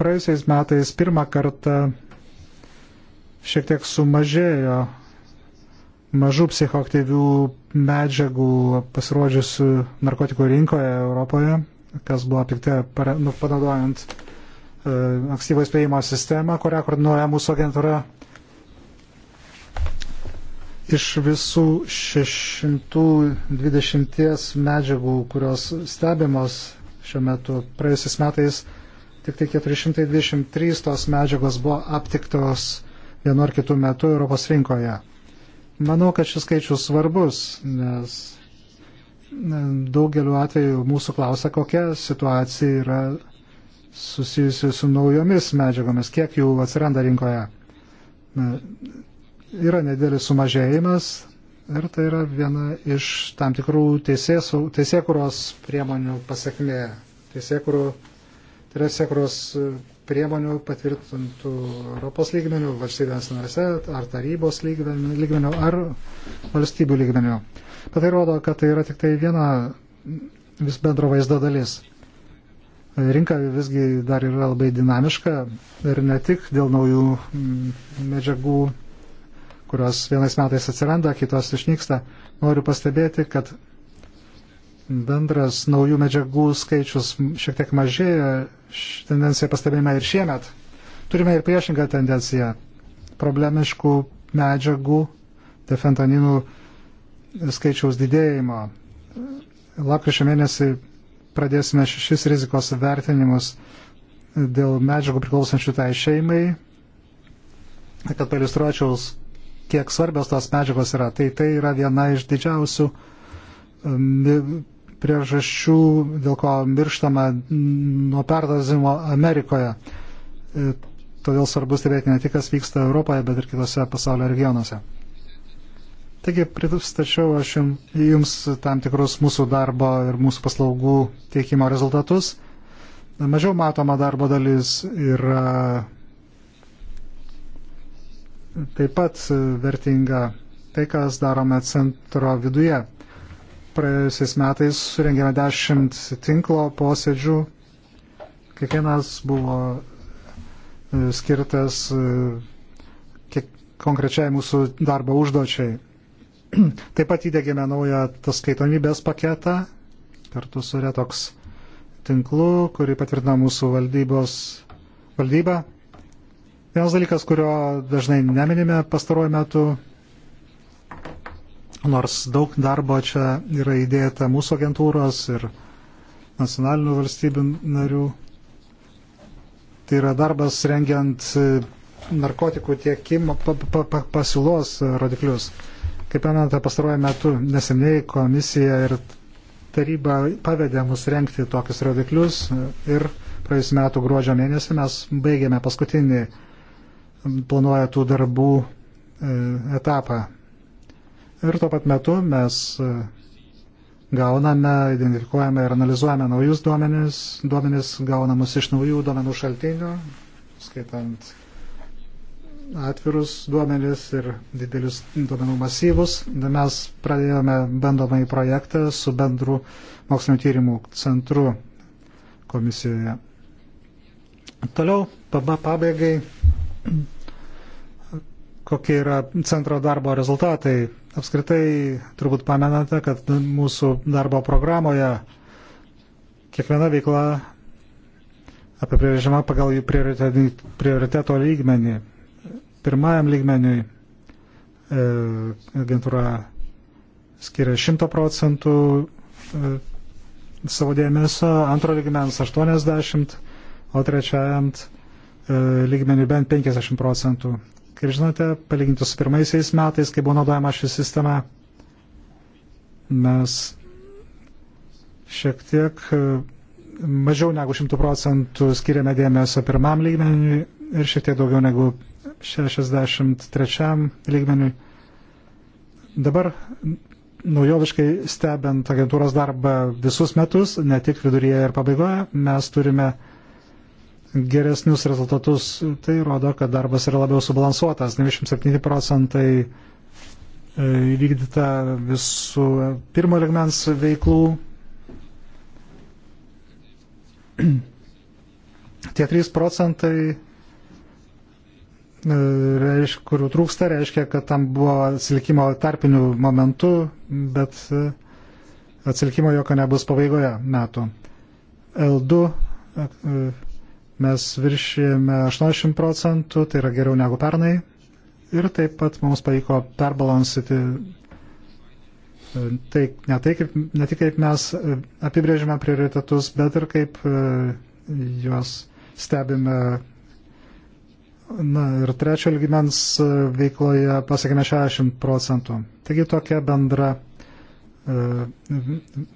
Speaker 3: Praėjusiais metais pirmą kartą šiek tiek sumažėjo mažų psichoktyvių medžiagų pasirodžiusių narkotikų rinkoje Europoje, kas buvo aptikta nu, panaudojant e, ankstyvo įspėjimo sistemą, kurią koordinuoja mūsų agentūra. E, Iš visų 620 medžiagų, kurios stebimos šiuo metu praėjusiais metais, tik tai 423 tos medžiagos buvo aptiktos vienu ar kitu metu Europos rinkoje. Manau, kad šis skaičius svarbus, nes daugeliu atveju mūsų klausia, kokia situacija yra susijusi su naujomis medžiagomis, kiek jų atsiranda rinkoje yra nedėlis sumažėjimas ir tai yra viena iš tam tikrų teisėkuros priemonių pasiekmė. Tai teisėkuros priemonių patvirtintų Europos lygmenių, valstybės narėse, ar tarybos lygmenių, ar valstybių lygmenių. Bet tai rodo, kad tai yra tik tai viena vis bendro vaizdo dalis. Rinka visgi dar yra labai dinamiška ir ne tik dėl naujų mm, medžiagų kurios vienais metais atsiranda, kitos išnyksta, noriu pastebėti, kad bendras naujų medžiagų skaičius šiek tiek mažėja, tendencija pastebėjome ir šiemet. Turime ir priešingą tendenciją. Problemiškų medžiagų, defentaninų skaičiaus didėjimo. Lapkričio mėnesį pradėsime šešis rizikos vertinimus dėl medžiagų priklausančių tai šeimai, kad pailustruočiau, kiek svarbios tos medžiagos yra. Tai tai yra viena iš didžiausių um, priežasčių, dėl ko mirštama nuo perdozimo Amerikoje. E, todėl svarbu stebėti ne tik, kas vyksta Europoje, bet ir kitose pasaulio regionuose. Taigi, pristačiau aš jums tam tikrus mūsų darbo ir mūsų paslaugų teikimo rezultatus. Mažiau matoma darbo dalis yra taip pat vertinga tai, kas darome centro viduje. Praėjusiais metais surengėme dešimt tinklo posėdžių. Kiekvienas buvo e, skirtas e, konkrečiai mūsų darbo užduočiai. Taip pat įdėgėme naują tas skaitomybės paketą kartu su Retoks tinklu, kurį patvirtino mūsų valdybos valdyba. Vienas dalykas, kurio dažnai neminime pastaruoju metu, nors daug darbo čia yra įdėta mūsų agentūros ir nacionalinių valstybių narių, tai yra darbas rengiant e, narkotikų tiekimo pa, pa, pa, pasiūlos rodiklius. Kaip pamenate, pastaruoju metu neseniai komisija ir taryba pavedė mus rengti tokius rodiklius ir praėjusiu metu gruodžio mėnesį mes baigėme paskutinį planuoja tų darbų e, etapą. Ir tuo pat metu mes e, gauname, identifikuojame ir analizuojame naujus duomenis, duomenis gaunamus iš naujų duomenų šaltinių, skaitant atvirus duomenis ir didelius duomenų masyvus. Mes pradėjome bandomąjį projektą su bendru mokslinio tyrimų centru komisijoje. Toliau, pabaigai, kokie yra centro darbo rezultatai. Apskritai, turbūt pamenate, kad mūsų darbo programoje kiekviena veikla apibrėžiama pagal jų prioriteto lygmenį. Pirmajam lygmeniui e, agentūra skiria 100 procentų e, savo dėmesio, antro lygmens 80, o trečiajam E, lygmenių bent 50 procentų. Kaip žinote, palyginti su pirmaisiais metais, kai buvo naudojama ši sistema, mes šiek tiek e, mažiau negu 100 procentų skiriame dėmesio pirmam lygmeniui ir šiek tiek daugiau negu 63 lygmeniui. Dabar naujoviškai stebint agentūros darbą visus metus, ne tik viduryje ir pabaigoje, mes turime uh, geresnius rezultatus, tai rodo, kad darbas yra labiau subalansuotas. 97 procentai e, įvykdyta visų pirmo ligmens veiklų. Tie 3 procentai, e, reiš, kurių trūksta, reiškia, kad tam buvo atsilikimo tarpinių momentų, bet e, atsilikimo jokio nebus pabaigoje metų. L2 mes viršėjame 80 procentų, tai yra geriau negu pernai. Ir taip pat mums pavyko perbalansyti e, tai, ne, tai kaip, ne tik kaip mes e, apibrėžiame prioritetus, bet ir kaip e, juos stebime. Na ir trečio lygmens veikloje pasiekėme 60 procentų. Taigi tokia bendra,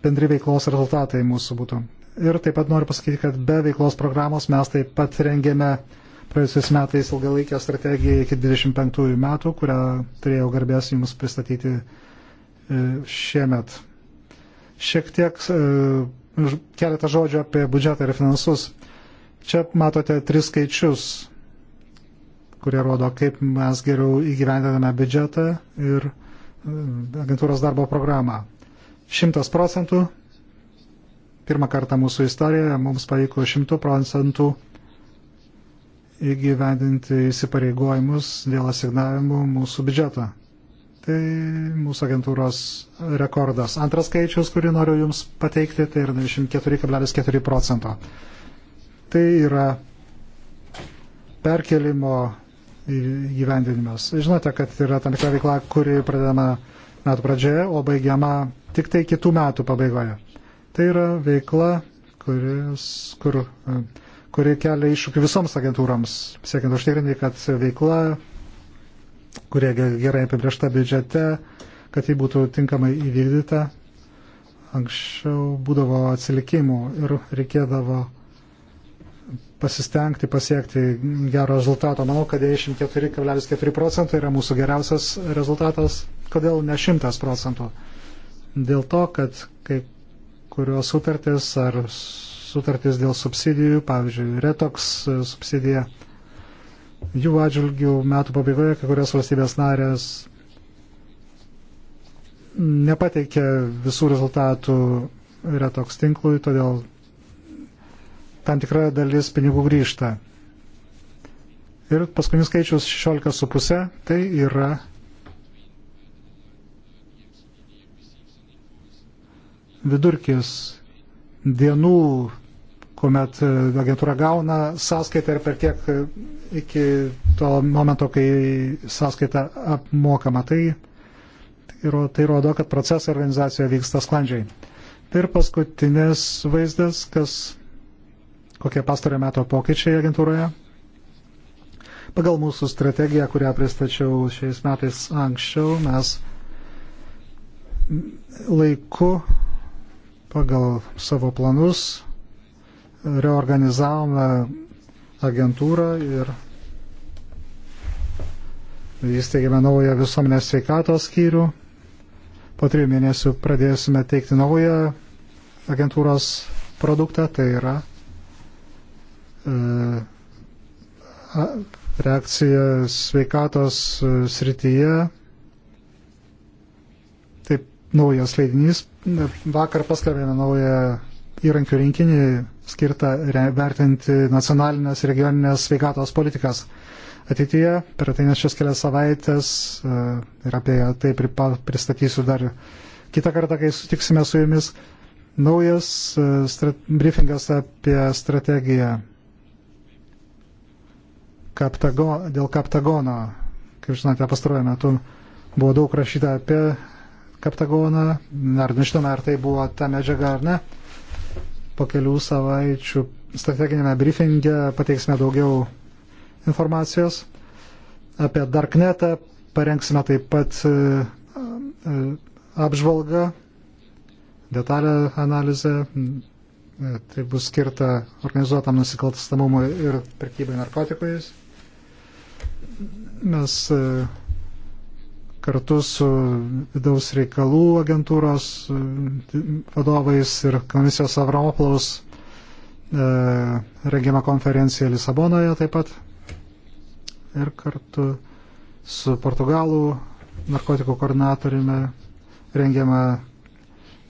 Speaker 3: bendri veiklos rezultatai mūsų būtų. Ir taip pat noriu pasakyti, kad be veiklos programos mes taip pat rengėme praėjusiais metais ilgalaikę strategiją iki 25 metų, kurią turėjau garbės jums pristatyti e, šiemet. Šiek tiek e, keletą žodžių apie biudžetą ir finansus. Čia matote tris skaičius, kurie rodo, kaip mes geriau įgyvendiname biudžetą ir e, agentūros darbo programą. 100 procentų pirmą kartą mūsų istorijoje mums pavyko 100 procentų įgyvendinti įsipareigojimus dėl asignavimų mūsų biudžeto. Tai mūsų agentūros rekordas. Antras skaičius, kurį noriu Jums pateikti, tai yra 94,4 procento. Tai yra perkelimo įgyvendinimas. Žinote, kad yra tam tikra veikla, kuri pradedama metų pradžioje, o baigiama tik tai kitų metų pabaigoje. Tai yra veikla, kuris, kur, kuri kelia iššūkių visoms agentūrams, siekiant užtikrinti, kad veikla, kurie gerai apibriešta biudžete, kad ji būtų tinkamai įvykdyta. Anksčiau būdavo atsilikimų ir reikėdavo pasistengti pasiekti gero rezultato. Manau, kad 94,4 procentai yra mūsų geriausias rezultatas. Kodėl ne 100 procentų? Dėl to, kad, kaip kurios sutartis ar sutartis dėl subsidijų, pavyzdžiui, retoks e, subsidija. Jų atžvilgių metų pabaigoje kai kurios valstybės narės nepateikė visų rezultatų retoks tinklui, todėl tam tikra dalis pinigų grįžta. Ir paskutinis skaičius 16,5 tai yra vidurkis dienų, kuomet agentūra gauna sąskaitą ir per tiek iki to momento, kai sąskaita apmokama. Tai, tai rodo, kad procesai organizacijoje vyksta sklandžiai. Tai ir paskutinis vaizdas, kas, kokie pastarojo meto pokyčiai agentūroje. Pagal mūsų strategiją, kurią pristačiau šiais metais anksčiau, mes laiku Pagal savo planus reorganizavome agentūrą ir įsteigėme naują visuomenės sveikatos skyrių. Po trijų mėnesių pradėsime teikti naują agentūros produktą, tai yra e, reakcija sveikatos e, srityje naujas leidinys. Vakar paskelbėme naują įrankių rinkinį skirtą vertinti nacionalinės ir regioninės sveikatos politikas. Ateityje per ateinančias kelias savaitės e, ir apie tai pristatysiu dar kitą kartą, kai sutiksime su jumis, naujas e, briefingas apie strategiją kaptago, dėl kaptagono. Kaip žinote, pastaruoju metu buvo daug rašyta apie kaptagoną, ar nežinome, ar tai buvo ta medžiaga ar ne. Po kelių savaičių strateginėme briefinge pateiksime daugiau informacijos. Apie Darknetą parengsime taip pat e, e, apžvalgą, detalę analizę. E, tai bus skirta organizuotam nusikalstamumui ir prekybai narkotikais. Mes kartu su vidaus reikalų agentūros e, vadovais ir komisijos Avroplaus e, rengiama konferencija Lisabonoje taip pat ir kartu su Portugalų narkotikų koordinatoriumi rengiama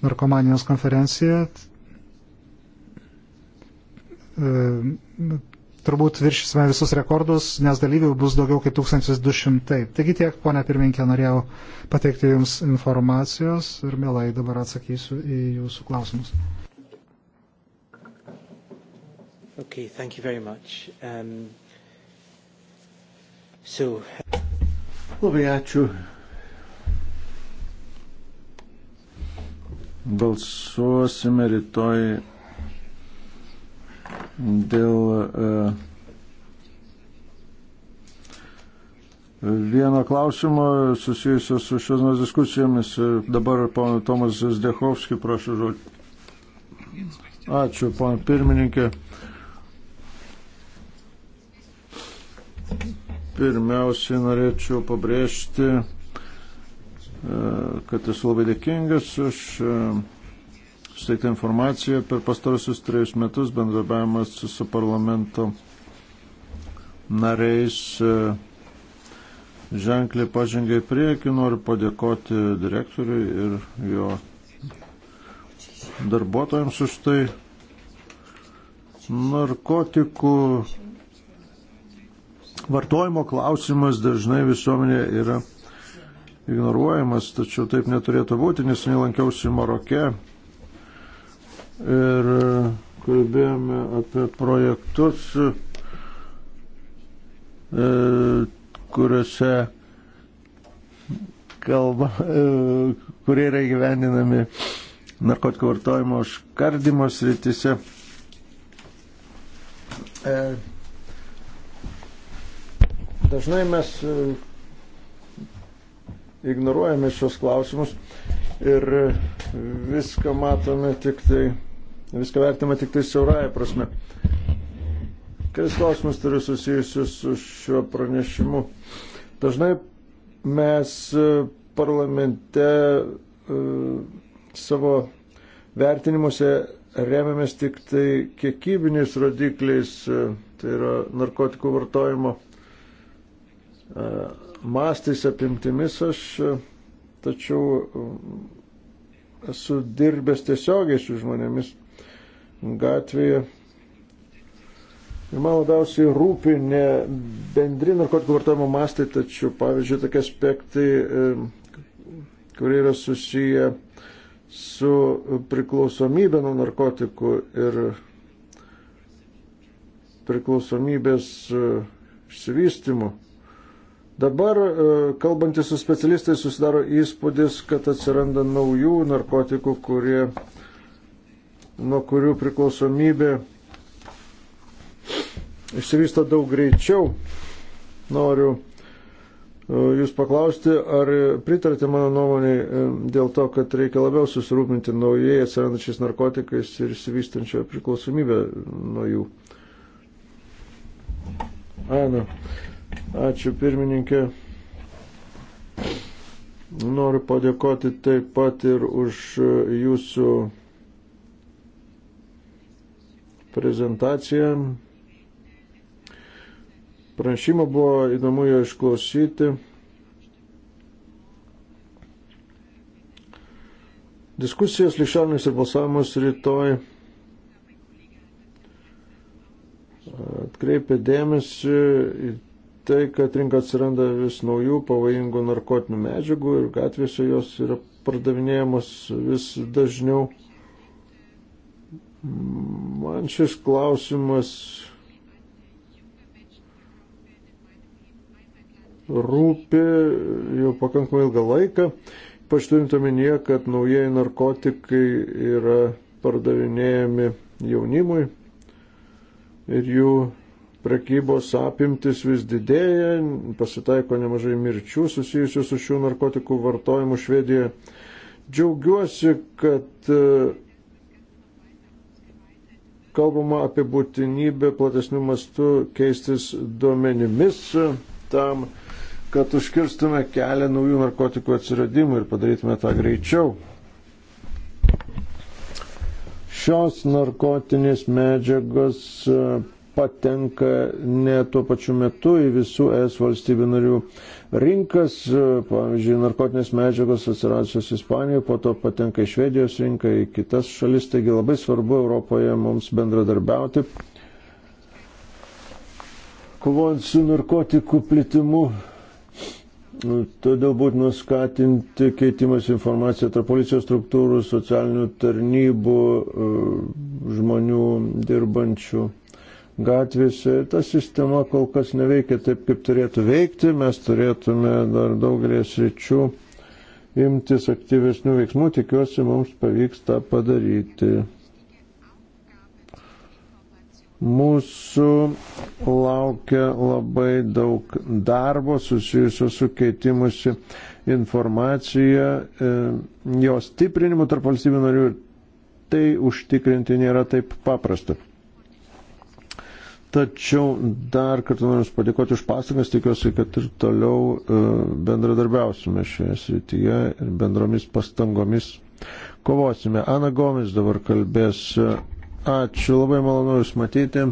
Speaker 3: narkomanijos konferencija e, turbūt viršysime visus rekordus, nes dalyvių bus daugiau kaip 1200. Taigi tiek, ponia pirminkė, norėjau pateikti Jums informacijos ir mielai dabar atsakysiu į Jūsų klausimus.
Speaker 1: Okay, thank you very much. Um, so...
Speaker 4: Labai ačiū. Balsuosime rytoj dėl e, vieno klausimo susijusio su šios diskusijomis. E, dabar pana Tomas Zdechovski, prašau žodžiu. Ačiū, pana pirmininkė. Pirmiausiai norėčiau pabrėžti, e, kad esu labai dėkingas už suteiktą informaciją. Per pastarosius trejus metus bendrabiavimas su parlamento nariais e, ženkliai pažengė į priekį. Noriu padėkoti direktoriui ir jo darbuotojams už tai. Narkotikų vartojimo klausimas dažnai visuomenėje yra ignoruojamas, tačiau taip neturėtų būti, nes nelankiausi Maroke ir e, kalbėjome apie projektus, e, kuriuose kalba, e, kurie yra įgyvendinami narkotikų vartojimo užkardimo srityse. Dažnai mes ignoruojame šios klausimus ir viską matome tik tai viską vertinama tik tai siaurąją prasme. Kelis klausimus turiu susijusius su šiuo pranešimu. Dažnai mes e, parlamente e, savo vertinimuose remiamės tik tai kiekybiniais rodikliais, e, tai yra narkotikų vartojimo mastais apimtimis. Aš tačiau esu dirbęs tiesiogiai su žmonėmis, gatvėje. Ir man labiausiai rūpi ne bendri narkotikų vartojimo mastai, tačiau, pavyzdžiui, tokie aspektai, e, kurie yra susiję su priklausomybė nuo narkotikų ir priklausomybės e, išsivystymu. Dabar, e, kalbantys su specialistais, susidaro įspūdis, kad atsiranda naujų narkotikų, kurie nuo kurių priklausomybė išsivysto daug greičiau. Noriu e, Jūs paklausti, ar pritarite mano nuomonė e, dėl to, kad reikia labiau susirūpinti naujai atsirandančiais narkotikais ir įsivystančią priklausomybę nuo jų? Ana, ačiū pirmininkė. Noriu padėkoti taip pat ir už e, jūsų prezentaciją. Pranešimą buvo įdomu jo išklausyti. Diskusijos lišionis ir balsavimas rytoj atkreipia dėmesį į tai, kad rinka atsiranda vis naujų pavojingų narkotinių medžiagų ir gatvėse jos yra pardavinėjamos vis dažniau. Man šis klausimas rūpi jau pakankamai ilgą laiką. Ypač turint omenyje, kad naujieji narkotikai yra pardavinėjami jaunimui ir jų prekybos apimtis vis didėja, pasitaiko nemažai mirčių susijusių su šių narkotikų vartojimu Švedijoje. Džiaugiuosi, kad kalbama apie būtinybę platesnių mastų keistis duomenimis tam, kad užkirstume kelią naujų narkotikų atsiradimui ir padarytume tą greičiau. Šios narkotinės medžiagos patenka ne tuo pačiu metu į visų ES valstybių narių rinkas. Pavyzdžiui, narkotinės medžiagos atsiradusios Ispanijoje, po to patenka į Švedijos rinką, į kitas šalis. Taigi labai svarbu Europoje mums bendradarbiauti. Kovojant su narkotikų plitimu, Todėl būtina skatinti keitimas informaciją tarp policijos struktūrų, socialinių tarnybų, žmonių dirbančių gatvėse. Ta sistema kol kas neveikia taip, kaip turėtų veikti. Mes turėtume dar daugelį sričių imtis aktyvesnių veiksmų. Tikiuosi, mums pavyks tą padaryti. Mūsų laukia labai daug darbo susijusio su keitimusi informacija, e, jos stiprinimu tarp valstybių narių ir tai užtikrinti nėra taip paprasta. Tačiau dar kartą noriu padėkoti už pastangas, tikiuosi, kad ir toliau e, bendradarbiausime šioje srityje ir bendromis pastangomis kovosime. Ana Gomis dabar kalbės. Ačiū, labai malonu Jūs matyti.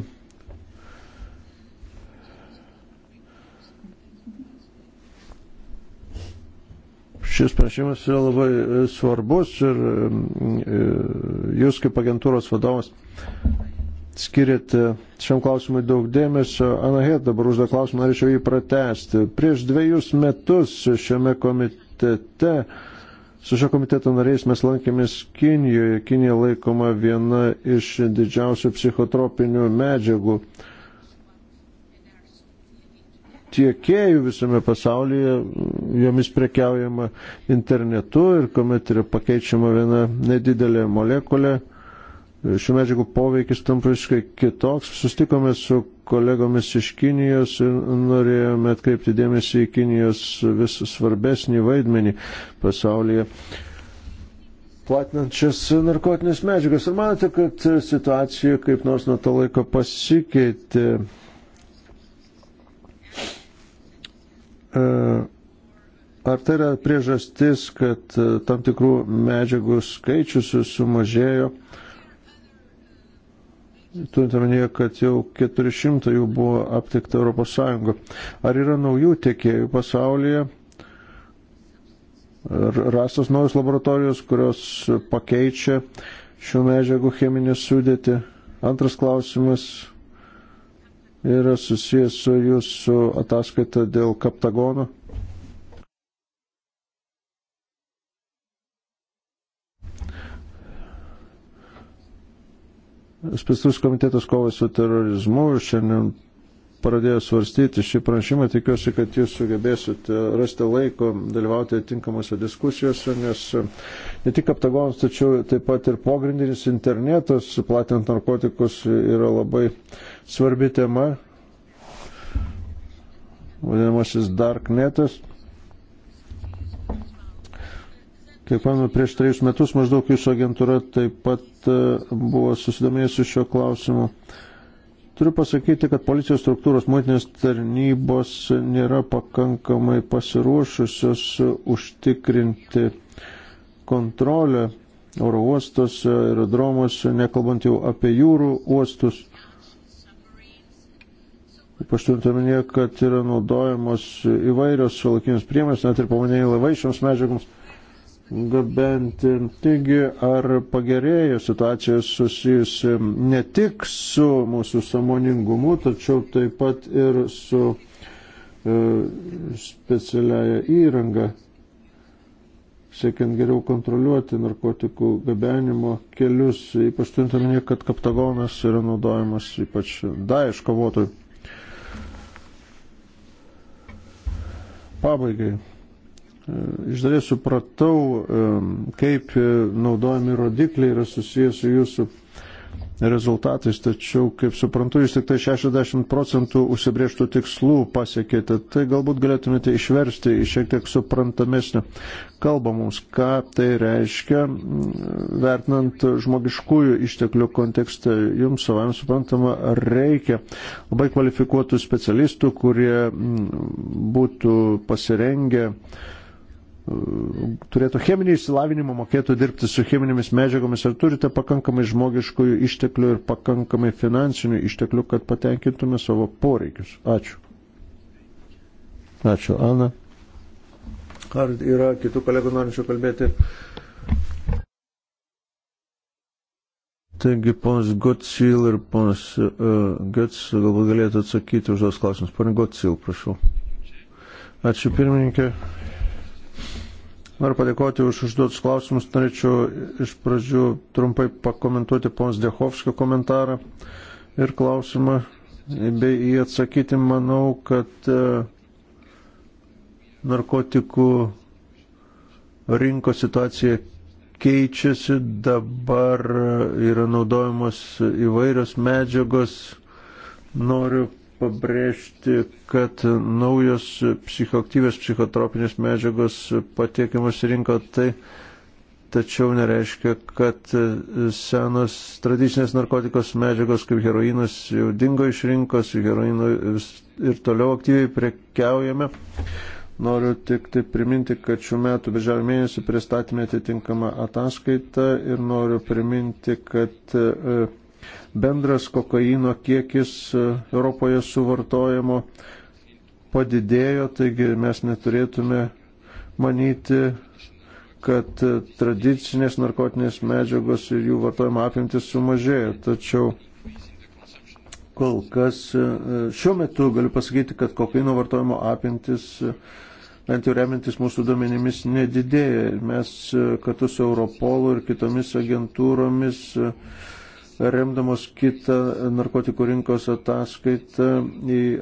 Speaker 4: Šis pranešimas yra labai e, svarbus ir e, jūs kaip agentūros vadovas skiriate šiam klausimui daug dėmesio. Anahet dabar užda klausimą, norėčiau jį pratesti. Prieš dviejus metus šiame komitete, su šio komiteto nariais mes lankėmės Kinijoje. Kinija laikoma viena iš didžiausių psichotropinių medžiagų tiekėjų visame pasaulyje, jomis prekiaujama internetu ir kuomet yra pakeičiama viena nedidelė molekulė šių medžiagų poveikis tampa visiškai kitoks. Sustikome su kolegomis iš Kinijos ir norėjome atkreipti dėmesį į Kinijos vis svarbesnį vaidmenį pasaulyje platinančias narkotinės medžiagas. Ar manote, kad situacija kaip nors nuo to laiko pasikeitė? E, ar tai yra priežastis, kad tam tikrų medžiagų skaičius sumažėjo? Uh, turint omenyje, kad jau 400 jų buvo aptikta Europos Sąjungo. Ar yra naujų tiekėjų pasaulyje? Ar rastos naujos laboratorijos, kurios pakeičia šių medžiagų cheminę sudėtį? Antras klausimas yra susijęs su jūsų ataskaita dėl kaptagono. Specialus komitetas kovai su terorizmu šiandien pradėjo svarstyti šį pranešimą. Tikiuosi, kad jūs sugebėsite rasti laiko dalyvauti atinkamose diskusijose, nes e, ne tik aptagonas, tačiau taip pat ir pogrindinis internetas, platinant narkotikus, yra labai svarbi tema. Vadinamasis darknetas. Kiek pamenu, prieš trejus metus maždaug jūsų agentūra taip pat e, buvo susidomėjusi šio klausimu. Turiu pasakyti, kad policijos struktūros muitinės tarnybos nėra pakankamai pasiruošusios užtikrinti kontrolę oro uostose, aerodromuose, nekalbant jau apie jūrų uostus. Ypač turint omenyje, kad yra naudojamos įvairios šiolakinės priemonės, net ir pamanėjai laivai šioms medžiagoms gabenti. Taigi, ar pagerėjo situacija susijusi ne tik su mūsų samoningumu, tačiau taip pat ir su e, specialiaja įranga, siekiant geriau kontroliuoti narkotikų gabenimo kelius, ypač turintaminė, kad kaptagonas yra naudojamas ypač daieškovotojų. Pabaigai iš dalies supratau, kaip e, naudojami rodikliai yra susijęs su jūsų rezultatais, tačiau, kaip suprantu, jūs tik tai 60 procentų užsibrieštų tikslų pasiekėte. Tai galbūt galėtumėte išversti į šiek tiek suprantamesnę kalbą mums, ką tai reiškia, vertinant žmogiškųjų išteklių kontekste. Jums savai suprantama, reikia labai kvalifikuotų specialistų, kurie būtų pasirengę turėtų cheminį išsilavinimą, mokėtų dirbti su cheminėmis medžiagomis, ar turite pakankamai žmogiškųjų išteklių ir pakankamai finansinių išteklių, kad patenkintume savo poreikius. Ačiū. Ačiū, Ana. Ar yra kitų kolegų norinčių kalbėti? Taigi, ponas Gotsil ir ponas uh, e, Gats galbūt galėtų atsakyti už tos klausimus. Pane Gotsil, prašau. Ačiū pirmininkė. Noriu padėkoti už užduotus klausimus. Norėčiau iš pradžių trumpai pakomentuoti pons Dėchovskio komentarą ir klausimą, bei į atsakyti manau, kad e, narkotikų rinkos situacija keičiasi, dabar yra naudojamos įvairios medžiagos. Noriu pabrėžti, kad naujos psichoktyvės psichotropinės medžiagos patiekiamas rinko tai, tačiau nereiškia, kad senos tradicinės narkotikos medžiagos kaip heroinas jau dingo iš rinkos, heroinų ir toliau aktyviai prekiaujame. Noriu tik tai priminti, kad šiuo metu birželio mėnesį pristatėme atitinkamą ataskaitą ir noriu priminti, kad e, bendras kokaino kiekis e, Europoje suvartojimo padidėjo, taigi mes neturėtume manyti, kad e, tradicinės narkotinės medžiagos ir jų vartojimo apimtis sumažėjo. Tačiau kol kas e, šiuo metu galiu pasakyti, kad kokaino vartojimo apimtis bent jau remintis mūsų duomenimis nedidėja. Mes kartu su Europolu ir kitomis agentūromis uh, remdamos kitą narkotikų rinkos ataskaitą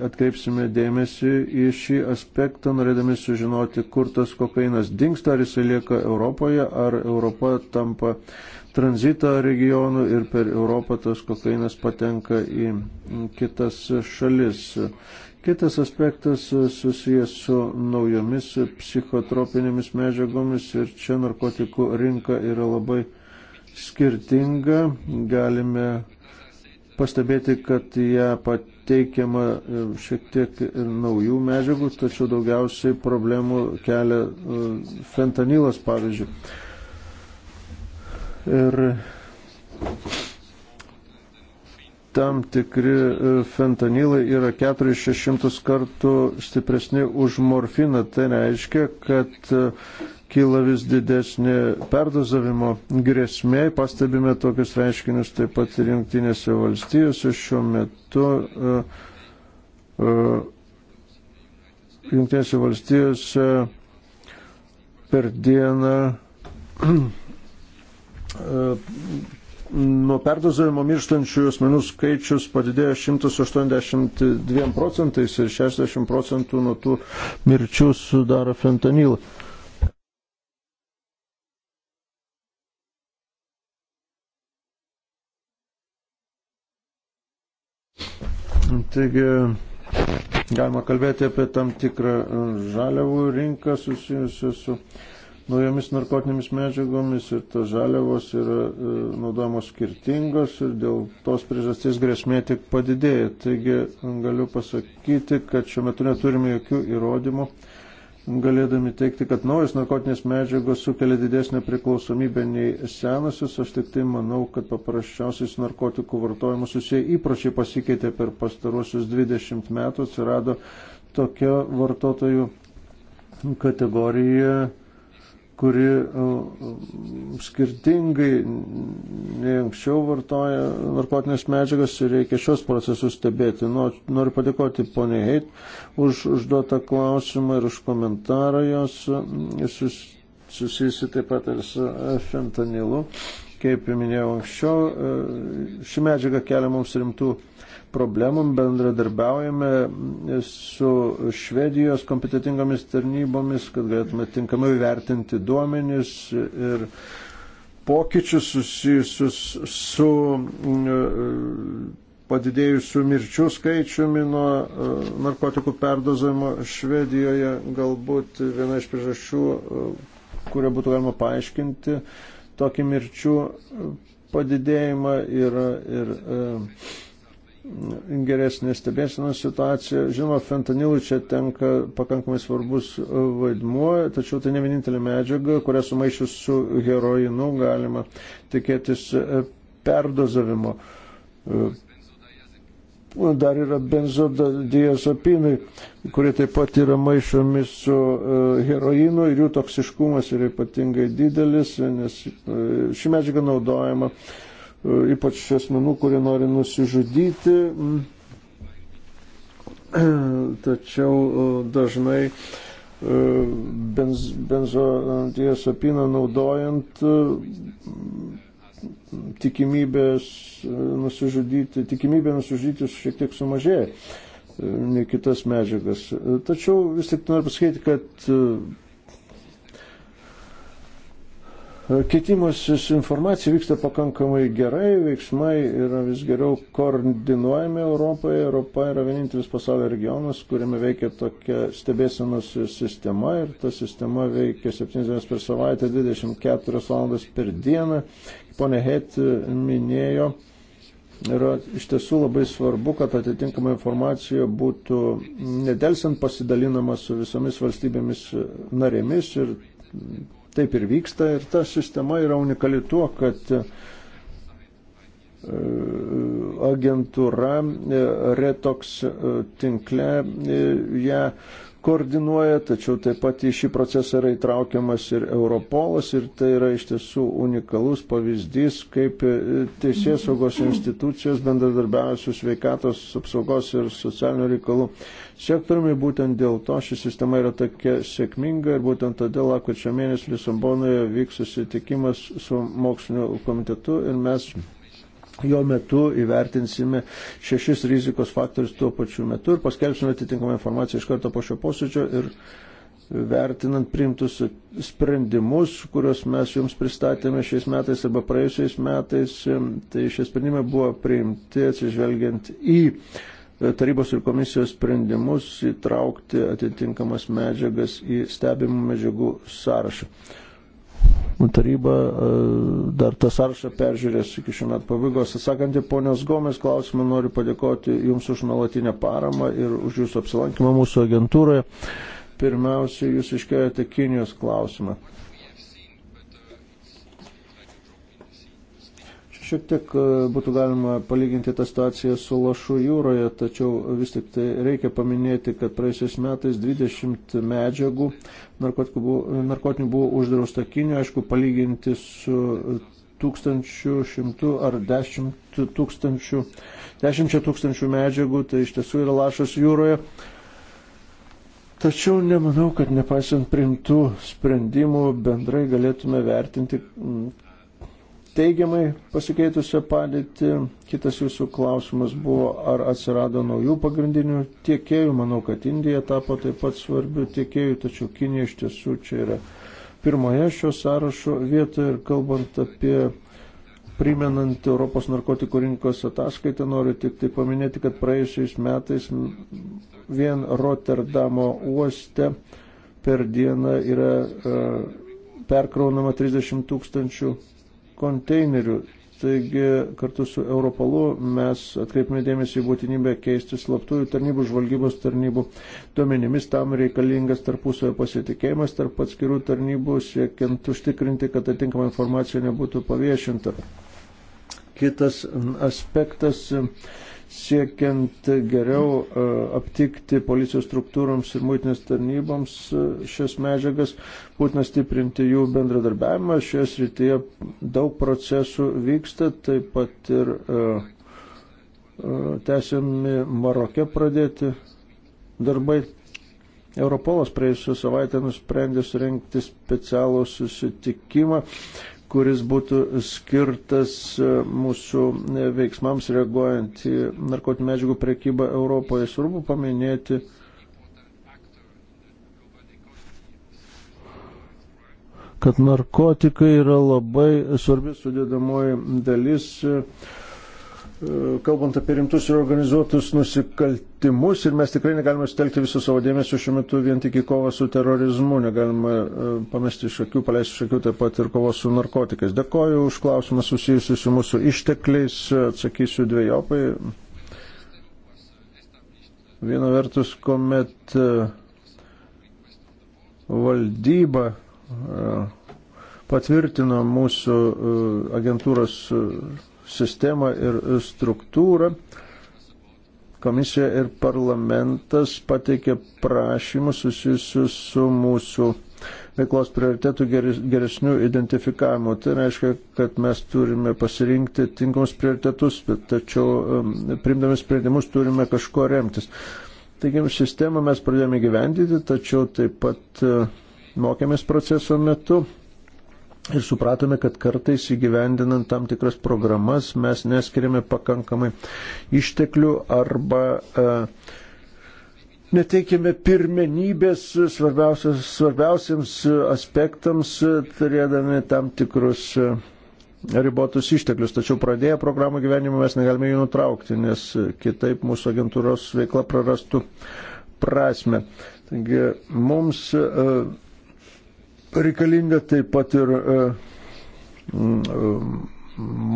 Speaker 4: atkreipsime dėmesį į šį aspektą, norėdami sužinoti, kur tas kokainas dinksta, ar jisai lieka Europoje, ar Europa tampa tranzito regionų ir per Europą tas kokainas patenka į kitas šalis. Kitas aspektas susijęs su naujomis psichotropinėmis medžiagomis ir čia narkotikų rinka yra labai skirtinga, galime pastebėti, kad ją pateikiama e, šiek tiek ir naujų medžiagų, tačiau daugiausiai problemų kelia e, fentanilas, pavyzdžiui. Ir tam tikri e, fentanilai yra 400 kartų stipresni už morfiną. Tai reiškia, kad kyla vis didesnė perdozavimo grėsmė. Pastebime tokius reiškinius taip pat ir jungtinėse valstijose. Šiuo metu uh, uh, jungtinėse valstijose per dieną uh, nuo perdozavimo mirštančių asmenų skaičius padidėjo 182 procentais ir 60 procentų nuo tų mirčių sudaro fentanilą. Taigi galima kalbėti apie tam tikrą e, žaliavų rinką susijusią su naujomis narkotinėmis medžiagomis ir tos žaliavos yra e, naudojamos skirtingos ir dėl tos priežasties grėsmė tik padidėja. Taigi galiu pasakyti, kad šiuo metu neturime jokių įrodymų galėdami teikti, kad naujas narkotinės medžiagos sukelia didesnę priklausomybę nei senasis, aš tik tai manau, kad paprasčiausiais narkotikų vartojimu susiję įpročiai pasikeitė per pastarosius 20 metų, atsirado tokia vartotojų kategorija, kuri e, skirtingai nei anksčiau vartoja narkotinės medžiagas ir reikia šios procesus stebėti. Nu, noriu padėkoti poniai Heit už užduotą klausimą ir už komentarą jos e, sus, susijusi taip pat ir su e, fentanilu. Kaip minėjau anksčiau, ši medžiaga kelia mums rimtų problemom, bendradarbiaujame su Švedijos kompetitingomis tarnybomis, kad galėtume tinkamai vertinti duomenis ir pokyčius susijusius su e, padidėjusių mirčių skaičiumi nuo e, narkotikų perdozavimo Švedijoje. Galbūt viena iš priežasčių, e, kurią būtų galima paaiškinti, tokį mirčių padidėjimą yra ir. ir geresnė stebėsina situacija. Žinoma, fentanilui čia tenka pakankamai svarbus vaidmuo, tačiau tai ne vienintelė medžiaga, kurią sumaišius su heroinu galima tikėtis perdozavimo. Dar yra benzodiazepinai, kurie taip pat yra maišomi su e, heroinu ir jų toksiškumas yra ypatingai didelis, nes e, ši medžiaga naudojama uh, E, ypač asmenų, kurie nori nusižudyti, tačiau e, dažnai e, benz, benzodiazepina naudojant tikimybės nusižudyti, tikimybė nusižudyti šiek tiek sumažėja nei kitas medžiagas. Tačiau vis tik noriu pasakyti, kad E, keitimasis informacija vyksta pakankamai gerai, veiksmai yra vis geriau koordinuojami Europoje. Europa yra vienintelis pasaulio regionas, kuriame veikia tokia stebėsenos sistema ir ta sistema veikia 7 dienas per savaitę, 24 valandas per dieną. Pone Het minėjo, yra iš tiesų labai svarbu, kad atitinkama informacija būtų nedelsiant pasidalinama su visomis valstybėmis narėmis ir taip ir vyksta ir ta sistema yra unikali tuo, kad e, agentūra e, Retox e, tinkle ją ja, koordinuoja, tačiau taip pat į šį procesą yra įtraukiamas ir Europolas ir tai yra iš tiesų unikalus pavyzdys, kaip e, teisės saugos institucijos bendradarbiauja su sveikatos apsaugos ir socialinių reikalų sektoriumi. Būtent dėl to ši sistema yra tokia sėkminga ir būtent todėl lakvačio mėnesį Lisabonoje vyks susitikimas su mokslinio komitetu ir mes Jo metu įvertinsime šešis rizikos faktorius tuo pačiu metu ir paskelbsime atitinkamą informaciją iš karto po šio posėdžio ir vertinant priimtus sprendimus, kuriuos mes jums pristatėme šiais metais arba praėjusiais metais, tai šie sprendimai buvo priimti atsižvelgiant į tarybos ir komisijos sprendimus įtraukti atitinkamas medžiagas į stebimų medžiagų sąrašą. Nu, taryba e, dar tą sąrašą peržiūrės iki šių metų pabaigos. Atsakant į ponios Gomės klausimą, noriu padėkoti Jums už nuolatinę paramą ir už Jūsų apsilankymą mūsų agentūroje. Pirmiausia, Jūs iškėjote Kinijos klausimą. Šiek tiek e, būtų galima palyginti tą situaciją su lašu jūroje, tačiau vis tik tai reikia paminėti, kad praėjusiais metais 20 medžiagų narkotinių buvo uždrausta Kinijoje, aišku, palyginti su tūkstančių šimtų ar dešimt tūkstančių, dešimčia tūkstančių medžiagų, tai iš tiesų yra lašas jūroje. Tačiau nemanau, kad nepaisant primtų sprendimų bendrai galėtume vertinti, teigiamai pasikeitusią padėtį. Kitas jūsų klausimas buvo, ar atsirado naujų pagrindinių tiekėjų. Manau, kad Indija tapo taip pat svarbių tiekėjų, tačiau Kinija iš tiesų čia yra pirmoje šio sąrašo vietoje ir kalbant apie primenant Europos narkotikų rinkos ataskaitą, noriu tik tai paminėti, kad praėjusiais metais vien Rotterdamo uoste per dieną yra e, perkraunama 30 tūkstančių konteinerių. Taigi kartu su Europolu mes atkreipime dėmesį į būtinybę keisti slaptųjų tarnybų, žvalgybos tarnybų duomenimis. Tam reikalingas tarpusavio pasitikėjimas tarp atskirų tarnybų, siekiant užtikrinti, kad atitinkama informacija nebūtų paviešinta. Kitas aspektas siekiant geriau e, aptikti policijos struktūroms ir muitinės tarnyboms e, šias medžiagas, būtina stiprinti jų bendradarbiavimą. Šioje srityje daug procesų vyksta, taip pat ir e, tęsiami Maroke pradėti darbai. Europolas praėjusią savaitę nusprendė surinkti specialų susitikimą, kuris būtų skirtas e, mūsų e, veiksmams reaguojant į narkotinių medžiagų prekybą Europoje. Svarbu paminėti kad narkotikai yra labai svarbi sudėdamoji dalis e, kalbant apie rimtus ir organizuotus nusikaltimus ir mes tikrai negalime sutelkti viso savo dėmesio šiuo metu vien tik į kovą su terorizmu, negalime e, pamesti iš akių, paleisti iš akių taip pat ir kovos su narkotikais. Dėkoju už klausimą susijusiu su mūsų ištekliais, atsakysiu dviejopai. Viena vertus, kuomet e, valdyba e, patvirtino mūsų agentūros sistemą ir struktūrą. Komisija ir parlamentas pateikė prašymus susijusius su mūsų veiklos prioritetų geresnių identifikavimu. Tai reiškia, kad mes turime pasirinkti tinkamus prioritetus, tačiau um, primdami sprendimus turime kažko remtis. Taigi sistemą mes pradėjome gyvendyti, tačiau taip pat uh, mokėmės proceso metu ir supratome, kad kartais įgyvendinant tam tikras programas mes neskiriame pakankamai išteklių arba e, neteikime pirmenybės svarbiausiams aspektams, turėdami tam tikrus e, ribotus išteklius. Tačiau pradėję programų gyvenimą mes negalime jų nutraukti, nes kitaip mūsų agentūros veikla prarastų prasme. Taigi mums. E, Reikalinga taip pat ir e,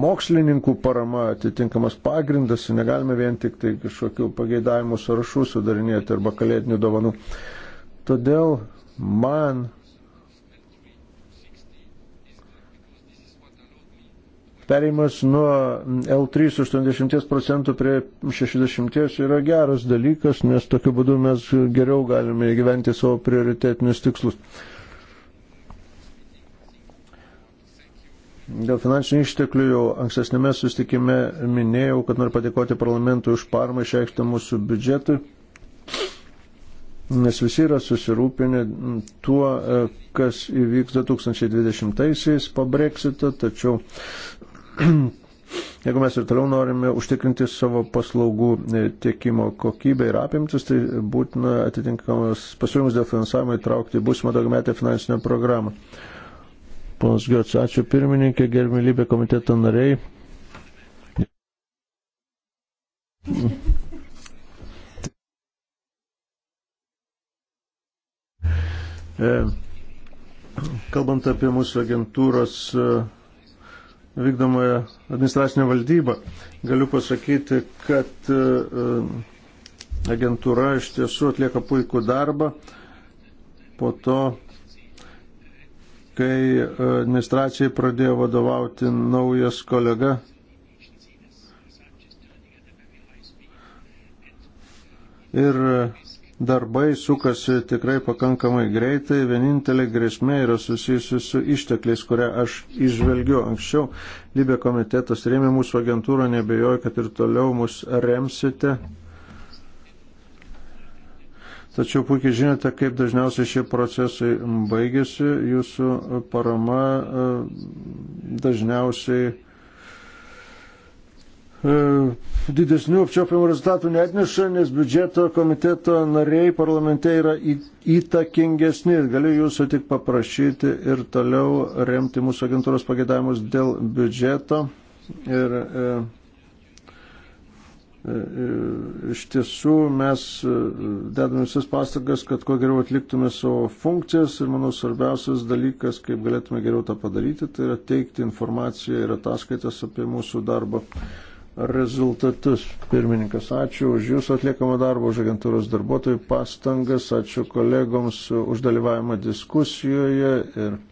Speaker 4: mokslininkų parama, atitinkamas pagrindas, negalime vien tik tai kažkokių pageidavimų sąrašų sudarinėti arba kalėdinių dovanų. Todėl man Perėjimas nuo L3 80 procentų prie 60 yra geras dalykas, nes tokiu būdu mes geriau galime įgyventi savo prioritetinius tikslus. Dėl finansinių išteklių jau ankstesnėme sustikime minėjau, kad noriu padėkoti parlamentui už parmą išreikštą mūsų biudžetui, nes visi yra susirūpinę tuo, e, kas įvyks 2020-aisiais po breksito, tačiau Jeigu mes ir toliau norime užtikrinti savo paslaugų e, tiekimo kokybę ir apimtis, tai būtina atitinkamas pasiūlymus dėl finansavimo įtraukti į būsimą daugiametę finansinę programą. Ponas Giots, ačiū pirmininkė, germilybė komiteto nariai. E, kalbant apie mūsų agentūros e, vykdomąją administracinę valdybą, galiu pasakyti, kad e, agentūra iš tiesų atlieka puikų darbą. Po to kai administracijai pradėjo vadovauti naujas kolega. Ir darbai sukasi tikrai pakankamai greitai. Vienintelė grėsmė yra susijusi su ištekliais, kurią aš išvelgiu. Anksčiau Libė komitetas rėmė mūsų agentūrą, nebejoju, kad ir toliau mus remsite Tačiau puikiai žinote, kaip dažniausiai šie procesai baigėsi. Jūsų parama e, dažniausiai e, didesnių apčiopiamų rezultatų neatneša, nes biudžeto komiteto nariai parlamente yra įtakingesni. Galiu jūsų tik paprašyti ir toliau remti mūsų agentūros pagėdavimus dėl biudžeto. Ir, e, Iš tiesų mes e, dedame visas pastangas, kad kuo geriau atliktume savo funkcijas ir manau svarbiausias dalykas, kaip galėtume geriau tą padaryti, tai yra teikti informaciją ir ataskaitas apie mūsų darbo rezultatus. Pirmininkas, ačiū už Jūsų atliekamą darbą, už agentūros darbuotojų pastangas, ačiū kolegoms už dalyvavimą diskusijoje. Ir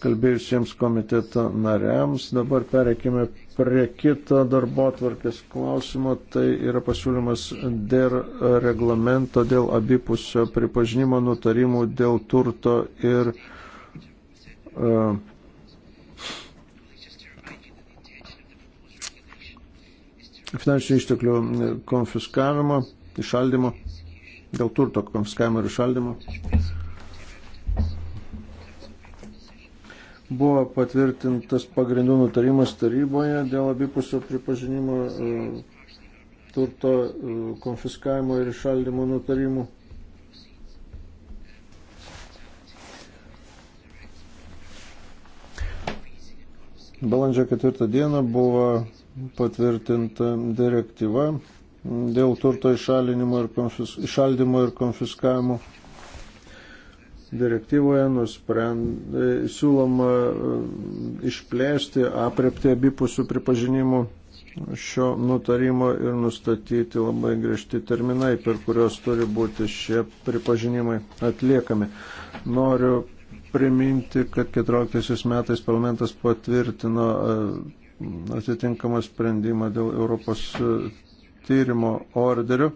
Speaker 4: kalbėjusiems komiteto nariams. Dabar pereikime prie kito darbo atvarkės klausimo. Tai yra pasiūlymas dėl reglamento, dėl abipusio pripažinimo nutarimų dėl turto ir uh, finansinių išteklių konfiskavimo, išaldimo, dėl turto konfiskavimo ir išaldimo. Buvo patvirtintas pagrindų nutarimas taryboje dėl abipusio pripažinimo e, turto e, konfiskavimo ir išaldimo nutarimų. Balandžio 4 dieną buvo patvirtinta direktyva dėl turto išaldimo ir konfiskavimo direktyvoje nusprend, e, siūloma e, išplėsti aprepti abipusių pripažinimų šio nutarimo ir nustatyti labai griežti terminai, per kurios turi būti šie pripažinimai atliekami. Noriu priminti, kad 14 metais parlamentas patvirtino e, atitinkamą sprendimą dėl Europos tyrimo orderio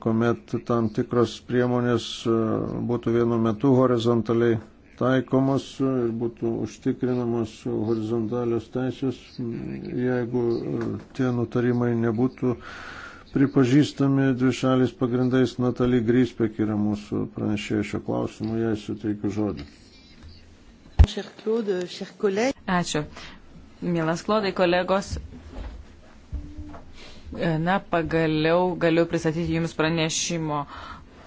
Speaker 4: kuomet tam tikros priemonės e, būtų vienu metu horizontaliai taikomos ir būtų užtikrinamos horizontalios teisės, jeigu e, tie nutarimai nebūtų pripažįstami dvi šalis pagrindais. Natalija Gryspek yra mūsų pranešėjo šio klausimu, jai suteikiu žodį.
Speaker 2: Ačiū. Mielas Klodai, kolegos, Na, pagaliau galiu pristatyti Jums pranešimo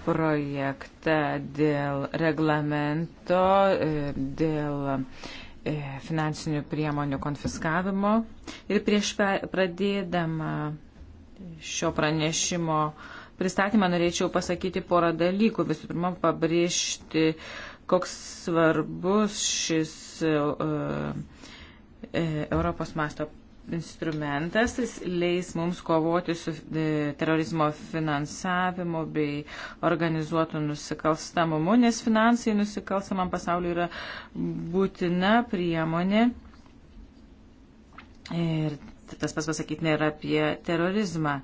Speaker 2: projektą dėl reglamento, e, dėl e, finansinių priemonių konfiskavimo. Ir prieš pradėdama šio pranešimo pristatymą norėčiau pasakyti porą dalykų. Visų pirma, pabrėžti, koks svarbus šis uh, Europos masto instrumentas, jis leis mums kovoti su e, terorizmo finansavimu bei organizuotų nusikalstamumu, nes finansai nusikalstamam pasauliu yra būtina priemonė. Ir tas pas pasakyti nėra apie terorizmą.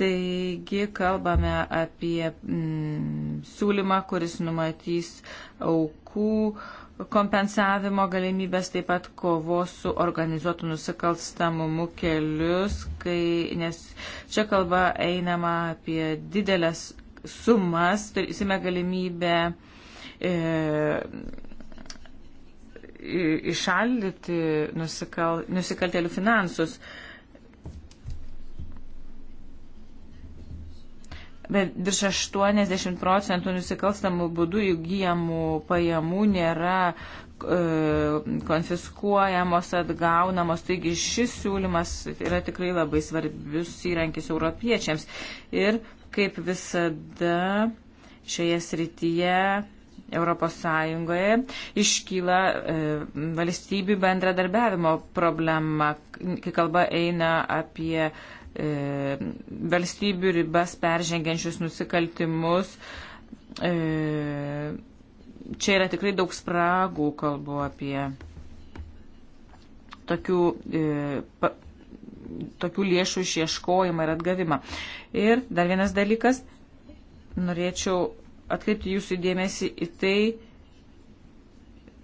Speaker 2: Taigi kalbame apie mm, siūlymą, kuris numatys aukų. Uh, kompensavimo galimybės, taip pat kovos su organizuotu nusikalstamumu kelius, kai, nes čia kalba einama apie didelės sumas, turėsime galimybę e, išaldyti nusikal, nusikaltelių finansus. E, virš 80 procentų nusikalstamų būdų įgyjamų pajamų nėra e, konfiskuojamos, atgaunamos. Taigi šis siūlymas yra tikrai labai svarbius įrankis europiečiams. Ir kaip visada šioje srityje Europos Sąjungoje iškyla e, valstybių bendradarbiavimo problema, kai kalba eina apie e, valstybių ribas peržengiančius nusikaltimus. E, čia yra tikrai daug spragų, kalbu apie tokių, e, pa, tokių lėšų išieškojimą ir atgavimą. Ir dar vienas dalykas, norėčiau atkreipti jūsų dėmesį į tai,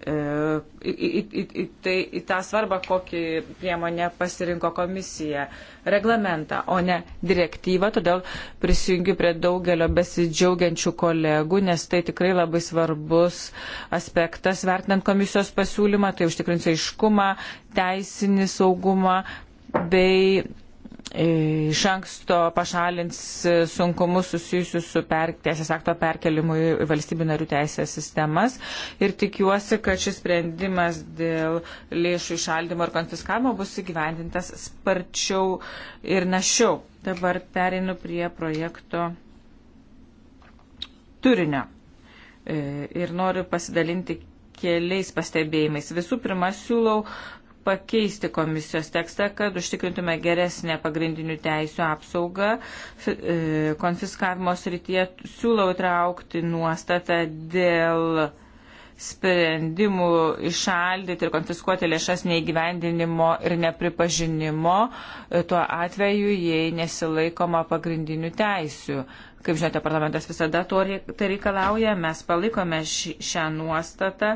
Speaker 2: E, į, į, į, tai, į tą svarbą, kokį priemonę pasirinko komisija - reglamentą, o ne direktyvą. Todėl prisijungiu prie daugelio besidžiaugiančių kolegų, nes tai tikrai labai svarbus aspektas vertinant komisijos pasiūlymą. Tai užtikrins aiškumą, teisinį saugumą bei iš anksto pašalins sunkumus susijusius su per, teisės akto perkelimu į valstybių narių teisės sistemas ir tikiuosi, kad šis sprendimas dėl lėšų išaldimo ir konfiskavimo bus įgyvendintas sparčiau ir našiau. Dabar perinu prie projekto turinio e, ir noriu pasidalinti keliais pastebėjimais. Visų pirma, siūlau pakeisti komisijos tekstą, kad užtikrintume geresnę pagrindinių teisų apsaugą. E, konfiskavimo srityje siūlau traukti nuostatą dėl sprendimų išaldyti ir konfiskuoti lėšas neįgyvendinimo ir nepripažinimo e, tuo atveju, jei nesilaikoma pagrindinių teisių. Kaip žinote, parlamentas visada to tai reikalauja, mes palikome ši, šią nuostatą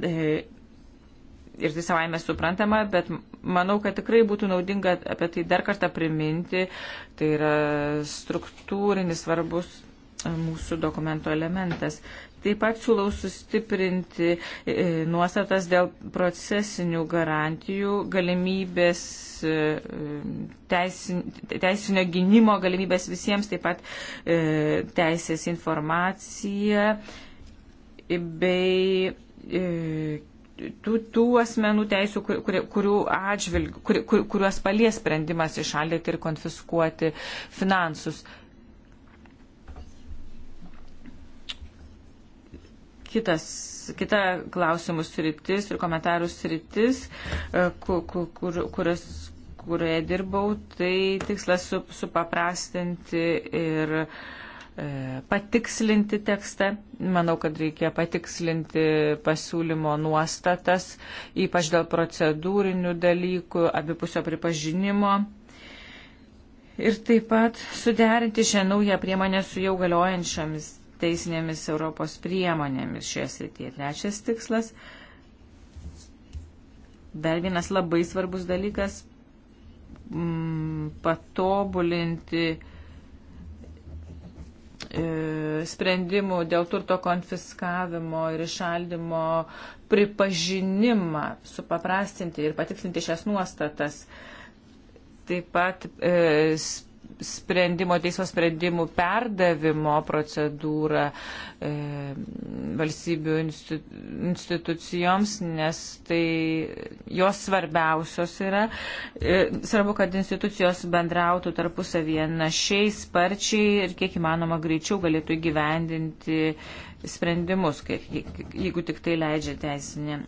Speaker 2: e, ir tai savaime suprantama, bet manau, kad tikrai būtų naudinga apie tai dar kartą priminti. Tai yra struktūrinis svarbus e, mūsų dokumento elementas. Taip pat siūlau sustiprinti e, nuostatas dėl procesinių garantijų, galimybės e, teisinio gynimo, galimybės visiems, taip pat teisės informacija bei tų, tų asmenų teisų, kur, kur, kurių atžvilgių, kur, kur, kuriuos palies sprendimas išaldyti ir konfiskuoti finansus. Kitas, kita klausimų sritis ir komentarų sritis, e, kur, kur, kurias, kurioje dirbau, tai tikslas supaprastinti su, su ir uh, E, patikslinti tekstą. Manau, kad reikia patikslinti pasiūlymo nuostatas, ypač dėl procedūrinių dalykų, abipusio pripažinimo. Ir taip pat suderinti šią naują priemonę su jau galiojančiamis teisinėmis Europos priemonėmis šioje srityje. Trečias tikslas. Dar vienas labai svarbus dalykas - patobulinti E, sprendimų dėl turto konfiskavimo ir išaldimo pripažinimą, supaprastinti ir patikslinti šias nuostatas. Taip pat e, sprendimo, teismo sprendimų perdavimo procedūrą e, valstybių institucijoms, nes tai jos svarbiausios yra. E, svarbu, kad institucijos bendrautų tarpusavyje našiai, sparčiai ir kiek įmanoma greičiau galėtų įgyvendinti sprendimus, kaip, jeigu tik tai leidžia teisinė e,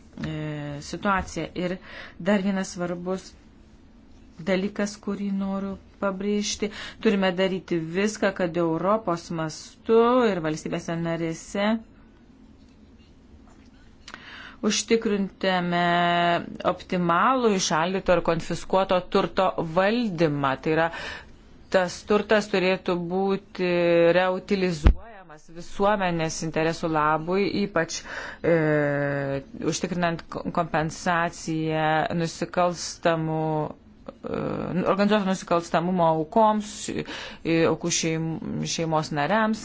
Speaker 2: situacija. Ir dar vienas svarbus dalykas, kurį noriu pabrėžti. Turime daryti viską, kad Europos mastu ir valstybėse narėse užtikrintame optimalų išaldyto ar konfiskuoto turto valdymą. Tai yra, tas turtas turėtų būti reutilizuojamas visuomenės interesų labui, ypač e, užtikrinant kompensaciją nusikalstamų E, organizuoto nusikalstamumo aukoms, aukų šeimos nariams.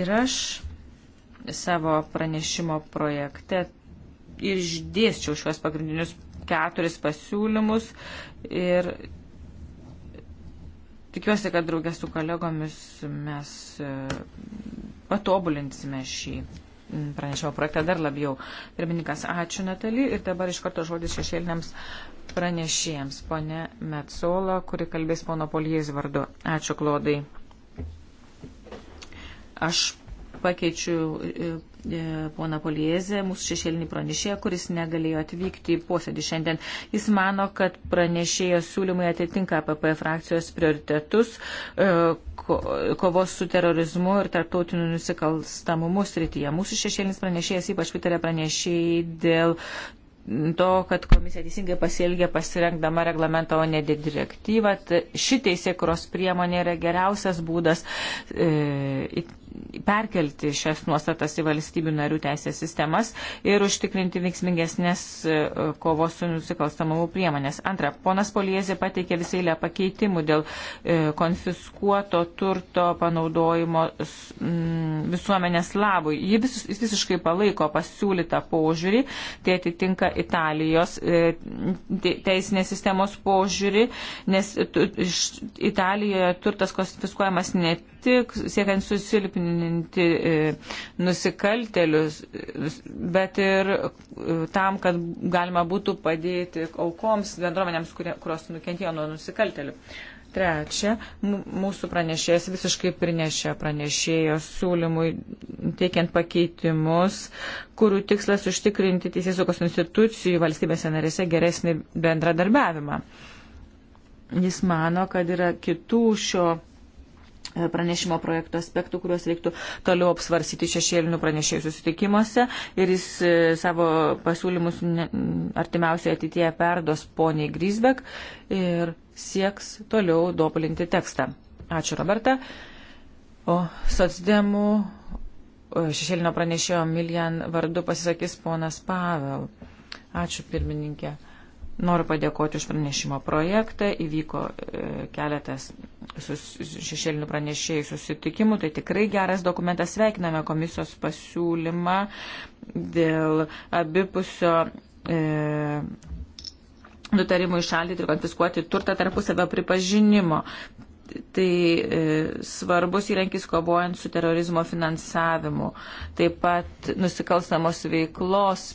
Speaker 2: Ir aš savo pranešimo projekte išdėsčiau šiuos pagrindinius keturis pasiūlymus ir tikiuosi, kad draugės su kolegomis mes e, patobulinsime šį pranešimo projektą dar labiau. Pirmininkas, ačiū Natalį ir dabar iš karto žodis šešėliniams pranešėjams, ponė Metsola, kuri kalbės pono Polijais vardu. Ačiū, Klodai. Aš pakeičiu e, e, pona Poliezė, mūsų šešėlinį pranešėją, kuris negalėjo atvykti į posėdį šiandien. Jis mano, kad pranešėjo siūlymai atitinka PP frakcijos prioritetus e, kovos su terorizmu ir tarptautiniu nusikalstamumu srityje. Mūsų šešėlinis pranešėjas ypač pritarė pranešėjai dėl to, kad komisija teisingai pasielgė pasirengdama reglamentą, o ne direktyvą. Ši teisėkuros priemonė yra geriausias būdas e, perkelti šias nuostatas į valstybių narių teisės sistemas ir užtikrinti veiksmingesnės e, kovos su nusikalstamumu priemonės. Antra, ponas Poliezė pateikė visą eilę pakeitimų dėl e, konfiskuoto turto panaudojimo mm, visuomenės labui. Jis visiškai palaiko pasiūlytą požiūrį, tai atitinka Italijos e, teisinės sistemos požiūrį, nes Italijoje turtas konfiskuojamas ne tik siekiant susilpninti e, nusikaltelius, bet ir e, tam, kad galima būtų padėti aukoms, bendruomenėms, kurios nukentėjo nuo nusikaltelių. Trečia, mūsų pranešėjas visiškai prinešė pranešėjos siūlymui teikiant pakeitimus, kurių tikslas užtikrinti teisėsaugos institucijų valstybėse narėse geresnį bendradarbiavimą. Jis mano, kad yra kitų šio e, pranešimo projektų aspektų, kuriuos reiktų toliau apsvarsyti šešėlinių pranešėjų susitikimuose ir jis e, savo pasiūlymus artimiausioje ateityje perdos poniai Grisbek ir sieks toliau dobulinti tekstą. Ačiū, Roberta. O socdemų šešėlinio pranešėjo Miljan vardu pasisakys ponas Pavel. Ačiū, pirmininkė. Noriu padėkoti už pranešimo projektą. Įvyko e, keletas sus, šešėlinių pranešėjų susitikimų. Tai tikrai geras dokumentas. Sveikiname komisijos pasiūlymą dėl abipusio. E, nutarimų išaldyti ir konfiskuoti turtą tarpusavio pripažinimo. Tai e, svarbus įrankis kovojant su terorizmo finansavimu. Taip pat nusikalstamos veiklos,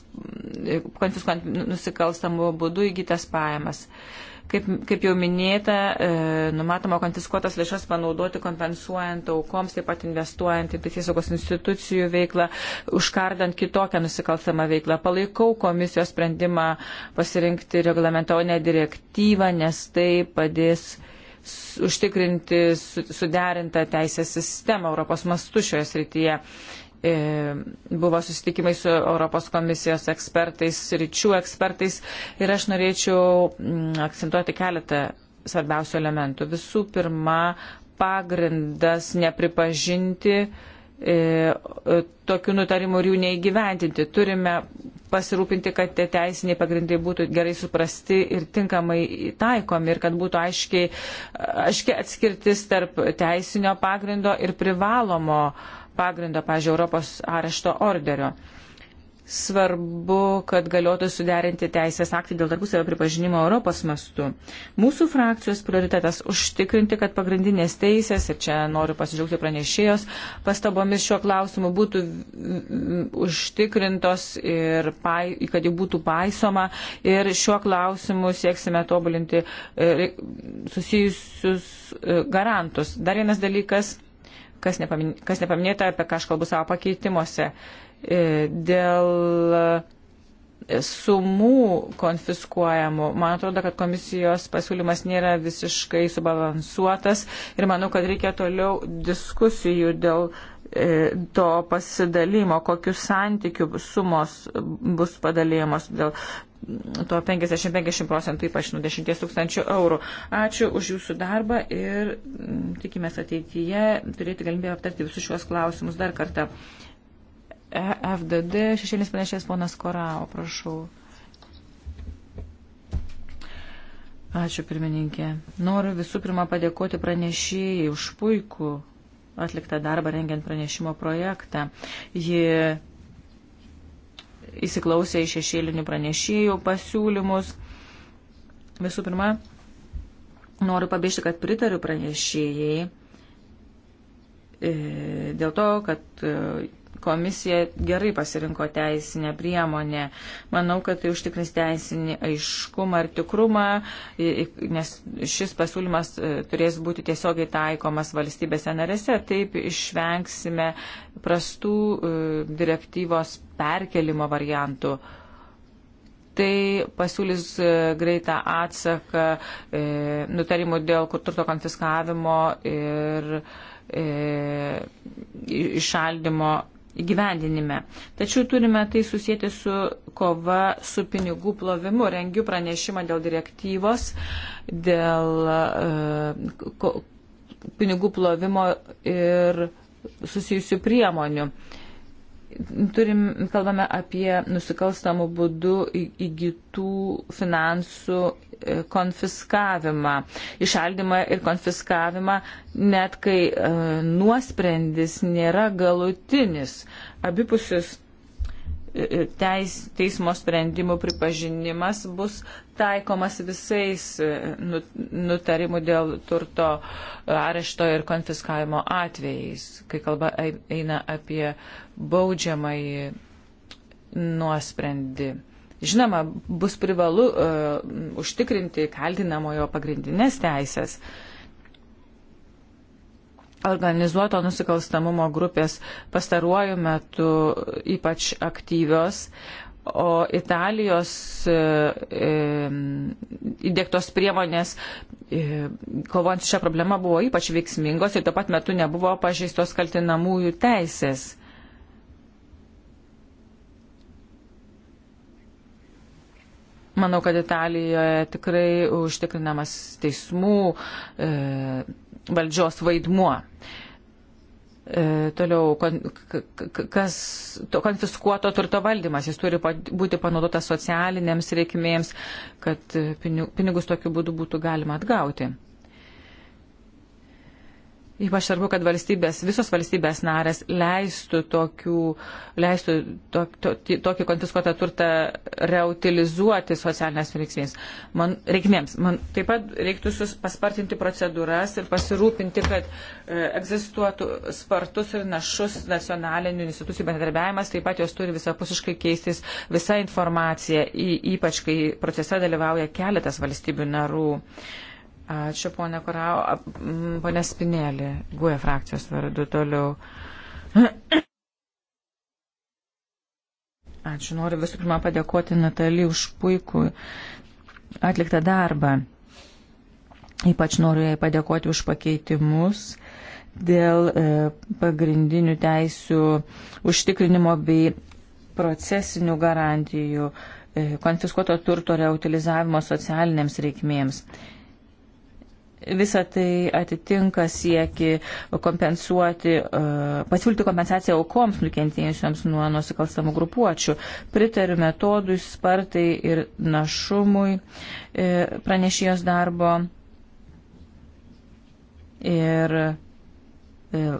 Speaker 2: e, konfiskuojant nusikalstamų būdų įgytas pajamas. E, Kaip, kaip jau minėta, e, numatoma konfiskuotas lėšas panaudoti kompensuojant aukoms, taip pat investuojant į teisėsaugos institucijų veiklą, užkardant kitokią nusikalstamą veiklą. Palaikau komisijos sprendimą pasirinkti reglamento, o ne direktyvą, nes tai padės užtikrinti suderintą teisės sistemą Europos mastu šioje srityje. E, buvo susitikimai su Europos komisijos ekspertais, ryčių ekspertais ir aš norėčiau mm, akcentuoti keletą svarbiausių elementų. Visų pirma, pagrindas nepripažinti e, tokių nutarimų ir jų neįgyventinti. Turime pasirūpinti, kad tie teisiniai pagrindai būtų gerai suprasti ir tinkamai taikomi ir kad būtų aiškiai, aiškiai atskirtis tarp teisinio pagrindo ir privalomo uh, pagrindo, pažiūrėjau, Europos arešto orderio. Svarbu, kad galėtų suderinti teisės aktai dėl tarpusavio pripažinimo Europos mastu. Mūsų frakcijos prioritetas užtikrinti, kad pagrindinės teisės, ir čia noriu pasidžiaugti pranešėjos, pastabomis šiuo klausimu būtų užtikrintos ir pai, kad jų būtų paisoma. Ir šiuo klausimu sieksime tobulinti e, susijusius e, garantus. Dar vienas dalykas kas nepaminėta, apie ką aš kalbu savo pakeitimuose. E, dėl e, sumų konfiskuojamų. Man atrodo, kad komisijos pasiūlymas nėra visiškai subalansuotas ir manau, kad reikia toliau diskusijų dėl e, to pasidalimo, kokius santykių sumos bus padalyjamos dėl to 50-50 procentų, ypač nuo 10 tūkstančių eurų. Ačiū už jūsų darbą ir mm, tikimės ateityje turėti galimybę aptarti visus šiuos klausimus dar kartą. E FDD šešėlis panašės ponas Korao, prašau. Ačiū pirmininkė. Noriu visų pirma padėkoti pranešėjai už puikų atliktą darbą rengiant pranešimo projektą. Ji įsiklausė į šešėlinių pranešėjų pasiūlymus. Visų pirma, noriu pabrėžti, kad pritariu pranešėjai e, dėl to, kad e, komisija gerai pasirinko teisinę priemonę. Manau, kad tai užtikrins teisinį aiškumą ir tikrumą, nes šis pasiūlymas e, turės būti tiesiogiai taikomas valstybėse narėse. Taip išvengsime prastų e, direktyvos perkelimo variantų tai pasiūlys e, greitą atsaką e, nutarimų dėl turto konfiskavimo ir e, išaldimo įgyvendinime. Tačiau turime tai susijęti su kova su pinigų plovimu. Rengiu pranešimą dėl direktyvos, dėl uh, ko, pinigų plovimo ir susijusių priemonių. Turim, kalbame apie nusikalstamų būdų įgytų finansų konfiskavimą, išaldymą ir konfiskavimą, net kai e, nuosprendis nėra galutinis. Abipusis e, e, teis, teismo sprendimų pripažinimas bus taikomas visais e, nu, nutarimų dėl turto arešto ir konfiskavimo atvejais, kai kalba eina apie baudžiamąjį nuosprendį. Žinoma, bus privalu uh, užtikrinti kaltinamojo pagrindinės teisės. Organizuoto nusikalstamumo grupės pastaruoju metu ypač aktyvios, o Italijos uh, įdėktos priemonės uh, kovojant šią problemą buvo ypač veiksmingos ir tuo pat metu nebuvo pažeistos kaltinamųjų teisės. Manau, kad Italijoje tikrai užtikrinamas teismų e, valdžios vaidmuo. E, toliau, kon, kas to konfiskuoto turto valdymas, jis turi būti panaudotas socialinėms reikmėms, kad e, pinigus tokiu būdu būtų galima atgauti. Ypač svarbu, kad valstybės, visos valstybės narės leistų, tokių, leistų to, to, to, tokį konfiskuotą turtą reutilizuoti socialinės reikmėms. Man, reikmėms. Man taip pat reiktų paspartinti procedūras ir pasirūpinti, kad e, egzistuotų spartus ir našus nacionalinių institucijų bendradarbiavimas. Taip pat jos turi visapusiškai keistis visą informaciją, y, ypač kai procese dalyvauja keletas valstybių narų. E, Ačiū, ponė Korau. Pone Spinėlė, guoja e frakcijos vardu toliau. Ačiū, noriu visų pirma padėkoti Natalį už puikų atliktą darbą. Ypač noriu jai padėkoti už pakeitimus dėl e, pagrindinių teisių užtikrinimo bei procesinių garantijų e, konfiskuoto turto reutilizavimo socialinėms reikmėms. Visa tai atitinka sieki kompensuoti, e, pasiūlyti kompensaciją aukoms nukentėjusiams nuo nusikalstamų grupuočių. Pritariu metodui, spartai ir našumui e, pranešėjos darbo. Ir e,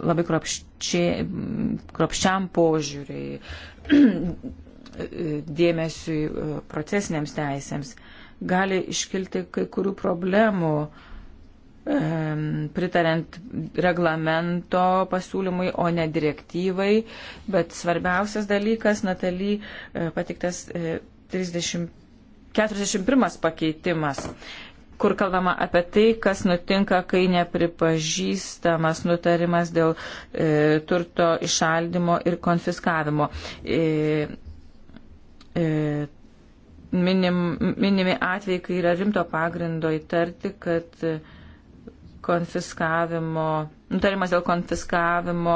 Speaker 2: labai kropščiam požiūriai, dėmesiui procesiniams teisėms gali iškilti kai kurių problemų uh, pritarent reglamento pasiūlymui, o ne direktyvai. Bet svarbiausias dalykas, Nataly, patiktas 30, 41 pakeitimas kur kalbama apie tai, kas nutinka, kai nepripažįstamas nutarimas dėl e, turto išaldimo ir konfiskavimo. E, e, minim, minimi atvejai, kai yra rimto pagrindo įtarti, kad e, konfiskavimo, nutarimas dėl konfiskavimo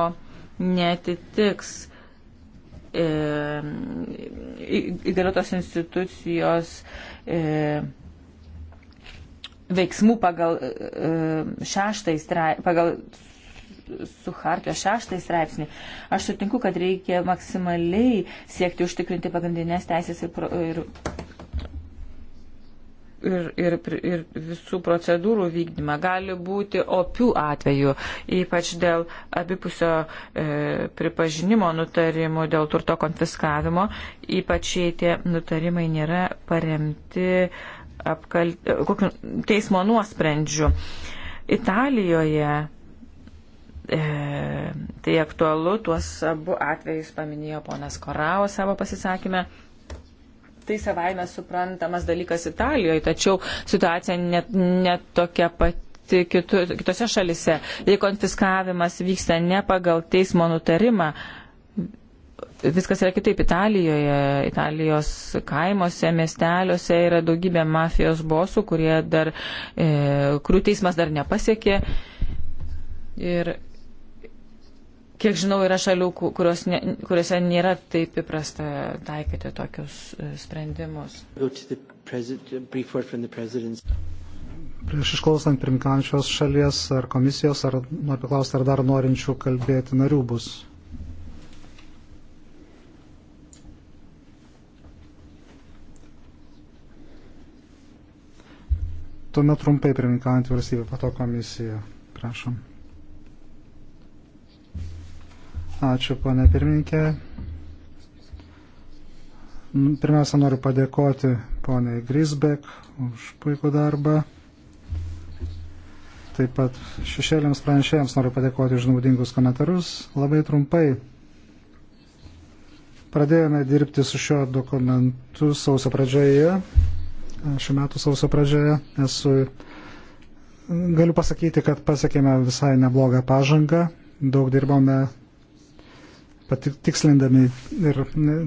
Speaker 2: netitiks e, įgaliotos institucijos e, veiksmų pagal, e, straip, pagal su Hartio šeštai straipsnį. Aš sutinku, kad reikia maksimaliai siekti užtikrinti pagrindinės teisės ir, pro, ir ir, ir, ir visų procedūrų vykdymą. Gali būti opių atvejų, ypač dėl abipusio e, pripažinimo nutarimų, dėl turto konfiskavimo, ypač jei tie nutarimai nėra paremti apkalt, e, kokiu, teismo nuosprendžiu. Italijoje e, tai aktualu, tuos abu atvejus paminėjo ponas Korao savo pasisakymę tai savaime suprantamas dalykas Italijoje, tačiau situacija net, net tokia pati kitu, kitose šalise. Jei konfiskavimas vyksta ne pagal teismo nutarimą, viskas yra kitaip Italijoje, Italijos kaimuose, miesteliuose yra daugybė mafijos bosų, kurie dar, e, kurių teismas dar nepasiekė. Ir Kiek žinau, yra šalių, kurios ne, kuriuose nėra taip įprasta taikyti tokius e, sprendimus.
Speaker 3: Prieš išklausant primkančios šalies ar komisijos, ar nu, apiklausti, ar dar norinčių kalbėti narių bus. Tuomet trumpai primkant valstybę, pato komisiją. Prašom. Ačiū, ponė pirmininkė. Pirmiausia, noriu padėkoti poniai Grisbek už puikų darbą. Taip pat šešėliams pranešėjams noriu padėkoti už naudingus komentarus. Labai trumpai. Pradėjome dirbti su šiuo dokumentu sausio pradžioje. Šiuo metu sausio pradžioje esu. Galiu pasakyti, kad pasiekėme visai neblogą pažangą. Daug dirbome patikslindami ir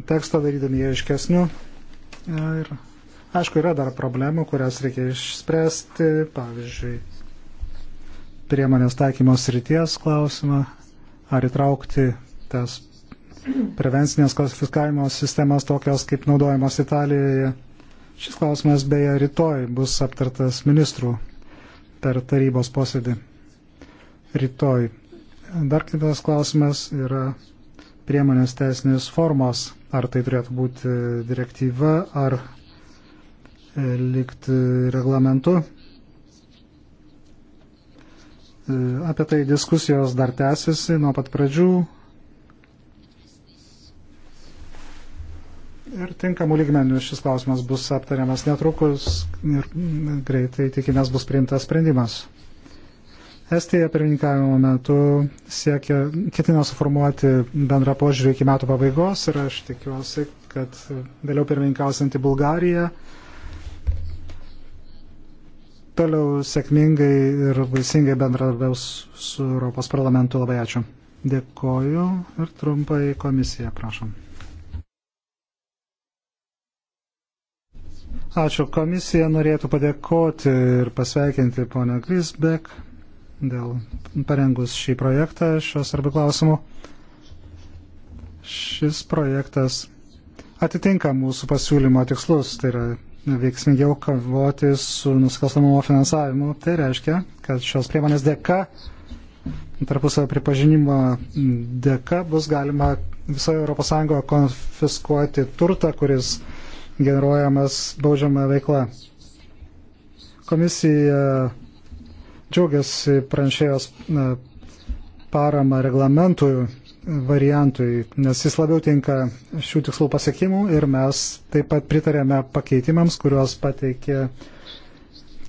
Speaker 3: tekstą darydami jį aiškesniu. E, ir aišku, yra dar problemų, kurias reikia išspręsti, pavyzdžiui, priemonės taikymos ryties klausimą, ar įtraukti tas prevencinės klasifikavimo sistemas tokios, kaip naudojamos Italijoje. Šis klausimas beje rytoj bus aptartas ministrų per tarybos posėdį. Rytoj. Dar kitas klausimas yra priemonės teisinės formos, ar tai turėtų būti direktyva, ar e, likti e, reglamentu. E, apie tai diskusijos dar tęsiasi nuo pat pradžių. Ir tinkamų lygmenių šis klausimas bus aptariamas netrukus ir greitai tikimės bus priimtas sprendimas. Estija pirmininkavimo metu siekia, ketina suformuoti bendrą požiūrį iki metų pabaigos ir aš tikiuosi, kad vėliau pirmininkausianti Bulgarija toliau sėkmingai ir vaisingai bendradarbiaus su Europos parlamentu. Labai ačiū. Dėkoju ir trumpai komisiją, prašom. Ačiū. Komisija norėtų padėkoti ir pasveikinti ponę Grisbek dėl parengus šį projektą šios svarbių klausimų. Šis projektas atitinka mūsų pasiūlymo tikslus, tai yra veiksmingiau kovoti su nusikalstamumo finansavimu. Tai reiškia, kad šios priemonės dėka, tarpusavio pripažinimo dėka bus galima visoje ES konfiskuoti turtą, kuris generuojamas baudžiama veikla. Komisija džiaugiasi pranešėjos parama reglamentų variantui, nes jis labiau tinka šių tikslų pasiekimų ir mes taip pat pritarėme pakeitimams, kuriuos pateikė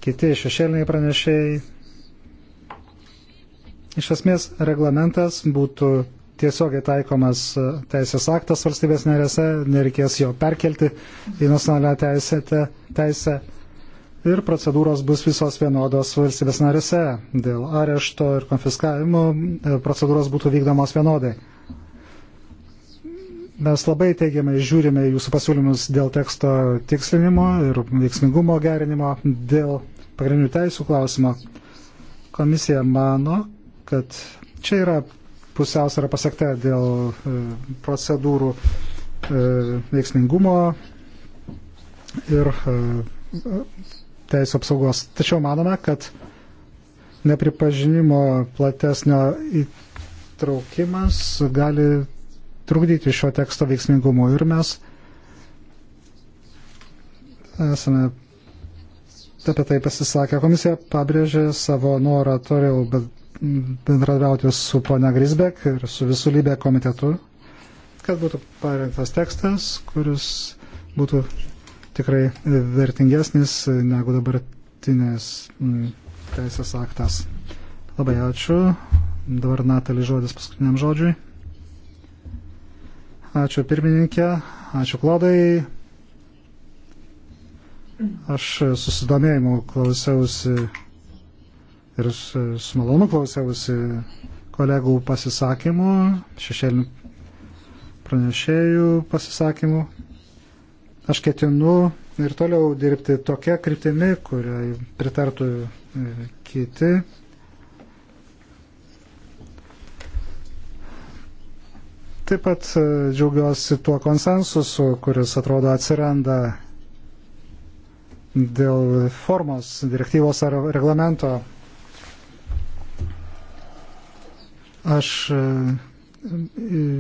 Speaker 3: kiti šešėliniai pranešėjai. Iš esmės, reglamentas būtų tiesiogiai taikomas teisės aktas valstybės narėse, nereikės jo perkelti į nacionalinę teisę, teisę ir procedūros bus visos vienodos valstybės narėse. Dėl arešto ir konfiskavimo e, procedūros būtų vykdomos vienodai. Mes labai teigiamai žiūrime jūsų pasiūlymus dėl teksto tikslinimo ir veiksmingumo gerinimo, dėl pagrindinių teisų klausimo. Komisija mano, kad čia yra pusiausvėra pasiekta dėl e, procedūrų e, veiksmingumo ir teisų apsaugos. Tačiau manome, kad nepripažinimo platesnio įtraukimas gali trukdyti šio teksto veiksmingumui ir mes esame apie tai pasisakę. Komisija pabrėžė savo norą toliau bendradarbiauti su ponia Grisbek ir su visų lybė komitetu, kad būtų parengtas tekstas, kuris būtų tikrai vertingesnis negu dabartinės mm, teisės aktas. Labai ačiū. Dabar Natalį žodis paskutiniam žodžiui. Ačiū pirmininkė, ačiū Klodai. Aš susidomėjimu klausiausi ir su malonu klausiausi kolegų pasisakymų, šešėlinių pranešėjų pasisakymų. Aš ketinu ir toliau dirbti tokia kryptimi, kuriai pritartų e, kiti. Taip pat e, džiaugiuosi tuo konsensusu, kuris atrodo atsiranda dėl formos direktyvos ar reglamento. Aš e,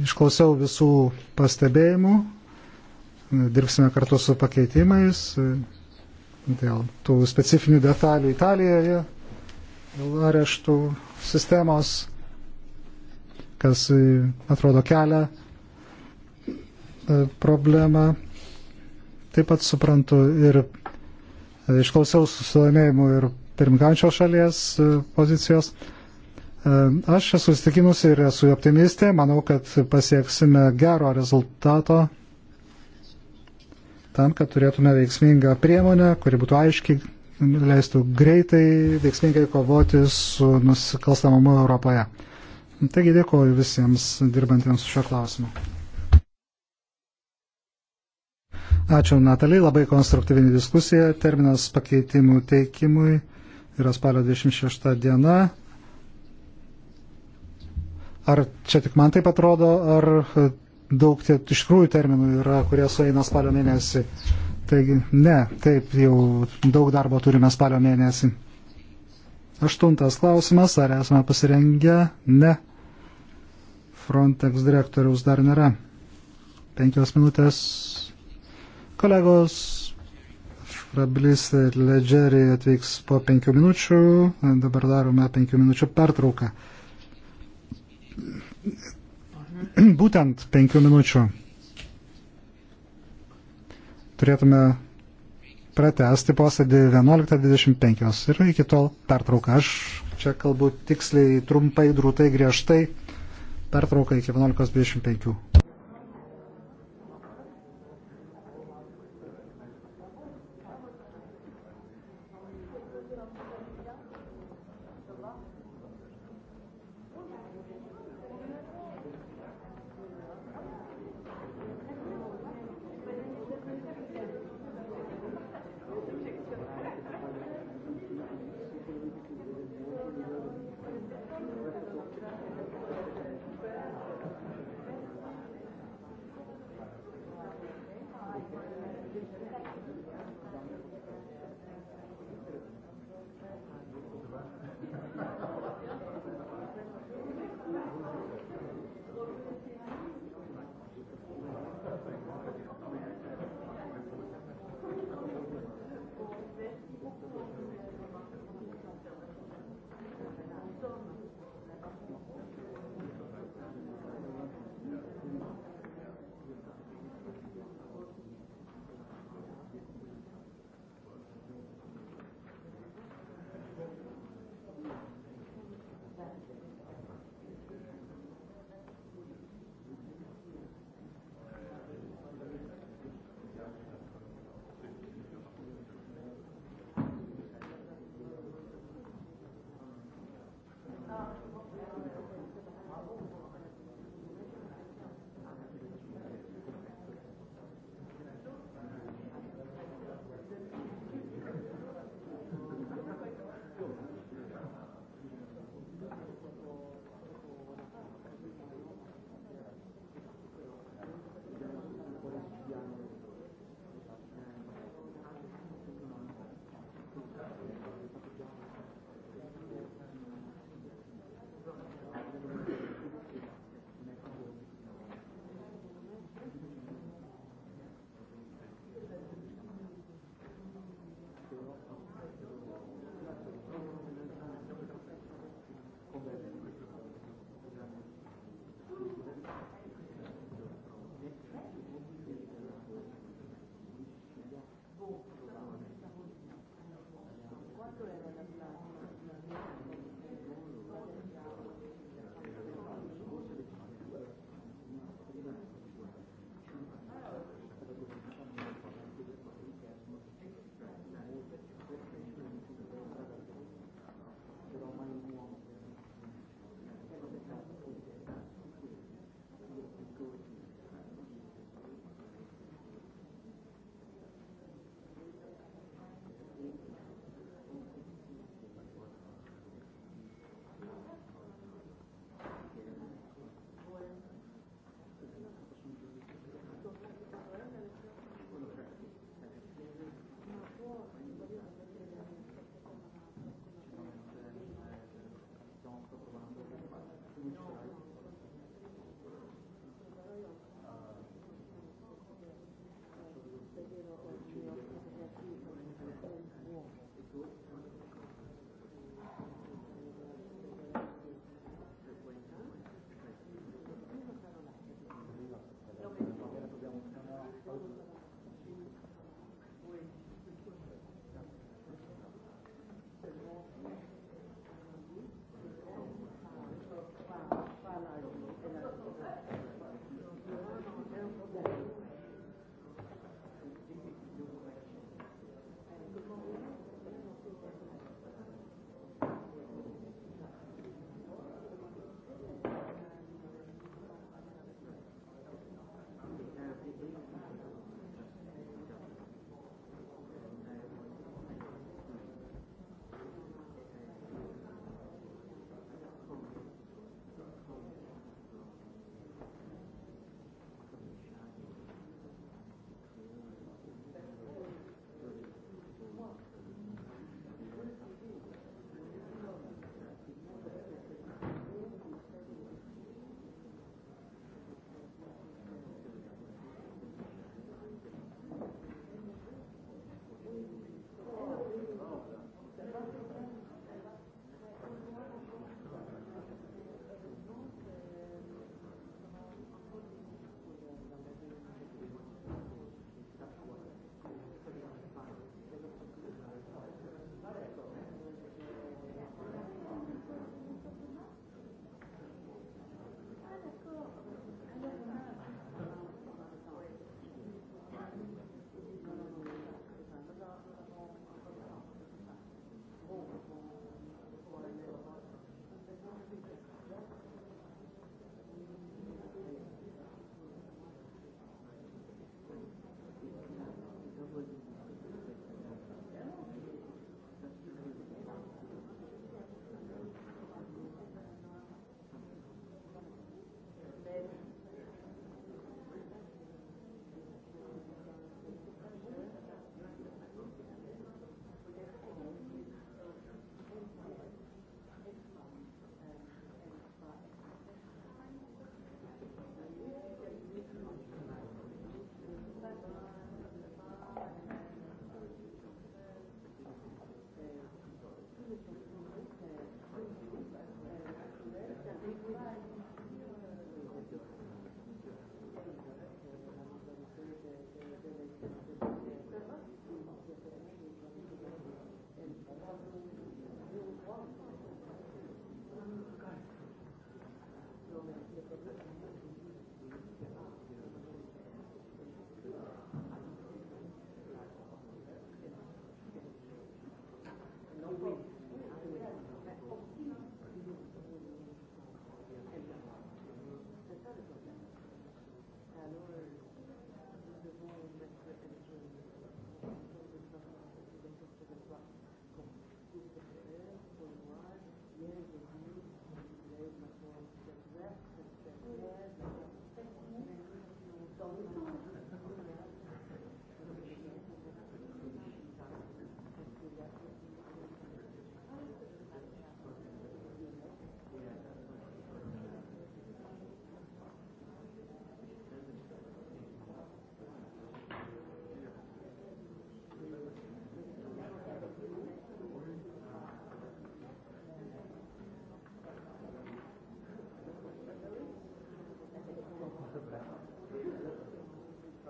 Speaker 3: išklausiau visų pastebėjimų dirbsime kartu su pakeitimais dėl tų specifinių detalių Italijoje, dėl areštų sistemos, kas e, atrodo kelia e, problemą. Taip pat suprantu ir e, išklausiau susidomėjimų ir pirmkančios šalies pozicijos. Aš esu įstikinusi ir esu optimistė, manau, kad pasieksime gero rezultato tam, kad turėtume veiksmingą priemonę, kuri būtų aiškiai, leistų greitai, veiksmingai kovoti su nusikalstamumu Europoje. Taigi dėkoju visiems dirbantiems su šio klausimu. Ačiū Natalijai, labai konstruktyvinė diskusija. Terminas pakeitimų teikimui yra spalio 26 diena. Ar čia tik man taip atrodo, ar daug tie, iš tikrųjų terminų yra, kurie sueina spalio mėnesį. Taigi, ne, taip jau daug darbo turime spalio mėnesį. Aštuntas klausimas, ar esame pasirengę? Ne. Frontex direktoriaus dar nėra. Penkios minutės. Kolegos, Frablis ir Ledžeri atvyks po penkių minučių. Dabar darome penkių minučių pertrauką būtent penkių minučių. Turėtume pratesti posėdį 11.25 ir iki tol pertrauka. Aš čia kalbu tiksliai, trumpai, drūtai, griežtai. Pertrauka iki 11.25.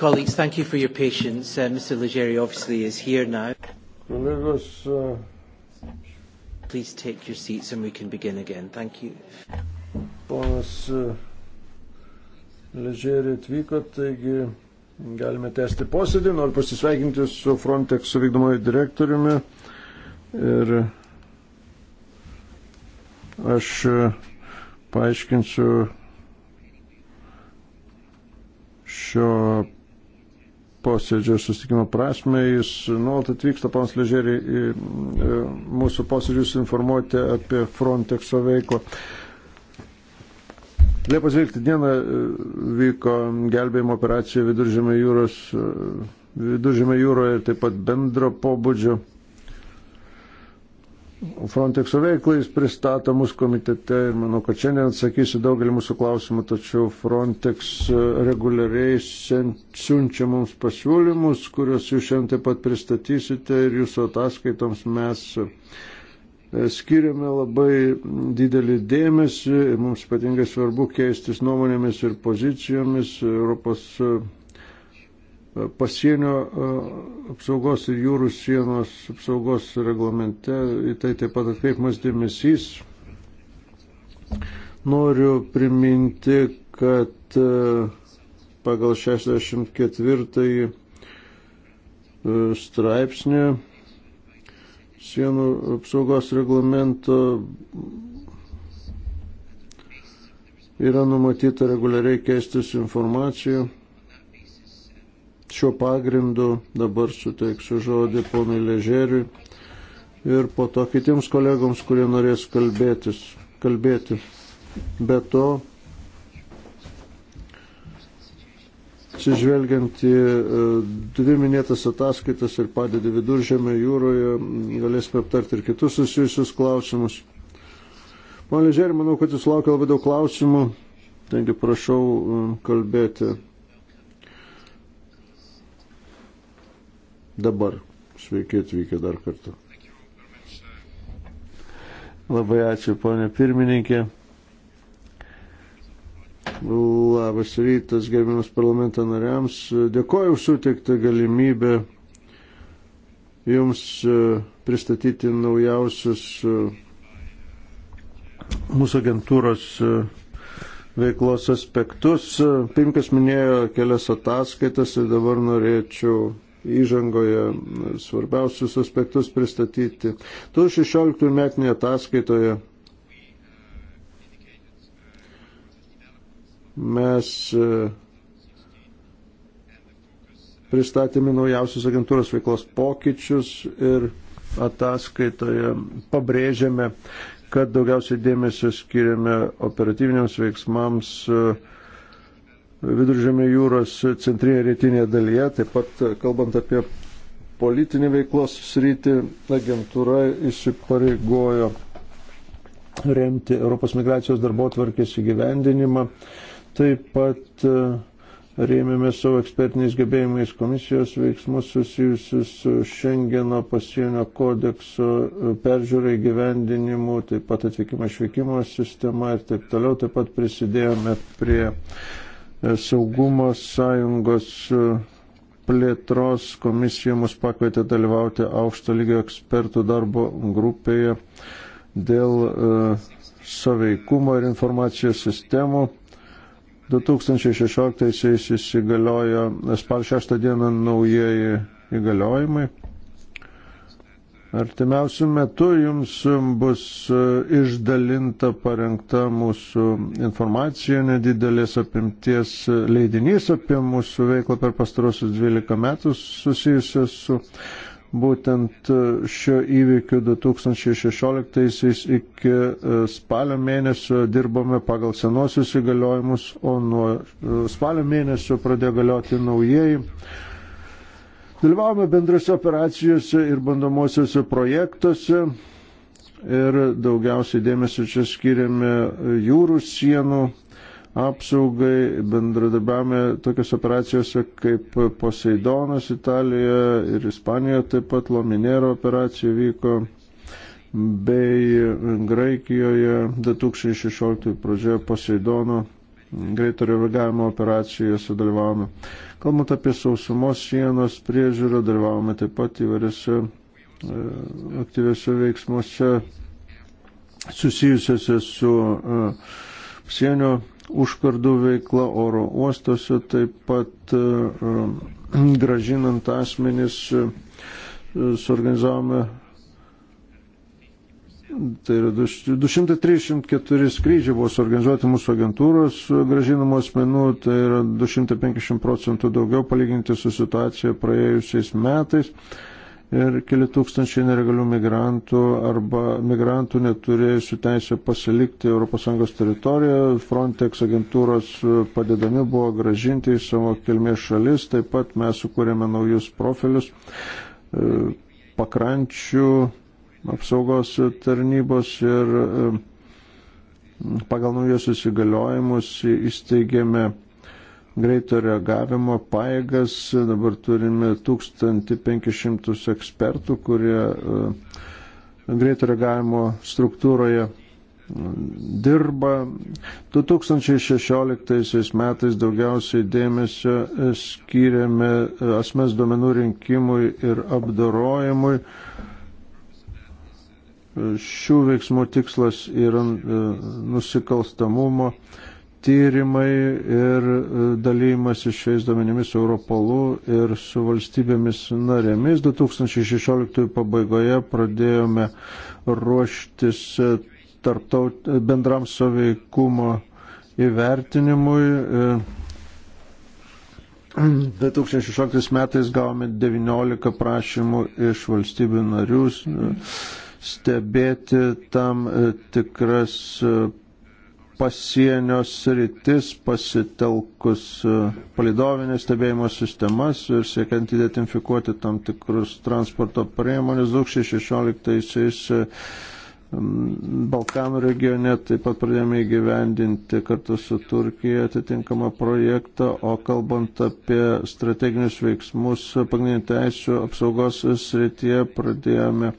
Speaker 1: Colleagues, thank you for your patience. Uh, Mr. Legere obviously is here now. Kolegos, uh... Please take your seats and we can begin again. Thank you.
Speaker 4: Ponas uh, Legere atvyko, taigi galime tęsti posėdį. Noriu pasisveikinti su Frontex vykdomojo direktoriumi. Ir aš uh, paaiškinsiu šio posėdžio susitikimo prasme. Jis nuolat atvyksta, panas Ležerį, į mūsų posėdžius informuoti apie Frontexo veiklą. Liepos 12 dieną e, vyko gelbėjimo operacija Viduržėme jūros. E, Viduržėme jūroje ir taip pat bendro pobūdžio Frontexo veiklą, jis pristato mūsų komitete ir manau, kad šiandien atsakysiu daugelį mūsų klausimų, tačiau Frontex e, reguliariai siunčia mums pasiūlymus, kuriuos jūs šiandien taip pat pristatysite ir jūsų ataskaitoms mes e, skiriame labai didelį dėmesį ir mums ypatingai svarbu keistis nuomonėmis ir pozicijomis. Europos e, pasienio e, apsaugos ir jūrų sienos apsaugos reglamente, į tai taip pat atkreipimas dėmesys. Noriu priminti, kad e, pagal 64 e, straipsnį sienų apsaugos reglamento yra numatyta reguliariai keistis informacijų Šiuo pagrindu dabar suteiksiu žodį ponui Ležeriui ir po to kitiems kolegoms, kurie norės kalbėtis, kalbėti. Be to, atsižvelgiant į e, dvi minėtas ataskaitas ir padėdį viduržėme jūroje, galėsime aptarti ir kitus susijusius klausimus. Man ležerį, manau, kad jūs laukia labai daug klausimų, taigi prašau e, kalbėti dabar. Sveiki atvykę dar kartą. Labai ačiū, ponė pirmininkė. Labas rytas, gerbiamas parlamento nariams. Dėkoju už suteiktą galimybę Jums e, pristatyti naujausius e, mūsų agentūros e, veiklos aspektus. Pinkas minėjo kelias ataskaitas ir dabar norėčiau įžangoje svarbiausius aspektus pristatyti. 2016 metinėje ataskaitoje mes e, pristatėme naujausius agentūros veiklos pokyčius ir ataskaitoje pabrėžėme, kad daugiausiai dėmesio skiriame operatyviniams veiksmams uh, Viduržėmė jūros centrinėje rytinėje dalyje, taip pat e, kalbant apie politinį veiklos sritį, agentūra įsipareigojo remti Europos migracijos darbo tvarkės įgyvendinimą. Taip pat e, rėmėme savo ekspertiniais gebėjimais komisijos veiksmus susijusius su Šengeno pasienio kodekso e, peržiūrai gyvendinimu, taip pat atvykimo išvykimo sistema ir taip toliau. Taip pat prisidėjome prie saugumo sąjungos e, plėtros komisija mus pakvietė dalyvauti aukšto lygio ekspertų darbo grupėje dėl e, saveikumo ir informacijos sistemų. 2016 įsigaliojo spalio 6 dieną naujieji įgaliojimai. Artimiausių metų jums bus e, išdalinta parengta mūsų informacija, nedidelės apimties leidinys apie mūsų veiklą per pastarosius 12 metus susijusios su būtent e, šio įvykiu 2016 iki e, spalio mėnesio dirbome pagal senosius įgaliojimus, o nuo spalio mėnesio pradėjo galioti naujieji Dalyvavome bendrose operacijose ir bandomosiuose projektuose ir daugiausiai dėmesio čia skiriame jūrų sienų apsaugai, bendradarbiavome tokias operacijose kaip Poseidonas Italijoje ir Ispanijoje taip pat Lominero operacija vyko bei Graikijoje 2016 pradžioje Poseidono greito reagavimo operacijoje sudalyvavome. Kalbant apie sausumos sienos priežiūrą, dalyvavome taip pat įvairiose e, aktyviuose veiksmuose susijusiuose su e, sienio užkardų veikla oro uostuose, taip pat e, gražinant asmenis suorganizavome Tai yra 234 skrydžiai buvo suorganizuoti mūsų agentūros gražinamų asmenų, tai yra 250 procentų daugiau palyginti su situacija praėjusiais metais. Ir keli tūkstančiai neregalių migrantų arba migrantų neturėjusių teisę pasilikti ES teritorijoje. Frontex agentūros padedami buvo gražinti į savo kilmės šalis. Taip pat mes sukūrėme naujus profilius e, pakrančių apsaugos tarnybos ir e, pagal naujosius įgaliojimus įsteigėme greito reagavimo paėgas. Dabar turime 1500 ekspertų, kurie e, greito reagavimo struktūroje e, dirba. 2016 metais daugiausiai dėmesio skiriame asmens duomenų rinkimui ir apdorojimui. Šių veiksmų tikslas yra e, nusikalstamumo tyrimai ir e, dalymas iš šiais duomenimis su Europolu ir su valstybėmis narėmis. 2016 pabaigoje pradėjome ruoštis e, tarptaut, bendram saveikumo įvertinimui. 2016 metais gavome 19 prašymų iš valstybių narius. Mm stebėti tam e, tikras e, pasienio sritis pasitelkus e, palidovinės stebėjimo sistemas ir siekiant identifikuoti tam tikrus transporto priemonės 2016 Balkanų regione taip pat pradėjome įgyvendinti kartu su Turkija atitinkamą projektą, o kalbant apie strateginius veiksmus pagrindinių teisų apsaugos srityje pradėjome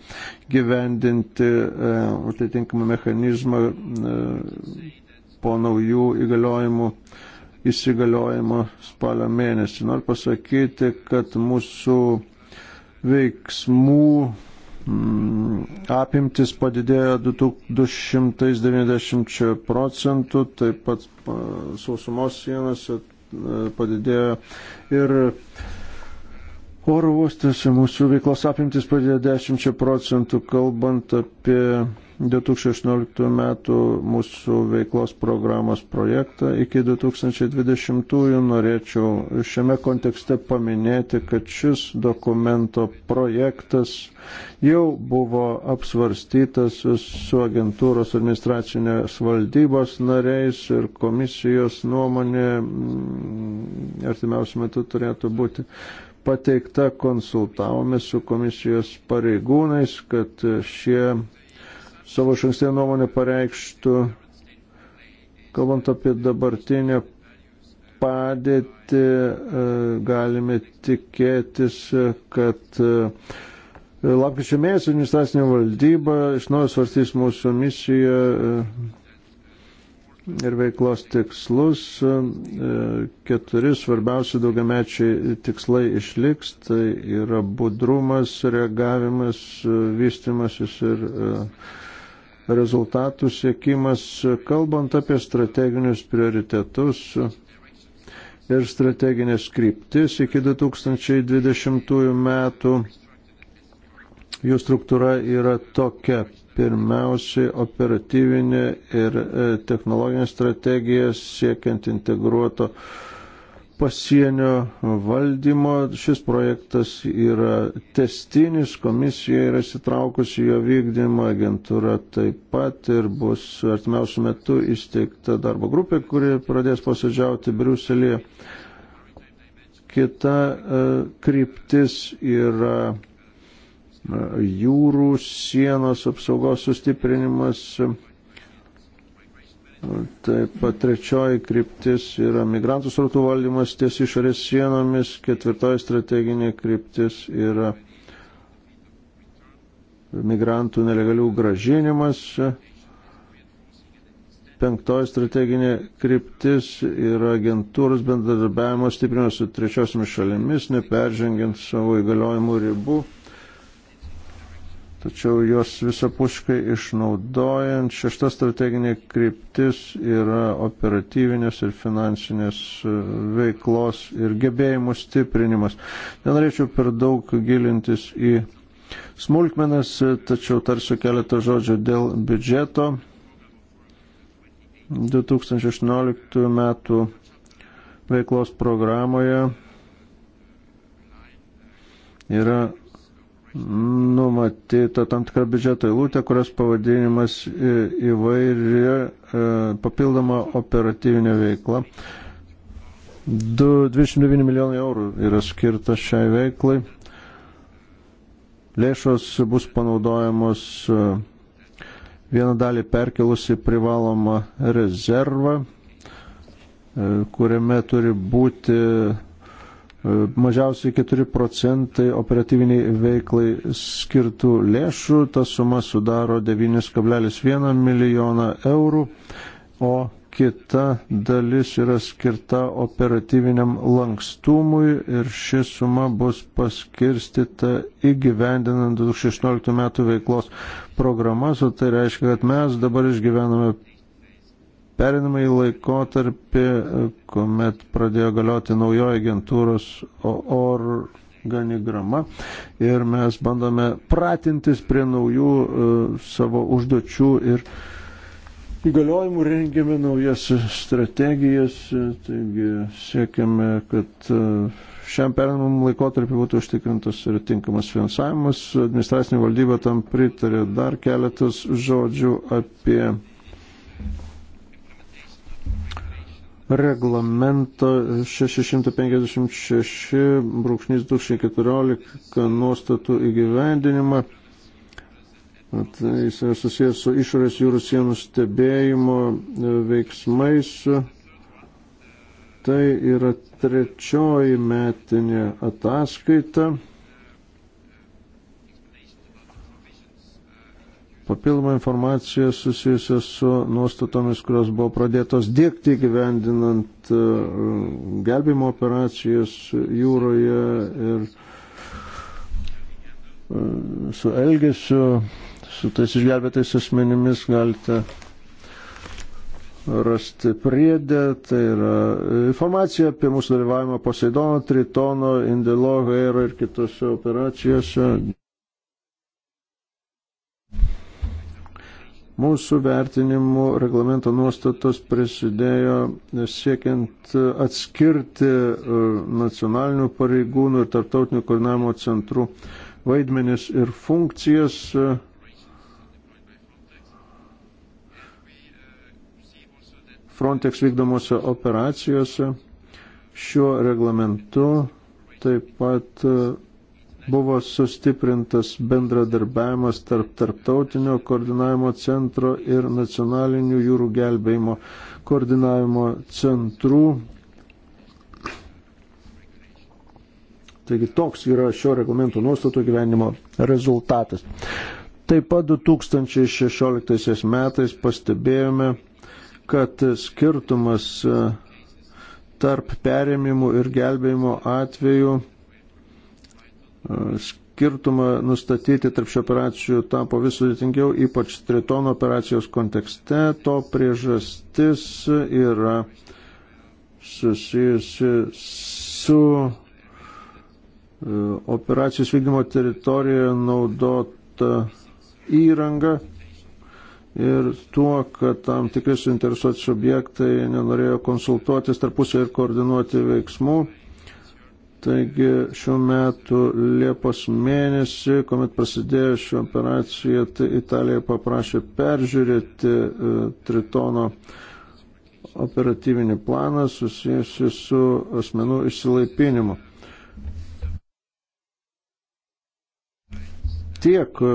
Speaker 4: gyvendinti e, atitinkamą mechanizmą e, po naujų įgaliojimų įsigaliojimo spalio mėnesį. Noriu pasakyti, kad mūsų veiksmų Mm, apimtis padidėjo 290 procentų, taip pat sausumos sienose e, padidėjo ir Oro uostose mūsų veiklos apimtis padėjo 10 procentų, kalbant apie 2018 metų mūsų veiklos programos projektą iki 2020 norėčiau šiame kontekste paminėti, kad šis dokumento projektas jau buvo apsvarstytas su agentūros administracinės valdybos nariais ir komisijos nuomonė mm, artimiausiu metu turėtų būti pateikta, konsultavome su komisijos pareigūnais, kad šie savo šankstinę nuomonę pareikštų, kalbant apie dabartinę padėtį, e, galime tikėtis, kad e, lapkričio mėnesį administracinė valdyba iš naujo svarstys mūsų misiją e, ir veiklos tikslus. E, keturi svarbiausi daugiamečiai tikslai išliks, tai yra budrumas, reagavimas, e, vystimasis ir e, rezultatų siekimas. Kalbant apie strateginius prioritetus, ir strateginės kryptis iki 2020 metų. Jų struktūra yra tokia pirmiausiai operatyvinė ir e, technologinė strategija siekiant integruoto pasienio valdymo. Šis projektas yra testinis, komisija yra sitraukusi jo vykdymą, agentūra taip pat ir bus artimiausių metų įsteigta darbo grupė, kuri pradės posėdžiauti Briuselėje. Kita e, kryptis yra jūrų sienos apsaugos sustiprinimas. Taip pat trečioji kryptis yra migrantų srautų valdymas ties išorės sienomis, ketvirtoji strateginė kryptis yra migrantų nelegalių gražinimas, penktoji strateginė kryptis yra agentūros bendradarbiavimo stiprinimas su trečiosiomis šalimis, neperžengiant savo įgaliojimų ribų tačiau jos visapuškai išnaudojant. Šešta strateginė kryptis yra operatyvinės ir finansinės e, veiklos ir gebėjimų stiprinimas. Nenorėčiau per daug gilintis į smulkmenas, tačiau tarsiu keletą žodžių dėl biudžeto. 2018 metų veiklos programoje yra numatyta tam tikra biudžeto eilutė, kurios pavadinimas įvairi e, papildoma operatyvinė veikla. 29 milijonai eurų yra skirta šiai veiklai. Lėšos bus panaudojamos e, vieną dalį perkelusi privalomą rezervą, e, kuriame turi būti E, mažiausiai 4 procentai operatyviniai veiklai skirtų lėšų, ta suma sudaro 9,1 milijoną eurų, o kita dalis yra skirta operatyviniam lankstumui ir ši suma bus paskirstita įgyvendinant 2016 metų veiklos programas, o tai reiškia, kad mes dabar išgyvename perinamąjį laikotarpį, kuomet pradėjo galioti naujoji agentūros organigrama ir mes bandome pratintis prie naujų e, savo užduočių ir įgaliojimų rengiame naujas strategijas, taigi siekiame, kad e, šiam perinamam laikotarpiu būtų užtikrintas ir tinkamas finansavimas. Administracinė valdyba tam pritarė dar keletas žodžių apie reglamento 656-2014 nuostatų įgyvendinimą. At, jis yra susijęs su išorės jūrų sienų stebėjimo e, veiksmais. Tai yra trečioji metinė ataskaita papildomą informaciją susijusią su nuostatomis, kurios buvo pradėtos dėkti gyvendinant e, gelbimo operacijas jūroje ir e, su elgesiu, su tais išgelbėtais asmenimis galite rasti priedę, tai yra informacija apie mūsų dalyvavimą Poseidono, Tritono, Indelo, Gairo ir kitose operacijose. Mūsų vertinimų reglamento nuostatos prisidėjo siekiant atskirti e, nacionalinių pareigūnų ir tarptautinių koordinavimo centrų vaidmenis ir funkcijas. E, Frontex vykdomose operacijose šiuo reglamentu taip pat e, buvo sustiprintas bendradarbiavimas tarp tarptautinio koordinavimo centro ir nacionalinių jūrų gelbėjimo koordinavimo centrų. Taigi toks yra šio reglamento nuostatų gyvenimo rezultatas. Taip pat 2016 metais pastebėjome, kad skirtumas e, tarp perėmimų ir gelbėjimo atveju Skirtumą nustatyti tarp šių operacijų tapo vis sudėtingiau, ypač tritono operacijos kontekste. To priežastis yra susijusi su e, operacijos vykdymo teritorijoje naudota įranga ir tuo, kad tam tikri suinteresuoti subjektai nenorėjo konsultuotis tarpusio ir koordinuoti veiksmų. Taigi šiuo metu Liepos mėnesį, kuomet prasidėjo ši operacija, tai Italija paprašė peržiūrėti e, Tritono operatyvinį planą susijusi su asmenų išsilaipinimu. tiek e,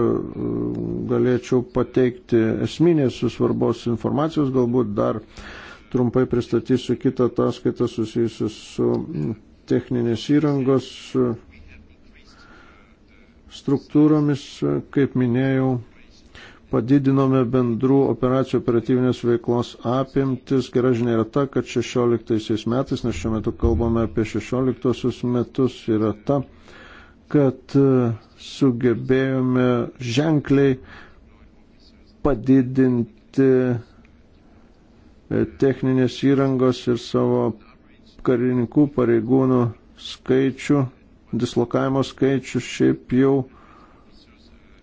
Speaker 4: galėčiau pateikti esminės svarbos informacijos, galbūt dar trumpai pristatysiu kitą ataskaitą susijusiu su techninės įrangos e, struktūromis, e, kaip minėjau, padidinome bendrų operacijų operatyvinės veiklos apimtis. Gera žinia yra ta, kad 16 metais, nes šiuo metu kalbame apie 16 metus, yra ta, kad e, sugebėjome ženkliai padidinti techninės įrangos ir savo karininkų pareigūnų skaičių, dislokavimo skaičių šiaip jau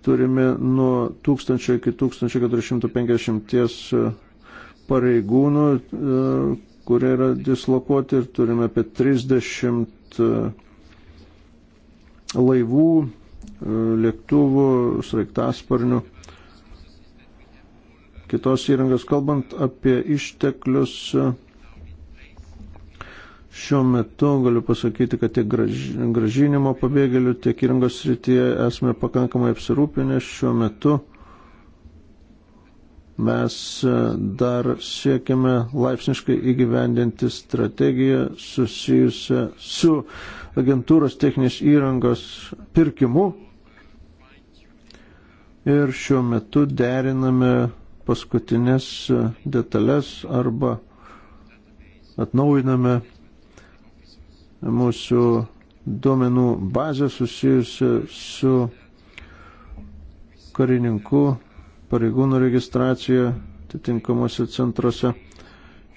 Speaker 4: turime nuo 1000 iki 1450 e, pareigūnų, e, kurie yra dislokuoti ir turime apie 30 e, laivų, lėktuvų, sraigtasparnių, kitos įrangos. Kalbant apie išteklius, Šiuo metu galiu pasakyti, kad tiek gražinimo pabėgėlių, tiek įrangos srityje esame pakankamai apsirūpinę. Šiuo metu mes e, dar siekiame laipsniškai įgyvendinti strategiją susijusią su agentūros techninės įrangos pirkimu. Ir šiuo metu deriname paskutinės e, detalės arba atnaujiname mūsų duomenų bazę susijusią su karininku pareigūnų registracija atitinkamuose centruose.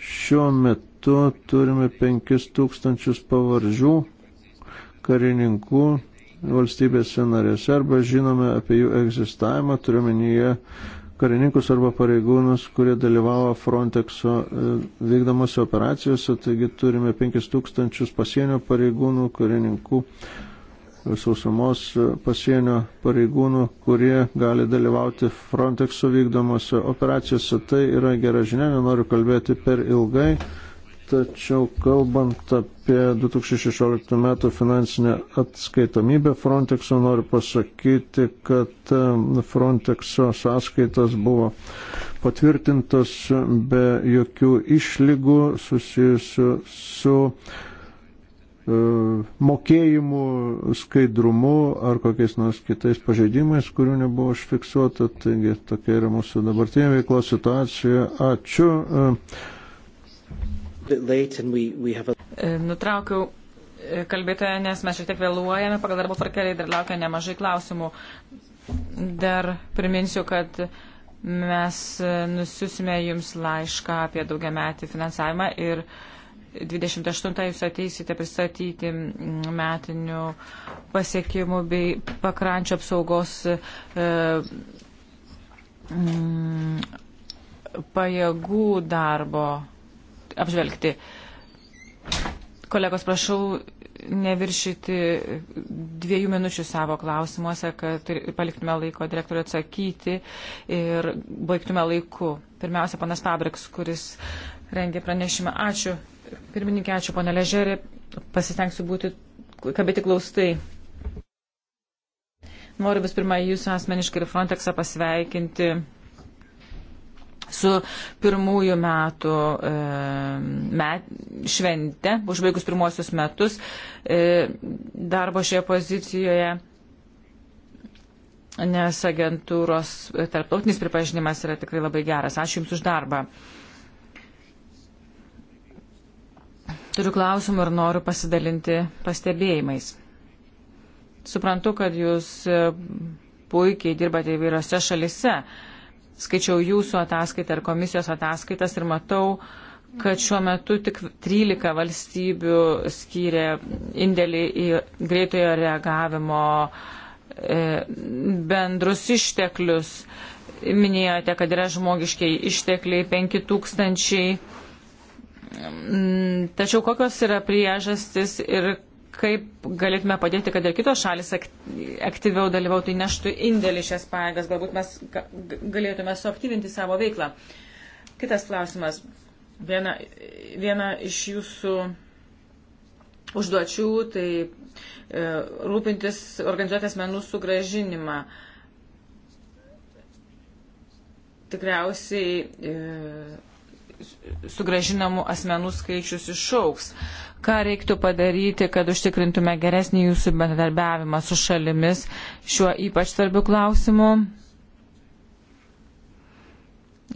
Speaker 4: Šiuo metu turime 5000 pavardžių karininkų valstybėse narėse arba žinome apie jų egzistavimą, turiuomenyje karininkus arba pareigūnus, kurie dalyvavo Frontexo e, vykdomose operacijose, taigi turime 5000 pasienio pareigūnų, karininkų, sausumos e, pasienio pareigūnų, kurie gali dalyvauti Frontexo vykdomose operacijose. Tai yra gera žinia, nenoriu kalbėti per ilgai. Tačiau kalbant apie 2016 metų finansinę atskaitomybę Frontexo, noriu pasakyti, kad e, Frontexo sąskaitas buvo patvirtintas be jokių išlygų susijusių su e, mokėjimų skaidrumu ar kokiais nors kitais pažeidimais, kurių nebuvo užfiksuota. Taigi tokia yra mūsų dabartinė veiklos situacija. Ačiū. E,
Speaker 1: E,
Speaker 2: nutraukiau e, kalbėtoje, nes mes šiek tiek vėluojame, pagal darbo tvarkelį dar laukia nemažai klausimų. Dar priminsiu, kad mes e, nusiusime jums laišką apie daugiametį finansavimą ir 28 jūs ateisite pristatyti metinių pasiekimų bei pakrančio apsaugos e, m, pajėgų darbo apžvelgti. Kolegos, prašau neviršyti dviejų minučių savo klausimuose, kad paliktume laiko direktoriui atsakyti ir baigtume laiku. Pirmiausia, panas Pabriks, kuris rengė pranešimą. Ačiū. Pirmininkė, ačiū, ponė Ležerė. Pasistengsiu būti, kabėti glaustai. Noriu vis pirma jūsų asmeniškai ir Frontexą pasveikinti su pirmųjų metų e, met, švente, užbaigus pirmosius metus e, darbo šioje pozicijoje, nes agentūros e, tarptautinis pripažinimas yra tikrai labai geras. Ačiū Jums už darbą. Turiu klausimų ir noriu pasidalinti pastebėjimais. Suprantu, kad Jūs e, puikiai dirbate įvairiose šalise. E, skaičiau jūsų ataskaitą ir komisijos ataskaitas ir matau, kad šiuo metu tik 13 valstybių skyrė indėlį į greitojo reagavimo e, bendrus išteklius. Minėjote, kad yra žmogiškiai ištekliai 5000. Mm, tačiau kokios yra priežastis ir kaip galėtume padėti, kad ir kitos šalis aktyviau dalyvautų, tai neštų indėlį šias pajėgas, galbūt mes galėtume suaktyvinti savo veiklą. Kitas klausimas. Viena, viena iš jūsų užduočių tai e, rūpintis organizuotės menų sugražinimą. Tikriausiai e, sugražinamų asmenų skaičius išauks. E, ką reiktų padaryti, kad užtikrintume geresnį jūsų bendradarbiavimą su šalimis šiuo ypač svarbiu klausimu,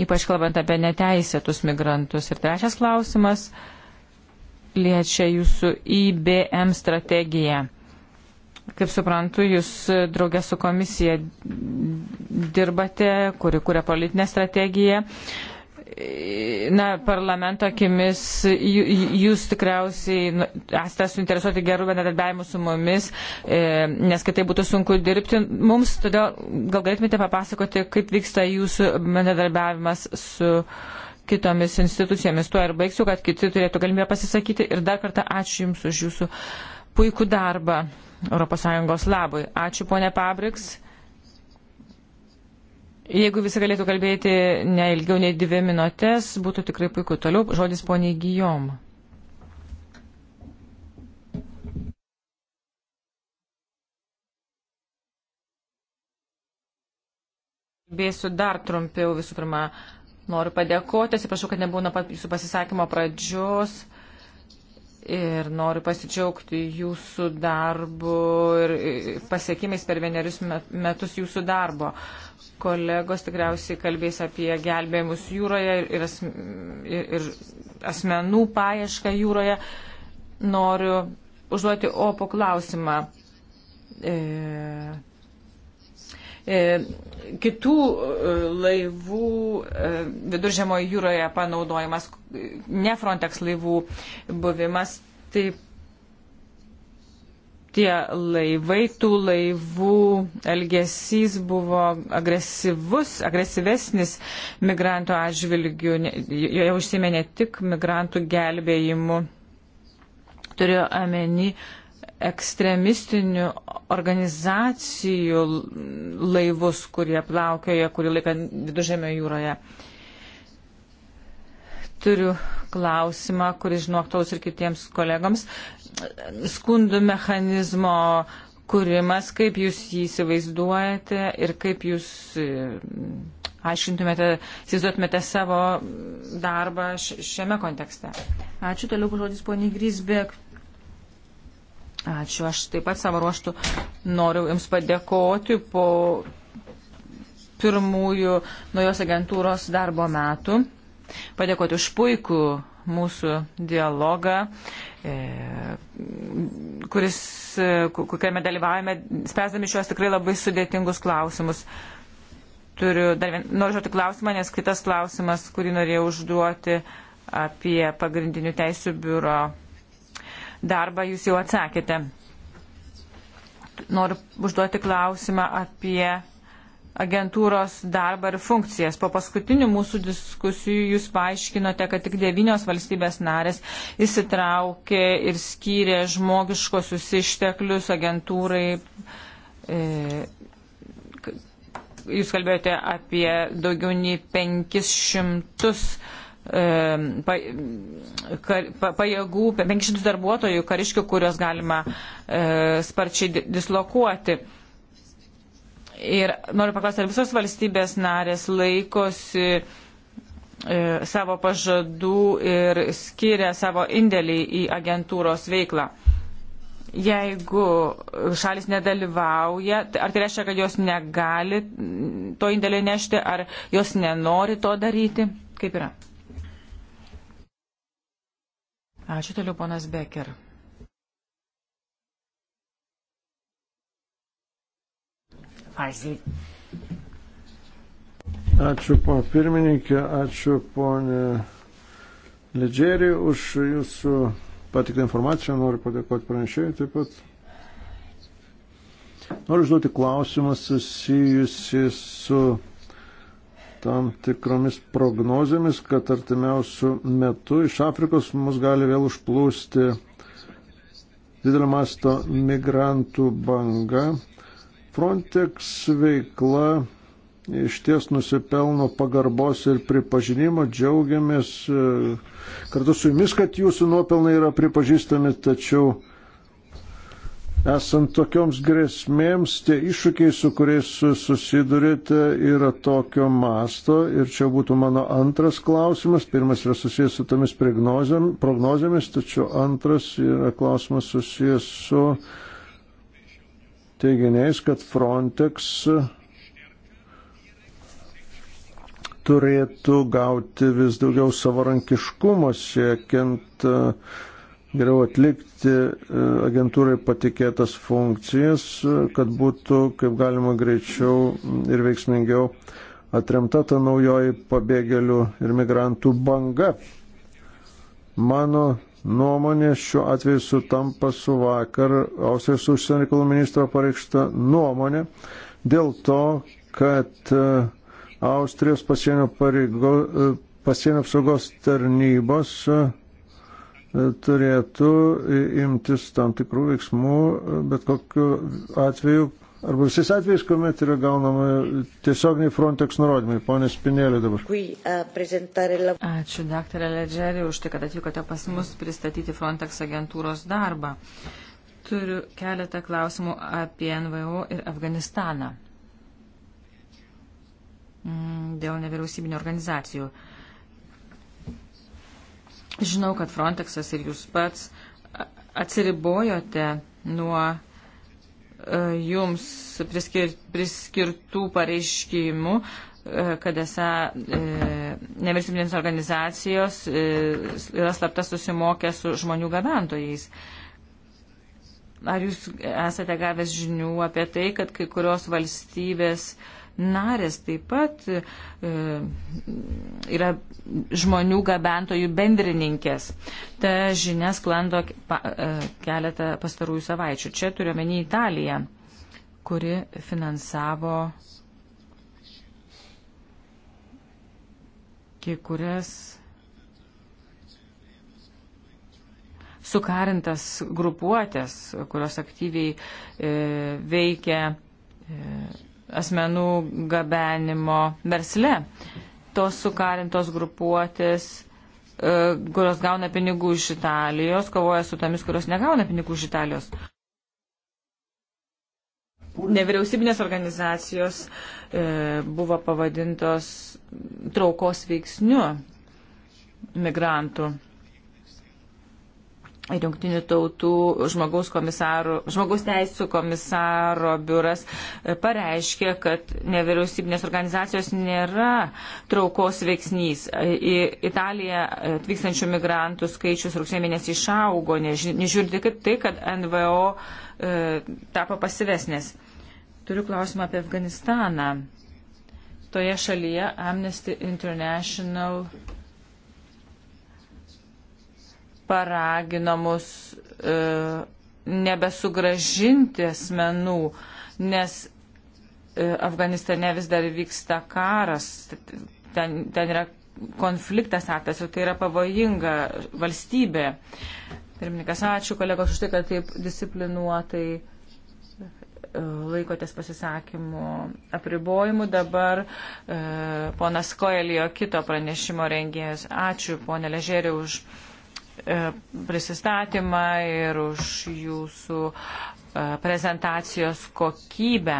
Speaker 2: ypač kalbant apie neteisėtus migrantus. Ir trečias klausimas liečia jūsų IBM strategiją. Kaip suprantu, jūs draugė su komisija dirbate, kuri kuria politinę strategiją. Uh, na, parlamento akimis jūs tikriausiai nu, esate suinteresuoti gerų bendradarbiavimų su mumis, e, nes kitai būtų sunku dirbti. Mums todėl gal galėtumėte papasakoti, kaip vyksta jūsų bendradarbiavimas su kitomis institucijomis. Tuo ir baigsiu, kad kiti turėtų galimybę pasisakyti. Ir dar kartą ačiū Jums už Jūsų puikų darbą ES labui. Ačiū, ponė Pabriks. Jeigu visi galėtų kalbėti ne ilgiau nei dvi minutės, būtų tikrai puiku. Toliau žodis poniai Gijom. Bėsiu dar trumpiau visų pirma. Noriu padėkoti, atsiprašau, kad nebuvau nuo pat jūsų pasisakymo pradžios ir noriu pasidžiaugti jūsų darbu ir pasiekimais per vienerius metus jūsų darbo. Uh, Kolegos tikriausiai kalbės apie gelbėjimus jūroje ir, ir, ir asmenų paiešką jūroje. Noriu užduoti opų klausimą. E, e kitų e, laivų e, viduržėmoje jūroje panaudojimas, ne Frontex laivų buvimas, taip tie laivai, tų laivų elgesys buvo agresyvus, agresyvesnis migrantų atžvilgių, joje užsėmė ne tik migrantų gelbėjimu, turėjo ameny ekstremistinių organizacijų laivus, kurie plaukioja kurį laiką viduržėmio jūroje. Turiu klausimą, kuris žinoktaus ir kitiems kolegoms skundų mechanizmo kūrimas, kaip jūs jį įsivaizduojate ir kaip jūs e, aiškintumėte, įsivaizduotumėte savo darbą šiame kontekste. Ačiū, toliau žodis poniai Grisbek. Ačiū, aš taip pat savo ruoštų noriu Jums padėkoti po pirmųjų naujos agentūros darbo metų. Padėkoti už puikų mūsų dialogą, e, kuris, e, kokiame dalyvavome, spėsdami šios tikrai labai sudėtingus klausimus. Turiu dar vieną, noriu žodžiu klausimą, nes kitas klausimas, kurį norėjau užduoti apie pagrindinių teisų biuro darbą, jūs jau atsakėte. Noriu užduoti klausimą apie agentūros darbą ir funkcijas. Po paskutinių mūsų diskusijų jūs paaiškinote, kad tik devynios valstybės narės įsitraukė ir skyrė žmogiškosius išteklius agentūrai. E, jūs kalbėjote apie daugiau nei 500 e, pajėgų, 500 darbuotojų, kariškių, kuriuos galima e, sparčiai dislokuoti. Ir noriu paklausti, ar visos valstybės narės laikosi e, savo pažadų ir skiria savo indėlį į agentūros veiklą. Jeigu šalis nedalyvauja, ar tai reiškia, kad jos negali to indėlį nešti, ar jos nenori to daryti? Kaip yra? Ačiū toliau, ponas Becker. Farsi.
Speaker 4: Ačiū, pana pirmininkė, ačiū, ponė Ledžerį, už jūsų patiktą informaciją. Noriu padėkoti pranešėjui taip pat. Noriu užduoti klausimą susijusi su tam tikromis prognozėmis, kad artimiausių metų iš Afrikos mus gali vėl užplūsti didelio masto migrantų banga. Frontex veikla iš ties nusipelno pagarbos ir pripažinimo. Džiaugiamės e, kartu su jumis, kad jūsų nuopelnai yra pripažįstami, tačiau esant tokioms grėsmėms, tie iššūkiai, su kuriais susidurite, yra tokio masto. Ir čia būtų mano antras klausimas. Pirmas yra susijęs su tomis prognozėmis, tačiau antras yra klausimas susijęs su teiginiais, kad Frontex turėtų gauti vis daugiau savarankiškumo siekiant e, geriau atlikti e, agentūrai patikėtas funkcijas, kad būtų kaip galima greičiau ir veiksmingiau atremta ta naujoji pabėgėlių ir migrantų banga. Mano nuomonė šiuo atveju sutampa su vakar Austrijos užsienio reikalų ministro pareikšta nuomonė dėl to, kad e, Austrijos pasienio, pareigo, e, pasienio apsaugos tarnybos e, turėtų imtis tam tikrų veiksmų, bet kokiu atveju, Arba visais atvejais, kuomet yra gaunama tiesioginiai Frontex nurodymai. Pone Spinėlė dabar.
Speaker 2: Euh, Ačiū, daktarė Ledžerį, už tai, kad atvykote pas mus pristatyti Frontex agentūros darbą. Turiu keletą klausimų apie NVO ir Afganistaną. Mm, dėl nevyriausybinio organizacijų. Žinau, kad Frontexas ir jūs pats atsiribojote nuo E, jums priskir, priskirtų pareiškimų, e, kad esą e, nevyriausybinės organizacijos e, yra slapta susimokę su žmonių gabentojais. Ar jūs esate gavęs žinių apie tai, kad kai kurios valstybės e, narės taip pat e, yra žmonių gabentojų bendrininkės. Ta žinia sklando pa, e, keletą pastarųjų savaičių. Čia turiuomenį Italiją, kuri finansavo kai kurias sukarintas grupuotės, kurios aktyviai e, veikia e, asmenų gabenimo versle. Tos sukarintos grupuotės e, kurios gauna pinigų iš Italijos, kovoja su tomis, kurios negauna pinigų iš Italijos. Nevyriausybinės organizacijos e, buvo pavadintos traukos veiksniu migrantų ir jungtinių tautų žmogaus, žmogaus teisų komisaro biuras e, pareiškė, kad nevyriausybinės organizacijos nėra traukos veiksnys. E, į Italiją e, atvykstančių migrantų skaičius rugsėjo mėnesį išaugo, nežiūrinti kaip tai, kad NVO e, tapo pasivesnės. Turiu klausimą apie Afganistaną. Toje šalyje Amnesty International paragino mus e, nebesugražinti asmenų, nes e, Afganistane vis dar vyksta karas, ten, ten yra konfliktas aktas ir tai yra pavojinga valstybė. Pirmininkas, ačiū kolegos už tai, kad taip disciplinuotai e, laikotės pasisakymų apribojimų. Dabar e, ponas Koelijo kito pranešimo rengėjas. Ačiū, ponė Ležeriu, už E, prisistatymą ir už jūsų e, prezentacijos kokybę.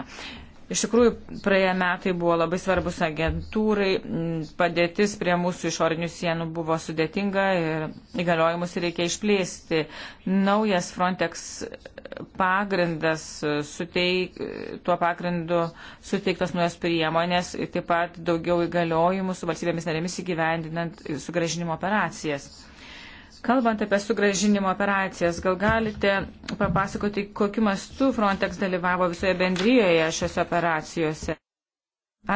Speaker 2: Iš tikrųjų, praėję metai buvo labai svarbus agentūrai, mm, padėtis prie mūsų išorinių sienų buvo sudėtinga ir įgaliojimus reikia išplėsti. Naujas Frontex pagrindas, suteik, tuo pagrindu suteiktos nuojas priemonės ir taip pat daugiau įgaliojimų su valstybėmis narėmis įgyvendinant sugražinimo operacijas. Kalbant apie sugražinimo operacijas, gal galite papasakoti, kokiu mastu Frontex dalyvavo visoje bendryjoje šiose operacijose?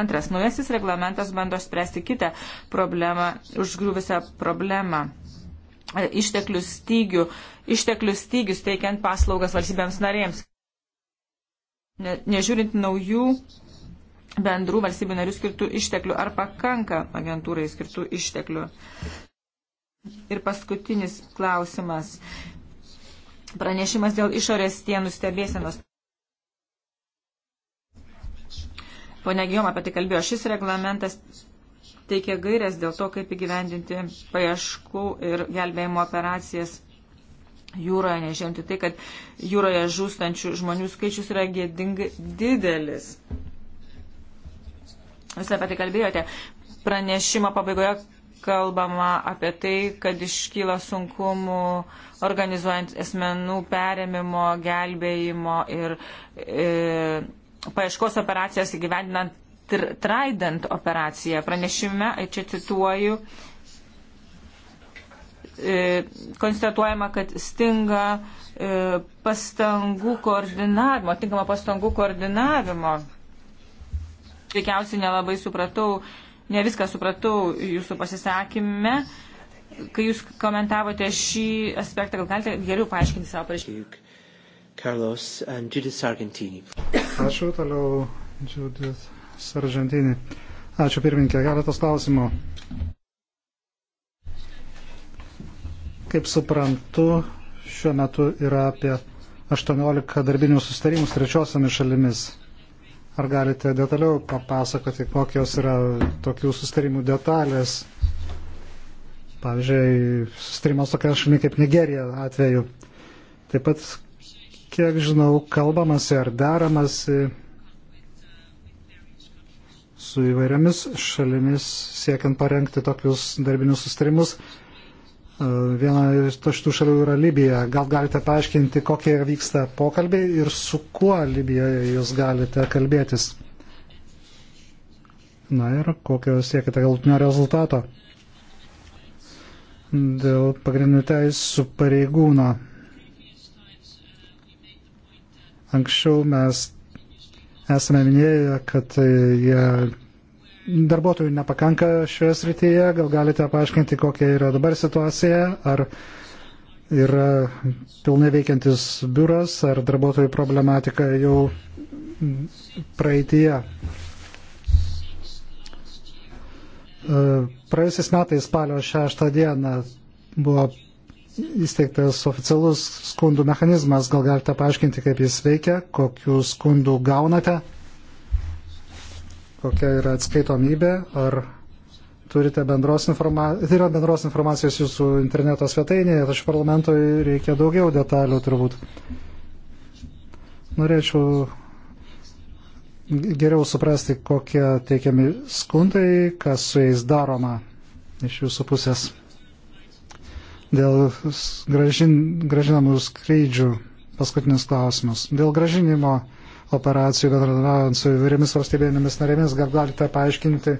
Speaker 2: Antras, naujasis reglamentas bando spręsti kitą problemą, užgriuvusią problemą. E, išteklių stygių, išteklių stygius teikiant paslaugas valstybėms narėms. Ne, nežiūrint naujų bendrų valstybių narių skirtų išteklių, ar pakanka agentūrai skirtų išteklių. Ir paskutinis klausimas. Pranešimas dėl išorės sienų stebėsenos. Pone Gijom apie tai kalbėjo. Šis reglamentas teikia gairias dėl to, kaip įgyvendinti paieškų ir gelbėjimo operacijas jūroje, nežiūrint tai, kad jūroje žūstančių žmonių skaičius yra gėdingai didelis. Jūs apie tai kalbėjote. Pranešimo pabaigoje kalbama apie tai, kad iškyla sunkumų organizuojant esmenų perėmimo, gelbėjimo ir e, paieškos operacijas įgyvendinant Trident operaciją. Pranešime, e, čia cituoju, e, konstatuojama, kad stinga e, pastangų koordinavimo, tinkama pastangų koordinavimo. Tikiausiai nelabai supratau ne viską supratau jūsų pasisakymę. Kai jūs komentavote šį aspektą, gal galite geriau paaiškinti savo pareiškimą?
Speaker 1: Carlos and Judith Sargentini.
Speaker 3: Ačiū toliau, Judith Sargentini. Ačiū pirmininkė, keletas klausimų. Kaip suprantu, šiuo metu yra apie 18 darbinių sustarimų trečiosiamis šalimis. Ar galite detaliau papasakoti, kokios yra tokių sustarimų detalės? Pavyzdžiui, sustarimas tokia šalimi kaip Nigerija atveju. Taip pat, kiek žinau, kalbamasi ar deramasi su įvairiamis šalimis siekiant parengti tokius darbinius sustarimus. Viena iš šitų šalių yra Libija. Gal galite paaiškinti, kokie vyksta pokalbiai ir su kuo Libijoje jūs galite kalbėtis? Na ir kokio siekite galutinio rezultato? Dėl pagrindinių teisų pareigūno. Anksčiau mes esame minėję, kad jie darbuotojų nepakanka šioje srityje, gal galite paaiškinti, kokia yra dabar situacija, ar yra pilnai veikiantis biuras, ar darbuotojų problematika jau praeitie. E, praėjusiais metais spalio 6 dieną buvo įsteigtas oficialus skundų mechanizmas, gal galite paaiškinti, kaip jis veikia, kokių skundų gaunate kokia yra atskaitomybė, ar turite bendros, informa yra bendros informacijos jūsų interneto svetainėje, tačiau parlamentui reikia daugiau detalių turbūt. Norėčiau geriau suprasti, kokie teikiami skundai, kas su jais daroma iš jūsų pusės dėl gražin, gražinamų skrydžių paskutinius klausimus. Dėl gražinimo operacijų bendradarbiaujant su įvairiomis valstybėmis narėmis. Gal galite paaiškinti,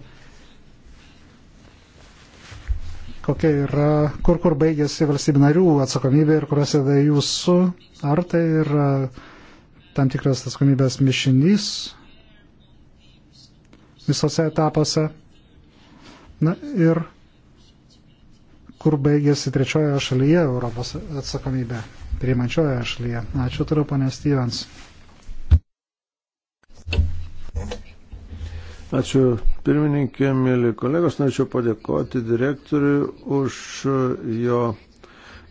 Speaker 3: kokia yra, kur kur baigėsi valstybių narių atsakomybė ir kur prasideda jūsų, ar tai yra tam tikras atsakomybės mišinys visose etapuose. Na ir kur baigėsi trečiojoje šalyje Europos atsakomybė, priimančiojoje šalyje. Ačiū turiu, ponė Stevens.
Speaker 4: Ačiū pirmininkė, mėly kolegos, norėčiau padėkoti direktoriui už jo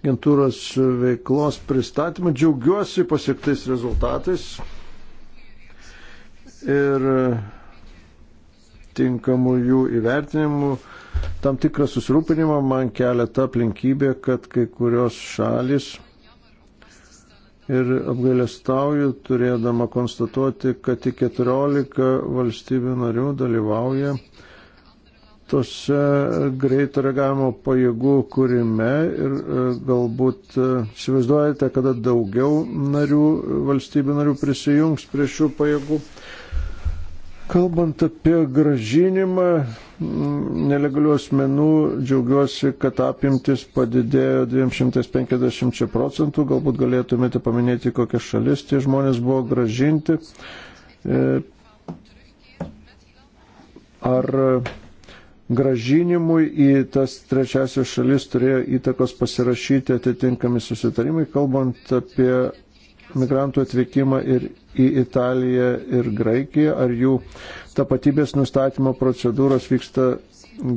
Speaker 4: agentūros veiklos pristatymą. Džiaugiuosi pasiektais rezultatais ir tinkamų jų įvertinimų. Tam tikrą susirūpinimą man kelia ta aplinkybė, kad kai kurios šalis ir apgailestauju turėdama konstatuoti, kad tik 14 valstybių narių dalyvauja tose greito reagavimo pajėgų kūrime ir e, galbūt e, įsivaizduojate, kada daugiau narių, valstybių narių prisijungs prie šių pajėgų. Kalbant apie gražinimą nelegalių asmenų, džiaugiuosi, kad apimtis padidėjo 250 procentų. Galbūt galėtumėte paminėti, kokie šalis tie žmonės buvo gražinti. E, ar gražinimui į tas trečiasias šalis turėjo įtakos pasirašyti atitinkami susitarimai, kalbant apie migrantų atvykimą ir į Italiją ir Graikiją, ar jų tapatybės nustatymo procedūros vyksta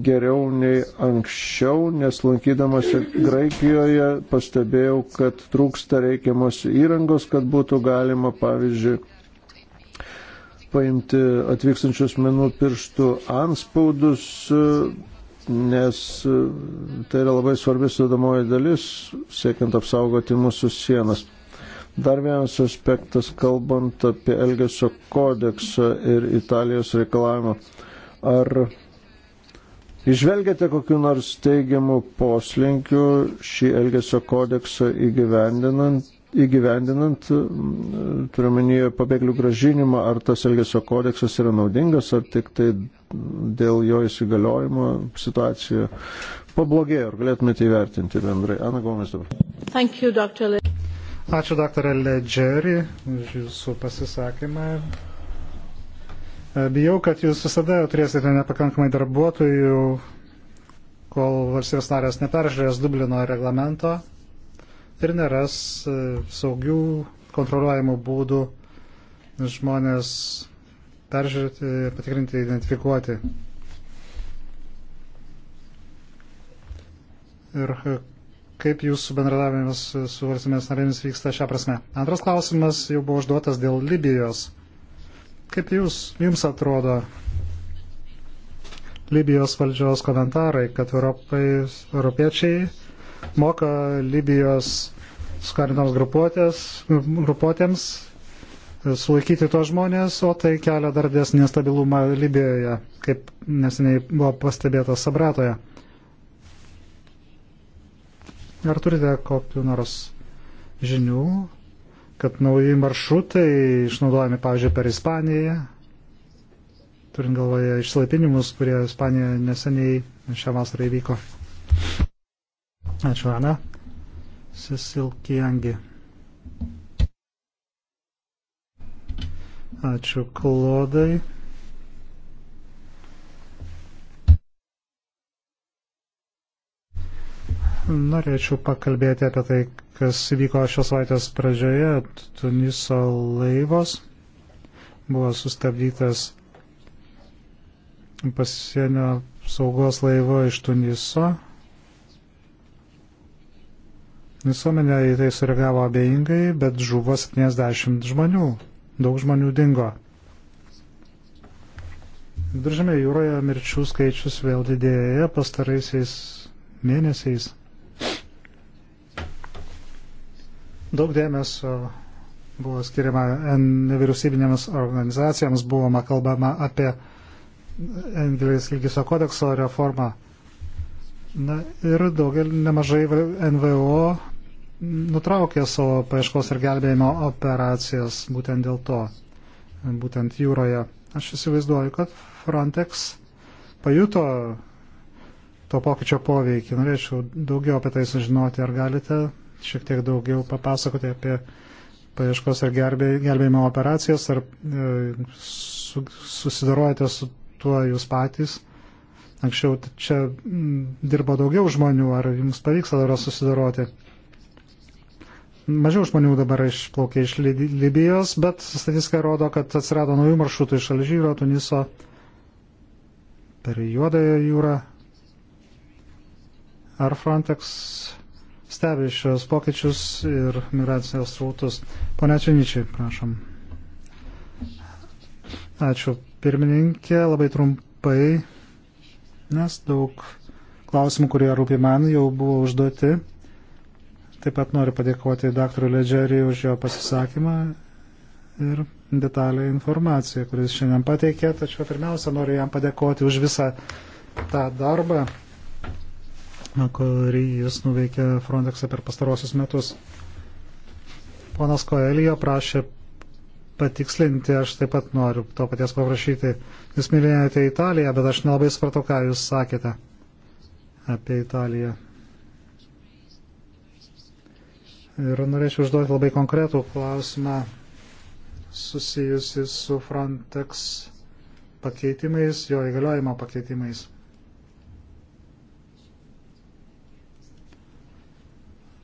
Speaker 4: geriau nei anksčiau, nes lankydamas Graikijoje pastebėjau, kad trūksta reikiamos įrangos, kad būtų galima, pavyzdžiui, paimti atvykstančius menų pirštų anspaudus, nes tai yra labai svarbi sudamoji dalis, siekiant apsaugoti mūsų sienas. Dar vienas aspektas, kalbant apie Elgesio kodeksą ir Italijos reikalavimą. Ar išvelgiate kokiu nors teigiamu poslinkiu šį Elgesio kodeksą įgyvendinant? Įgyvendinant, turiuomenyje, pabėglių gražinimą, ar tas Elgesio kodeksas yra naudingas, ar tik tai dėl jo įsigaliojimo situacija pablogėjo, ar galėtumėte įvertinti bendrai. Ana Gomes dabar.
Speaker 2: Thank you, Dr. Le
Speaker 3: Ačiū daktarą Ledžerį už jūsų pasisakymą. E, bijau, kad jūs visada turėsite nepakankamai darbuotojų, kol valstybės narės neperžiūrės Dublino reglamento ir neras e, saugių kontroliuojamų būdų žmonės peržiūrėti, patikrinti, identifikuoti. Ir e, Kaip jūsų bendradavimas su valstybės narėmis vyksta šią prasme? Antras klausimas jau buvo užduotas dėl Libijos. Kaip jūs, jums atrodo Libijos valdžios komentarai, kad Europai, europiečiai moka Libijos skarinoms grupuotėms e, sulaikyti tos žmonės, o tai kelia dar dėsnį nestabilumą Libijoje, kaip neseniai buvo pastebėta Sabratoje. Ar turite kokiu nors žinių, kad nauji maršrutai išnaudojami, pavyzdžiui, per Ispaniją, turint galvoje išsilaipinimus, kurie Ispanijoje neseniai šią vasarą įvyko. Ačiū, Ana. Sisilkijangi. Ačiū, Klodai. Norėčiau pakalbėti apie tai, kas vyko šios savaitės pradžioje. Tuniso laivas buvo sustabdytas pasienio saugos laivo iš Tuniso. Visuomenė į tai sureagavo abejingai, bet žuvo 70 žmonių. Daug žmonių dingo. Viduržėme jūroje mirčių skaičius vėl didėja pastaraisiais mėnesiais. Daug dėmesio buvo skiriama nevyriausybinėms organizacijoms, buvoma kalbama apie Anglijos lygiso kodekso reformą. Na, ir daugel nemažai NVO nutraukė savo paieškos ir gelbėjimo operacijas būtent dėl to, būtent jūroje. Aš įsivaizduoju, kad Frontex pajuto to pokyčio poveikį. Norėčiau daugiau apie tai sužinoti, ar galite šiek tiek daugiau papasakoti apie paieškos ir gelbėjimo operacijas, ar e, su, susidarojate su tuo jūs patys? Anksčiau čia dirbo daugiau žmonių, ar jums pavyks dar susidaroti? Mažiau žmonių dabar išplaukė iš Libijos, bet statistika rodo, kad atsirado naujų maršrutų iš Alžyro, Tuniso, per Juodąją jūrą. Ar Frontex stebi šios pokyčius ir migracijos srautus. Pone Činičiai, prašom. Ačiū pirmininkė, labai trumpai, nes daug klausimų, kurie rūpi man, jau buvo užduoti. Taip pat noriu padėkoti daktarui Ledžeriui už jo pasisakymą ir detalę informaciją, kuris šiandien pateikė, tačiau pirmiausia noriu jam padėkoti už visą tą darbą kurį jis nuveikė Frontexą per pastarosius metus. Ponas Koelijo prašė patikslinti, aš taip pat noriu to paties paprašyti. Jūs minėjote Italiją, bet aš nelabai supratau, ką jūs sakėte apie Italiją. Ir norėčiau užduoti labai konkretų klausimą susijusi su Frontex pakeitimais, jo įgaliojimo pakeitimais.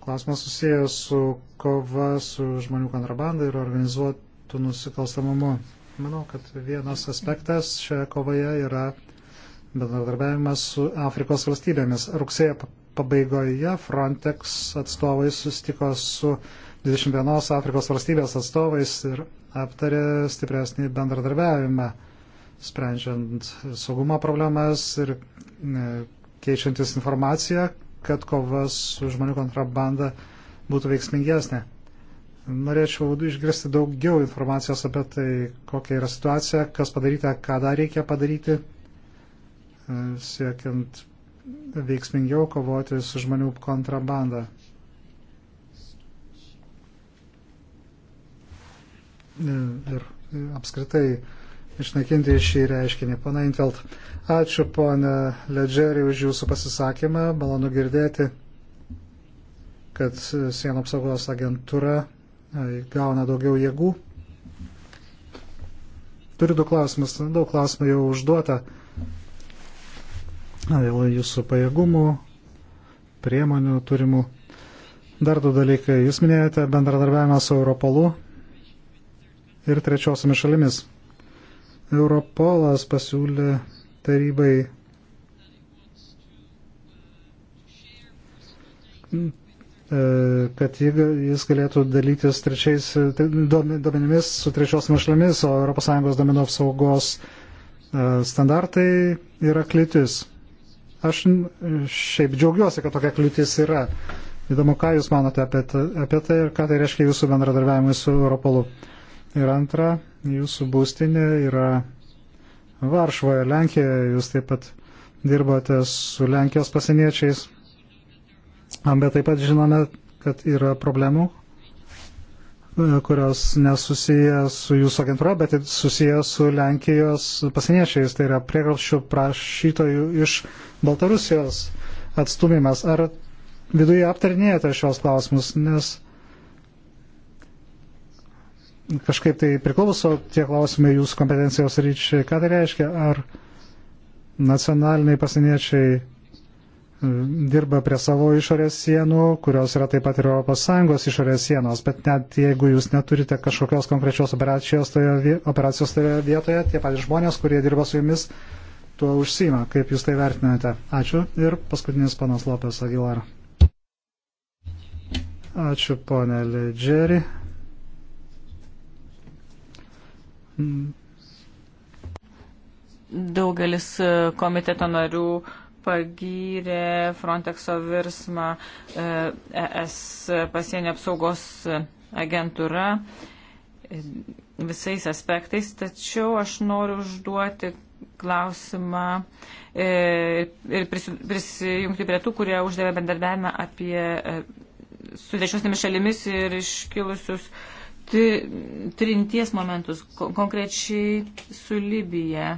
Speaker 3: Klausimas susijęs su kova su žmonių kontrabanda ir organizuotų nusikalstamumu. Manau, kad vienas aspektas šioje kovoje yra bendradarbiavimas su Afrikos valstybėmis. Rugsėjo pabaigoje Frontex atstovai sustiko su 21 Afrikos valstybės atstovais ir aptarė stipresnį bendradarbiavimą, sprendžiant saugumo problemas ir e, keičiantis informaciją, kad kova su žmonių kontrabanda būtų veiksmingesnė. Norėčiau išgirsti daugiau informacijos apie tai, kokia yra situacija, kas padaryta, ką dar reikia padaryti, siekiant veiksmingiau kovoti su žmonių kontrabanda. Ir apskritai išnaikinti šį reiškinį. Pana Intelt, ačiū pana Ledžerį už jūsų pasisakymą. Malonu girdėti, kad sienų apsaugos agentūra e, gauna daugiau jėgų. Turiu du klausimus, daug klausimų jau užduota dėl jūsų pajėgumų, priemonių turimų. Dar du dalykai. Jūs minėjote bendradarbiavimą su Europolu ir trečiosiomis šalimis. Europolas pasiūlė tarybai e, kad jis galėtų dalytis trečiais duomenimis su trečios našlėmis, o ES duomenų apsaugos e, standartai yra kliūtis. Aš šiaip džiaugiuosi, kad tokia kliūtis yra. Įdomu, ką Jūs manote apie, apie tai ir ką tai reiškia Jūsų bendradarbiavimui su Europolu. Uh, Ir antra, jūsų būstinė yra Varšuvoje, Lenkijoje. Jūs taip pat dirbote su Lenkijos pasieniečiais. Bet taip pat žinome, kad yra problemų, e, kurios nesusiję su jūsų agentūra, bet susiję su Lenkijos pasieniečiais. Tai yra prieglapščių prašytojų iš Baltarusijos atstumimas. Ar viduje aptarinėjate šios klausimus? Nes kažkaip tai priklauso tie klausimai jūsų kompetencijos ryčiai. Ką tai reiškia? Ar nacionaliniai pasieniečiai e, dirba prie savo išorės sienų, kurios yra taip pat ir ES išorės sienos, bet net jeigu jūs neturite kažkokios konkrečios operacijos toje, operacijos toje vietoje, tie patys žmonės, kurie dirba su jumis, tuo užsima. Kaip jūs tai vertinate? Ačiū. Ir paskutinis panas Lopes Aguilar. Ačiū, ponė Ledžeri. Hmm.
Speaker 2: Daugelis e, komiteto narių pagyrė Frontexo virsmą ES e pasienio apsaugos agentūra e, visais aspektais, tačiau aš noriu užduoti klausimą ir prisijungti prie tų, kurie uždavė bendarbiavimą apie su trečiosiomis šalimis ir iškilusius uh, trinties momentus, konkrečiai su Libija.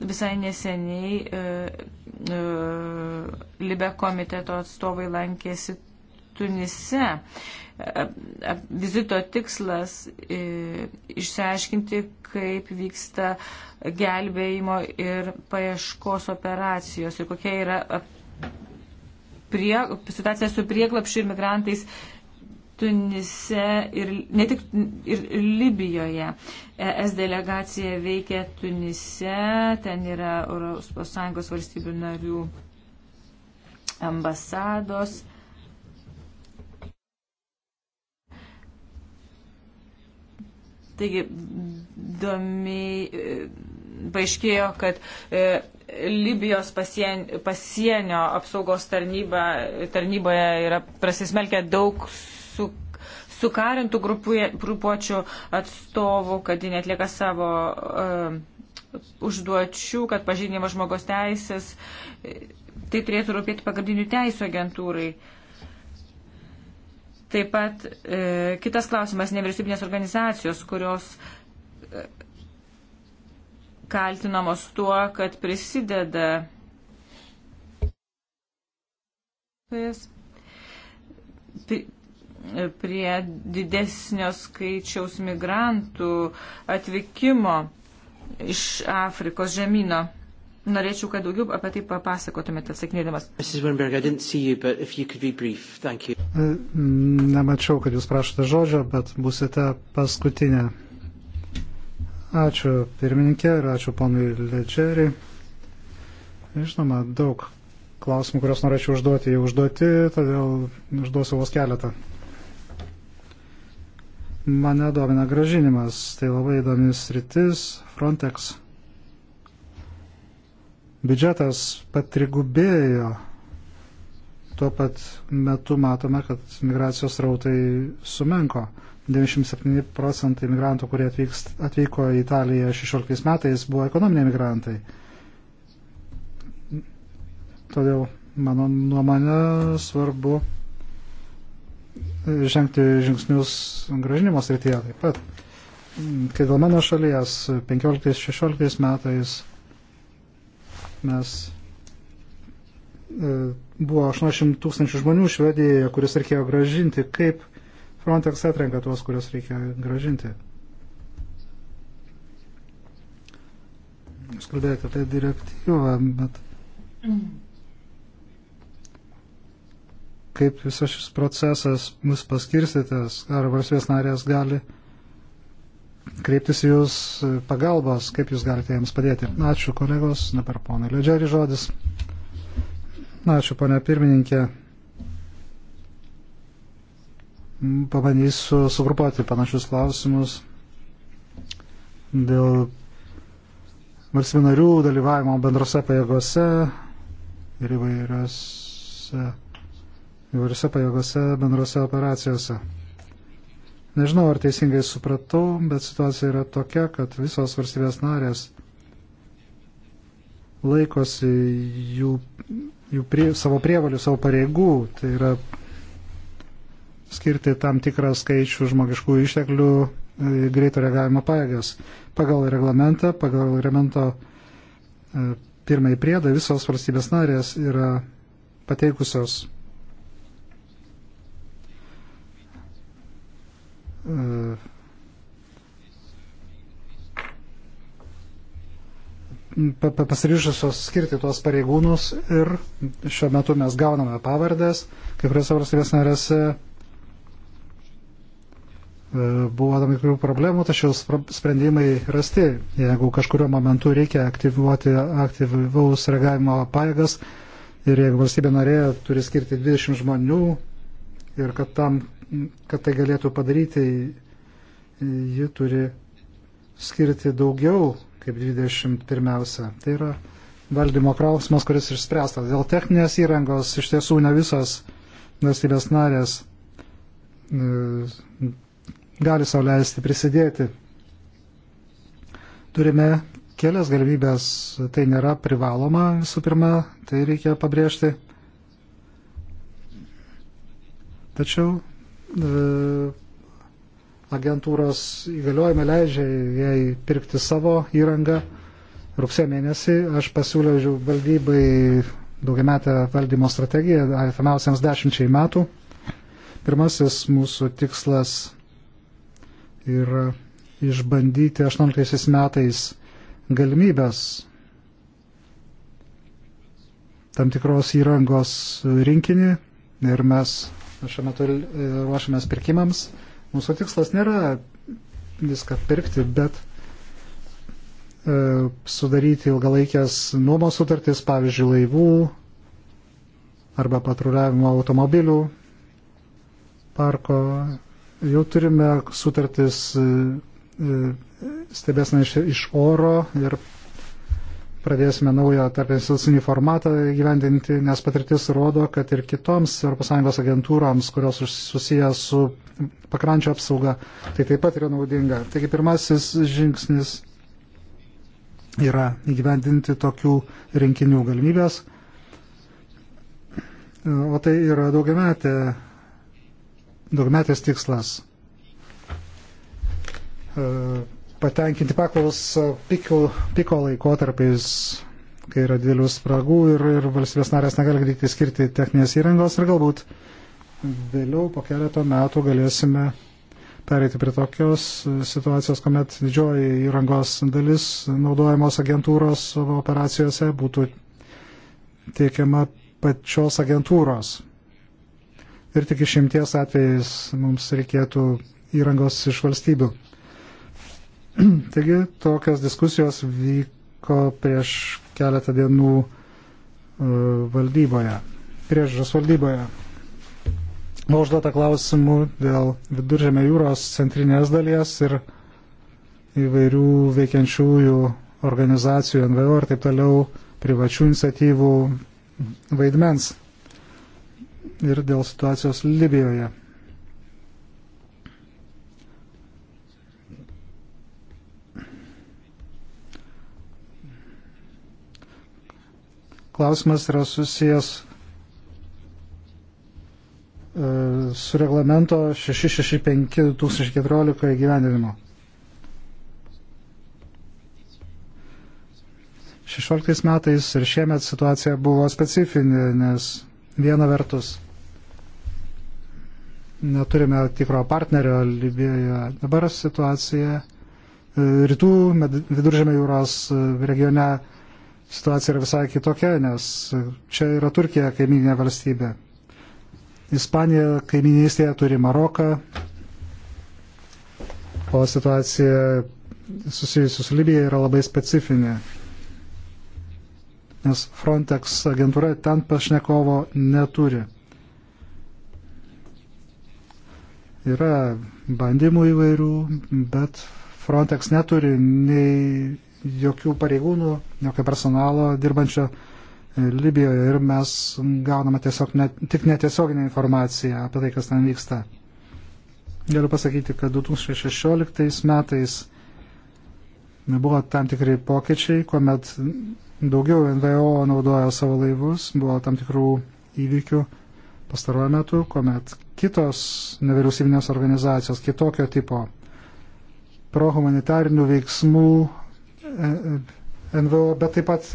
Speaker 2: Visai neseniai e, e, Libe komiteto atstovai lankėsi Tunise. E, e, vizito tikslas e, išsiaiškinti, kaip vyksta gelbėjimo ir paieškos operacijos ir kokia yra e, prie, situacija su prieglapšiu ir migrantais Tunise ir ne tik ir Libijoje. ES delegacija veikia Tunise, ten yra ES valstybių narių ambasados. Taigi, domiai, e, paaiškėjo, kad e, Libijos pasien, pasienio apsaugos tarnyba, tarnyboje yra prasismelkę daug sukarintų grupuoje, grupuočių atstovų, kad jie netlieka savo uh, užduočių, kad pažydinimo žmogaus teisės. E, tai turėtų rūpėti pagrindinių teisų agentūrai. Taip pat e, uh, kitas klausimas - nevyriausybinės organizacijos, kurios uh, kaltinamos tuo, kad prisideda Pri, prie didesnio skaičiaus migrantų atvykimo iš Afrikos žemino. Norėčiau, kad daugiau apie tai papasakotumėte atsakinėdamas. E,
Speaker 3: nemačiau, kad jūs prašote žodžio, bet būsite paskutinė. Ačiū pirmininkė ir ačiū ponui Ledžeriui. Žinoma, daug klausimų, kuriuos norėčiau užduoti, jau užduoti, todėl užduosiu vos keletą. Mane domina gražinimas, tai labai įdomis rytis, Frontex. Biudžetas patrigubėjo. Tuo pat metu matome, kad migracijos rautai sumenko. 97 procentai migrantų, kurie atvyks, atvyko į Italiją 16 metais, buvo ekonominiai migrantai. Todėl, mano nuomonė, svarbu žengti žingsnius gražinimo srityje taip pat. Kai dėl mano šalies 15-16 metais mes e, buvo 80 tūkstančių žmonių Švedijoje, kuris reikėjo gražinti, kaip Frontex atrenka tuos, kuriuos reikia gražinti. Jūs kalbėjote apie direktyvą, bet mm kaip visas šis procesas mus paskirstytas, ar valstybės narės gali kreiptis jūs pagalbos, kaip jūs galite jiems padėti. Ačiū kolegos, dabar ponai Ledžeri žodis. Ačiū ponia pirmininkė. Pabandysiu sugrupuoti panašius klausimus dėl valstybių narių dalyvavimo bendrose pajėgose ir įvairiose įvairiose pajėgose bendrose operacijose. Nežinau, ar teisingai supratau, bet situacija yra tokia, kad visos valstybės narės laikosi jų, jų prie, savo prievalių, savo pareigų. Tai yra skirti tam tikrą skaičių žmogiškų išteklių e, greito reagavimo pajėgas. Pagal reglamentą, pagal reglamento e, pirmąjį priedą visos valstybės narės yra pateikusios pasiryžusios skirti tuos pareigūnus ir šiuo metu mes gauname pavardės, kai kuriuose valstybės narėse e, buvo tam tikrų problemų, tačiau sprendimai rasti. Jeigu kažkurio momentu reikia aktyvuoti aktyvaus reagavimo pajėgas ir jeigu valstybė narė turi skirti 20 žmonių ir kad tam kad tai galėtų padaryti, ji turi skirti daugiau kaip 20 pirmiausia. Tai yra valdymo klausimas, kuris išspręstas. Dėl techninės įrangos iš tiesų ne visos valstybės narės e, gali savo leisti prisidėti. Turime kelias galimybės, tai nėra privaloma visų pirma, tai reikia pabrėžti. Tačiau E, agentūros įgaliojimai leidžia jai pirkti savo įrangą. Rugsėjo mėnesį aš pasiūliau valdybai daugiametę valdymo strategiją artimiausiams dešimčiai metų. Pirmasis mūsų tikslas yra išbandyti 18 metais galimybės tam tikros įrangos rinkinį ir mes Šiuo metu e, ruošiamės pirkimams. Mūsų tikslas nėra viską pirkti, bet e, sudaryti ilgalaikės nuomos sutartis, pavyzdžiui, laivų arba patruliavimo automobilių parko. Jau turime sutartis e, e stebėsime iš, iš oro ir pradėsime naują tarp institucinį formatą gyvendinti, nes patirtis rodo, kad ir kitoms ES agentūroms, kurios susijęs su pakrančio apsauga, tai taip pat yra naudinga. Taigi pirmasis žingsnis yra įgyvendinti tokių rinkinių galimybės. O tai yra daugiametė, daugiametės tikslas. E, patenkinti paklausą piko, piko laikotarpiais, kai yra didelių spragų ir, ir valstybės narės negali greitai skirti techninės įrangos ir galbūt vėliau po keletą metų galėsime pereiti prie tokios situacijos, kuomet didžioji įrangos dalis naudojamos agentūros savo operacijose būtų teikiama pačios agentūros. Ir tik išimties atvejais mums reikėtų įrangos iš valstybių. Taigi tokios diskusijos vyko prieš keletą dienų e, valdyboje, priežiūros valdyboje. Buvo užduota klausimų dėl viduržėmė jūros centrinės dalies ir įvairių veikiančiųjų organizacijų, NVO ir taip toliau, privačių iniciatyvų vaidmens ir dėl situacijos Libijoje. klausimas yra susijęs e, su reglamento 665-2014 įgyvendinimo. 16 metais ir šiemet situacija buvo specifinė, nes viena vertus neturime tikro partnerio Libijoje. Dabar situacija e, rytų viduržėmė jūros e, regione situacija yra visai kitokia, nes čia yra Turkija kaiminė valstybė. Ispanija kaiminystėje turi Maroką, o situacija susijusi su Libija yra labai specifinė. Nes Frontex agentūra ten pašnekovo neturi. Yra bandymų įvairių, bet Frontex neturi nei jokių pareigūnų, jokio personalo dirbančio e, Libijoje ir mes gauname tiesiog net, tik netiesioginę informaciją apie tai, kas ten vyksta. Galiu pasakyti, kad 2016 metais buvo tam tikrai pokyčiai, kuomet daugiau NVO naudojo savo laivus, buvo tam tikrų įvykių pastaruoju metu, kuomet kitos nevyriausybinės organizacijos kitokio tipo prohumanitarinių veiksmų NVO, bet taip pat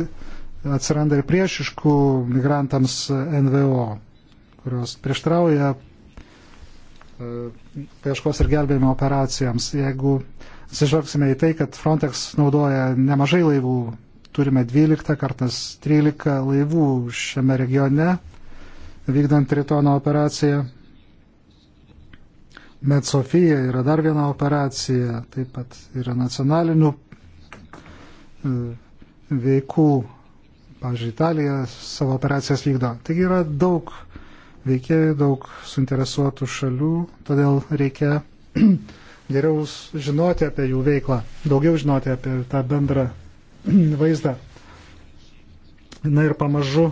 Speaker 3: atsiranda ir priešiškų migrantams NVO, kurios prieštrauja e, paieškos ir gelbėjimo operacijams. Jeigu atsižvelgsime į tai, kad Frontex naudoja nemažai laivų, turime 12 kartas 13 laivų šiame regione, vykdant Tritono operaciją. Med Sofija yra dar viena operacija, taip pat yra nacionalinių E, veikų, pavyzdžiui, Italija savo operacijas vykdo. Taigi yra daug veikėjų, daug suinteresuotų šalių, todėl reikia geriau žinoti apie jų veiklą, daugiau žinoti apie tą bendrą vaizdą. Na ir pamažu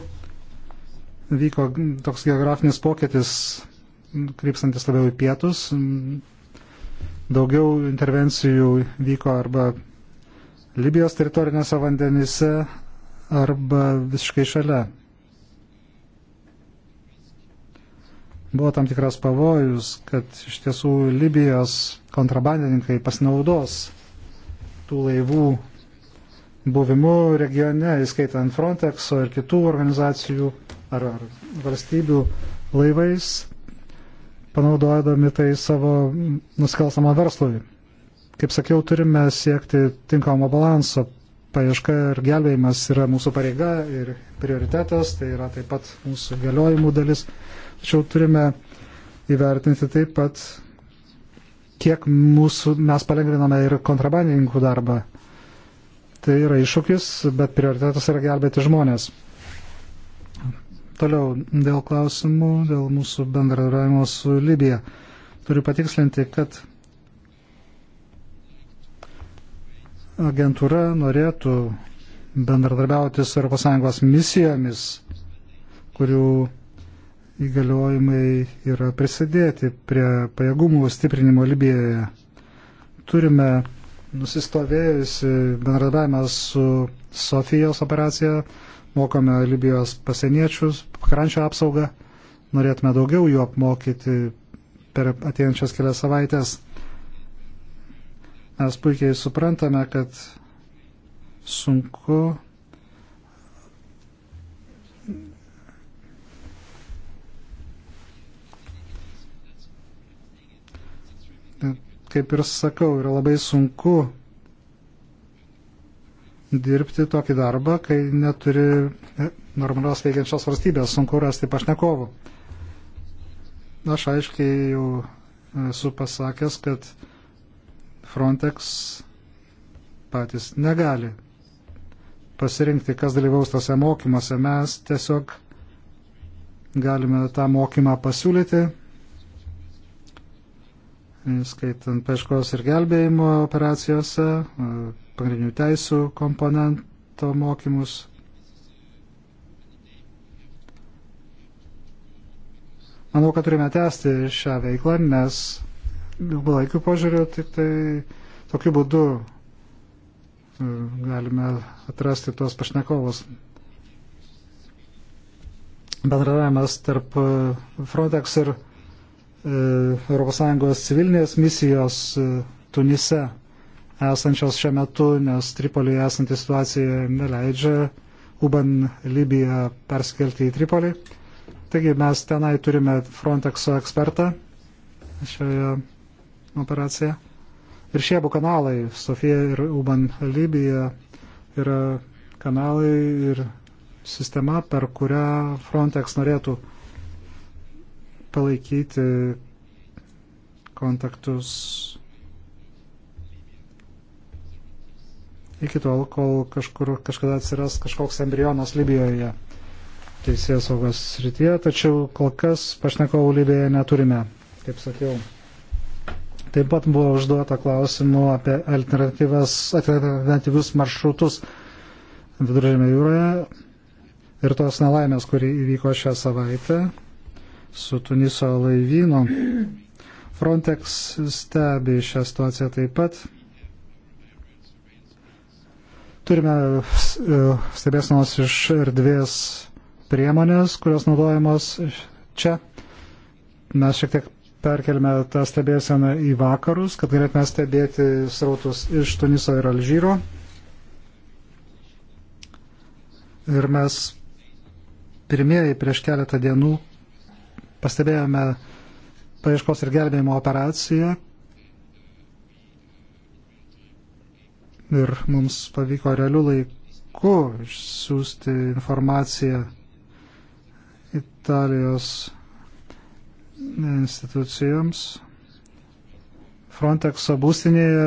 Speaker 3: vyko toks geografinis pokytis, krypstantis labiau į pietus. Daugiau intervencijų vyko arba Libijos teritoriniuose vandenyse arba visiškai šalia. Buvo tam tikras pavojus, kad iš tiesų Libijos kontrabandininkai pasinaudos tų laivų buvimu regione, įskaitant Frontexo ir kitų organizacijų ar, ar valstybių laivais, panaudodami tai savo nusikalstamą verslui. Kaip sakiau, turime siekti tinkamo balanso. Paieška ir gelbėjimas yra mūsų pareiga ir prioritetas, tai yra taip pat mūsų galiojimų dalis. Tačiau turime įvertinti taip pat, kiek mūsų, mes palengviname ir kontrabandininkų darbą. Tai yra iššūkis, bet prioritetas yra gelbėti žmonės. Toliau dėl klausimų, dėl mūsų bendradarbiavimo su Libija. Turiu patikslinti, kad agentūra norėtų bendradarbiauti su ES misijomis, kurių įgaliojimai yra prisidėti prie pajėgumų stiprinimo Libijoje. Turime nusistovėjusi bendradarbiavimą su Sofijos operacija, mokome Libijos pasieniečius, pakrančio apsaugą, norėtume daugiau jų apmokyti per ateinančias kelias savaitės. Mes puikiai suprantame, kad sunku kaip ir sakau, yra labai sunku dirbti tokį darbą, kai neturi normalios veikiančios valstybės, sunku rasti pašnekovų. Aš aiškiai jau esu pasakęs, kad Frontex patys negali pasirinkti, kas dalyvaus tose mokymuose. Mes tiesiog galime tą mokymą pasiūlyti, skaitant paieškos ir gelbėjimo operacijose, pagrindinių teisų komponento mokymus. Manau, kad turime tęsti šią veiklą, nes ilgalaikių požiūrių, tik tai tokiu būdu e, galime atrasti tuos pašnekovus. Bendravimas tarp e, Frontex ir ES civilinės misijos e, Tunise esančios šiuo metu, nes Tripolį esanti situacija neleidžia Uban Libiją perskelti į Tripolį. Taigi mes tenai turime Frontexo ekspertą šioje operacija. Ir šie abu kanalai, Sofija ir Uban Libija, yra kanalai ir sistema, per kurią Frontex norėtų palaikyti kontaktus iki tol, kol kažkur, kažkada atsiras kažkoks embrionas Libijoje teisės saugos srityje, tačiau kol kas pašnekovų Libijoje neturime, kaip sakiau. Taip pat buvo užduota klausimų apie alternatyvius maršrutus Viduržėme jūroje ir tos nelaimės, kuri įvyko šią savaitę su Tuniso laivynu. Frontex stebi šią situaciją taip pat. Turime e, stebėsinos iš erdvės priemonės, kurios naudojamos čia. Mes šiek tiek perkelime tą stebėseną į vakarus, kad galėtume stebėti srautus iš Tuniso ir Alžyro. Ir mes pirmieji prieš keletą dienų pastebėjome paieškos ir gelbėjimo operaciją. Ir mums pavyko realių laikų išsiųsti informaciją Italijos institucijoms Frontexo būstinėje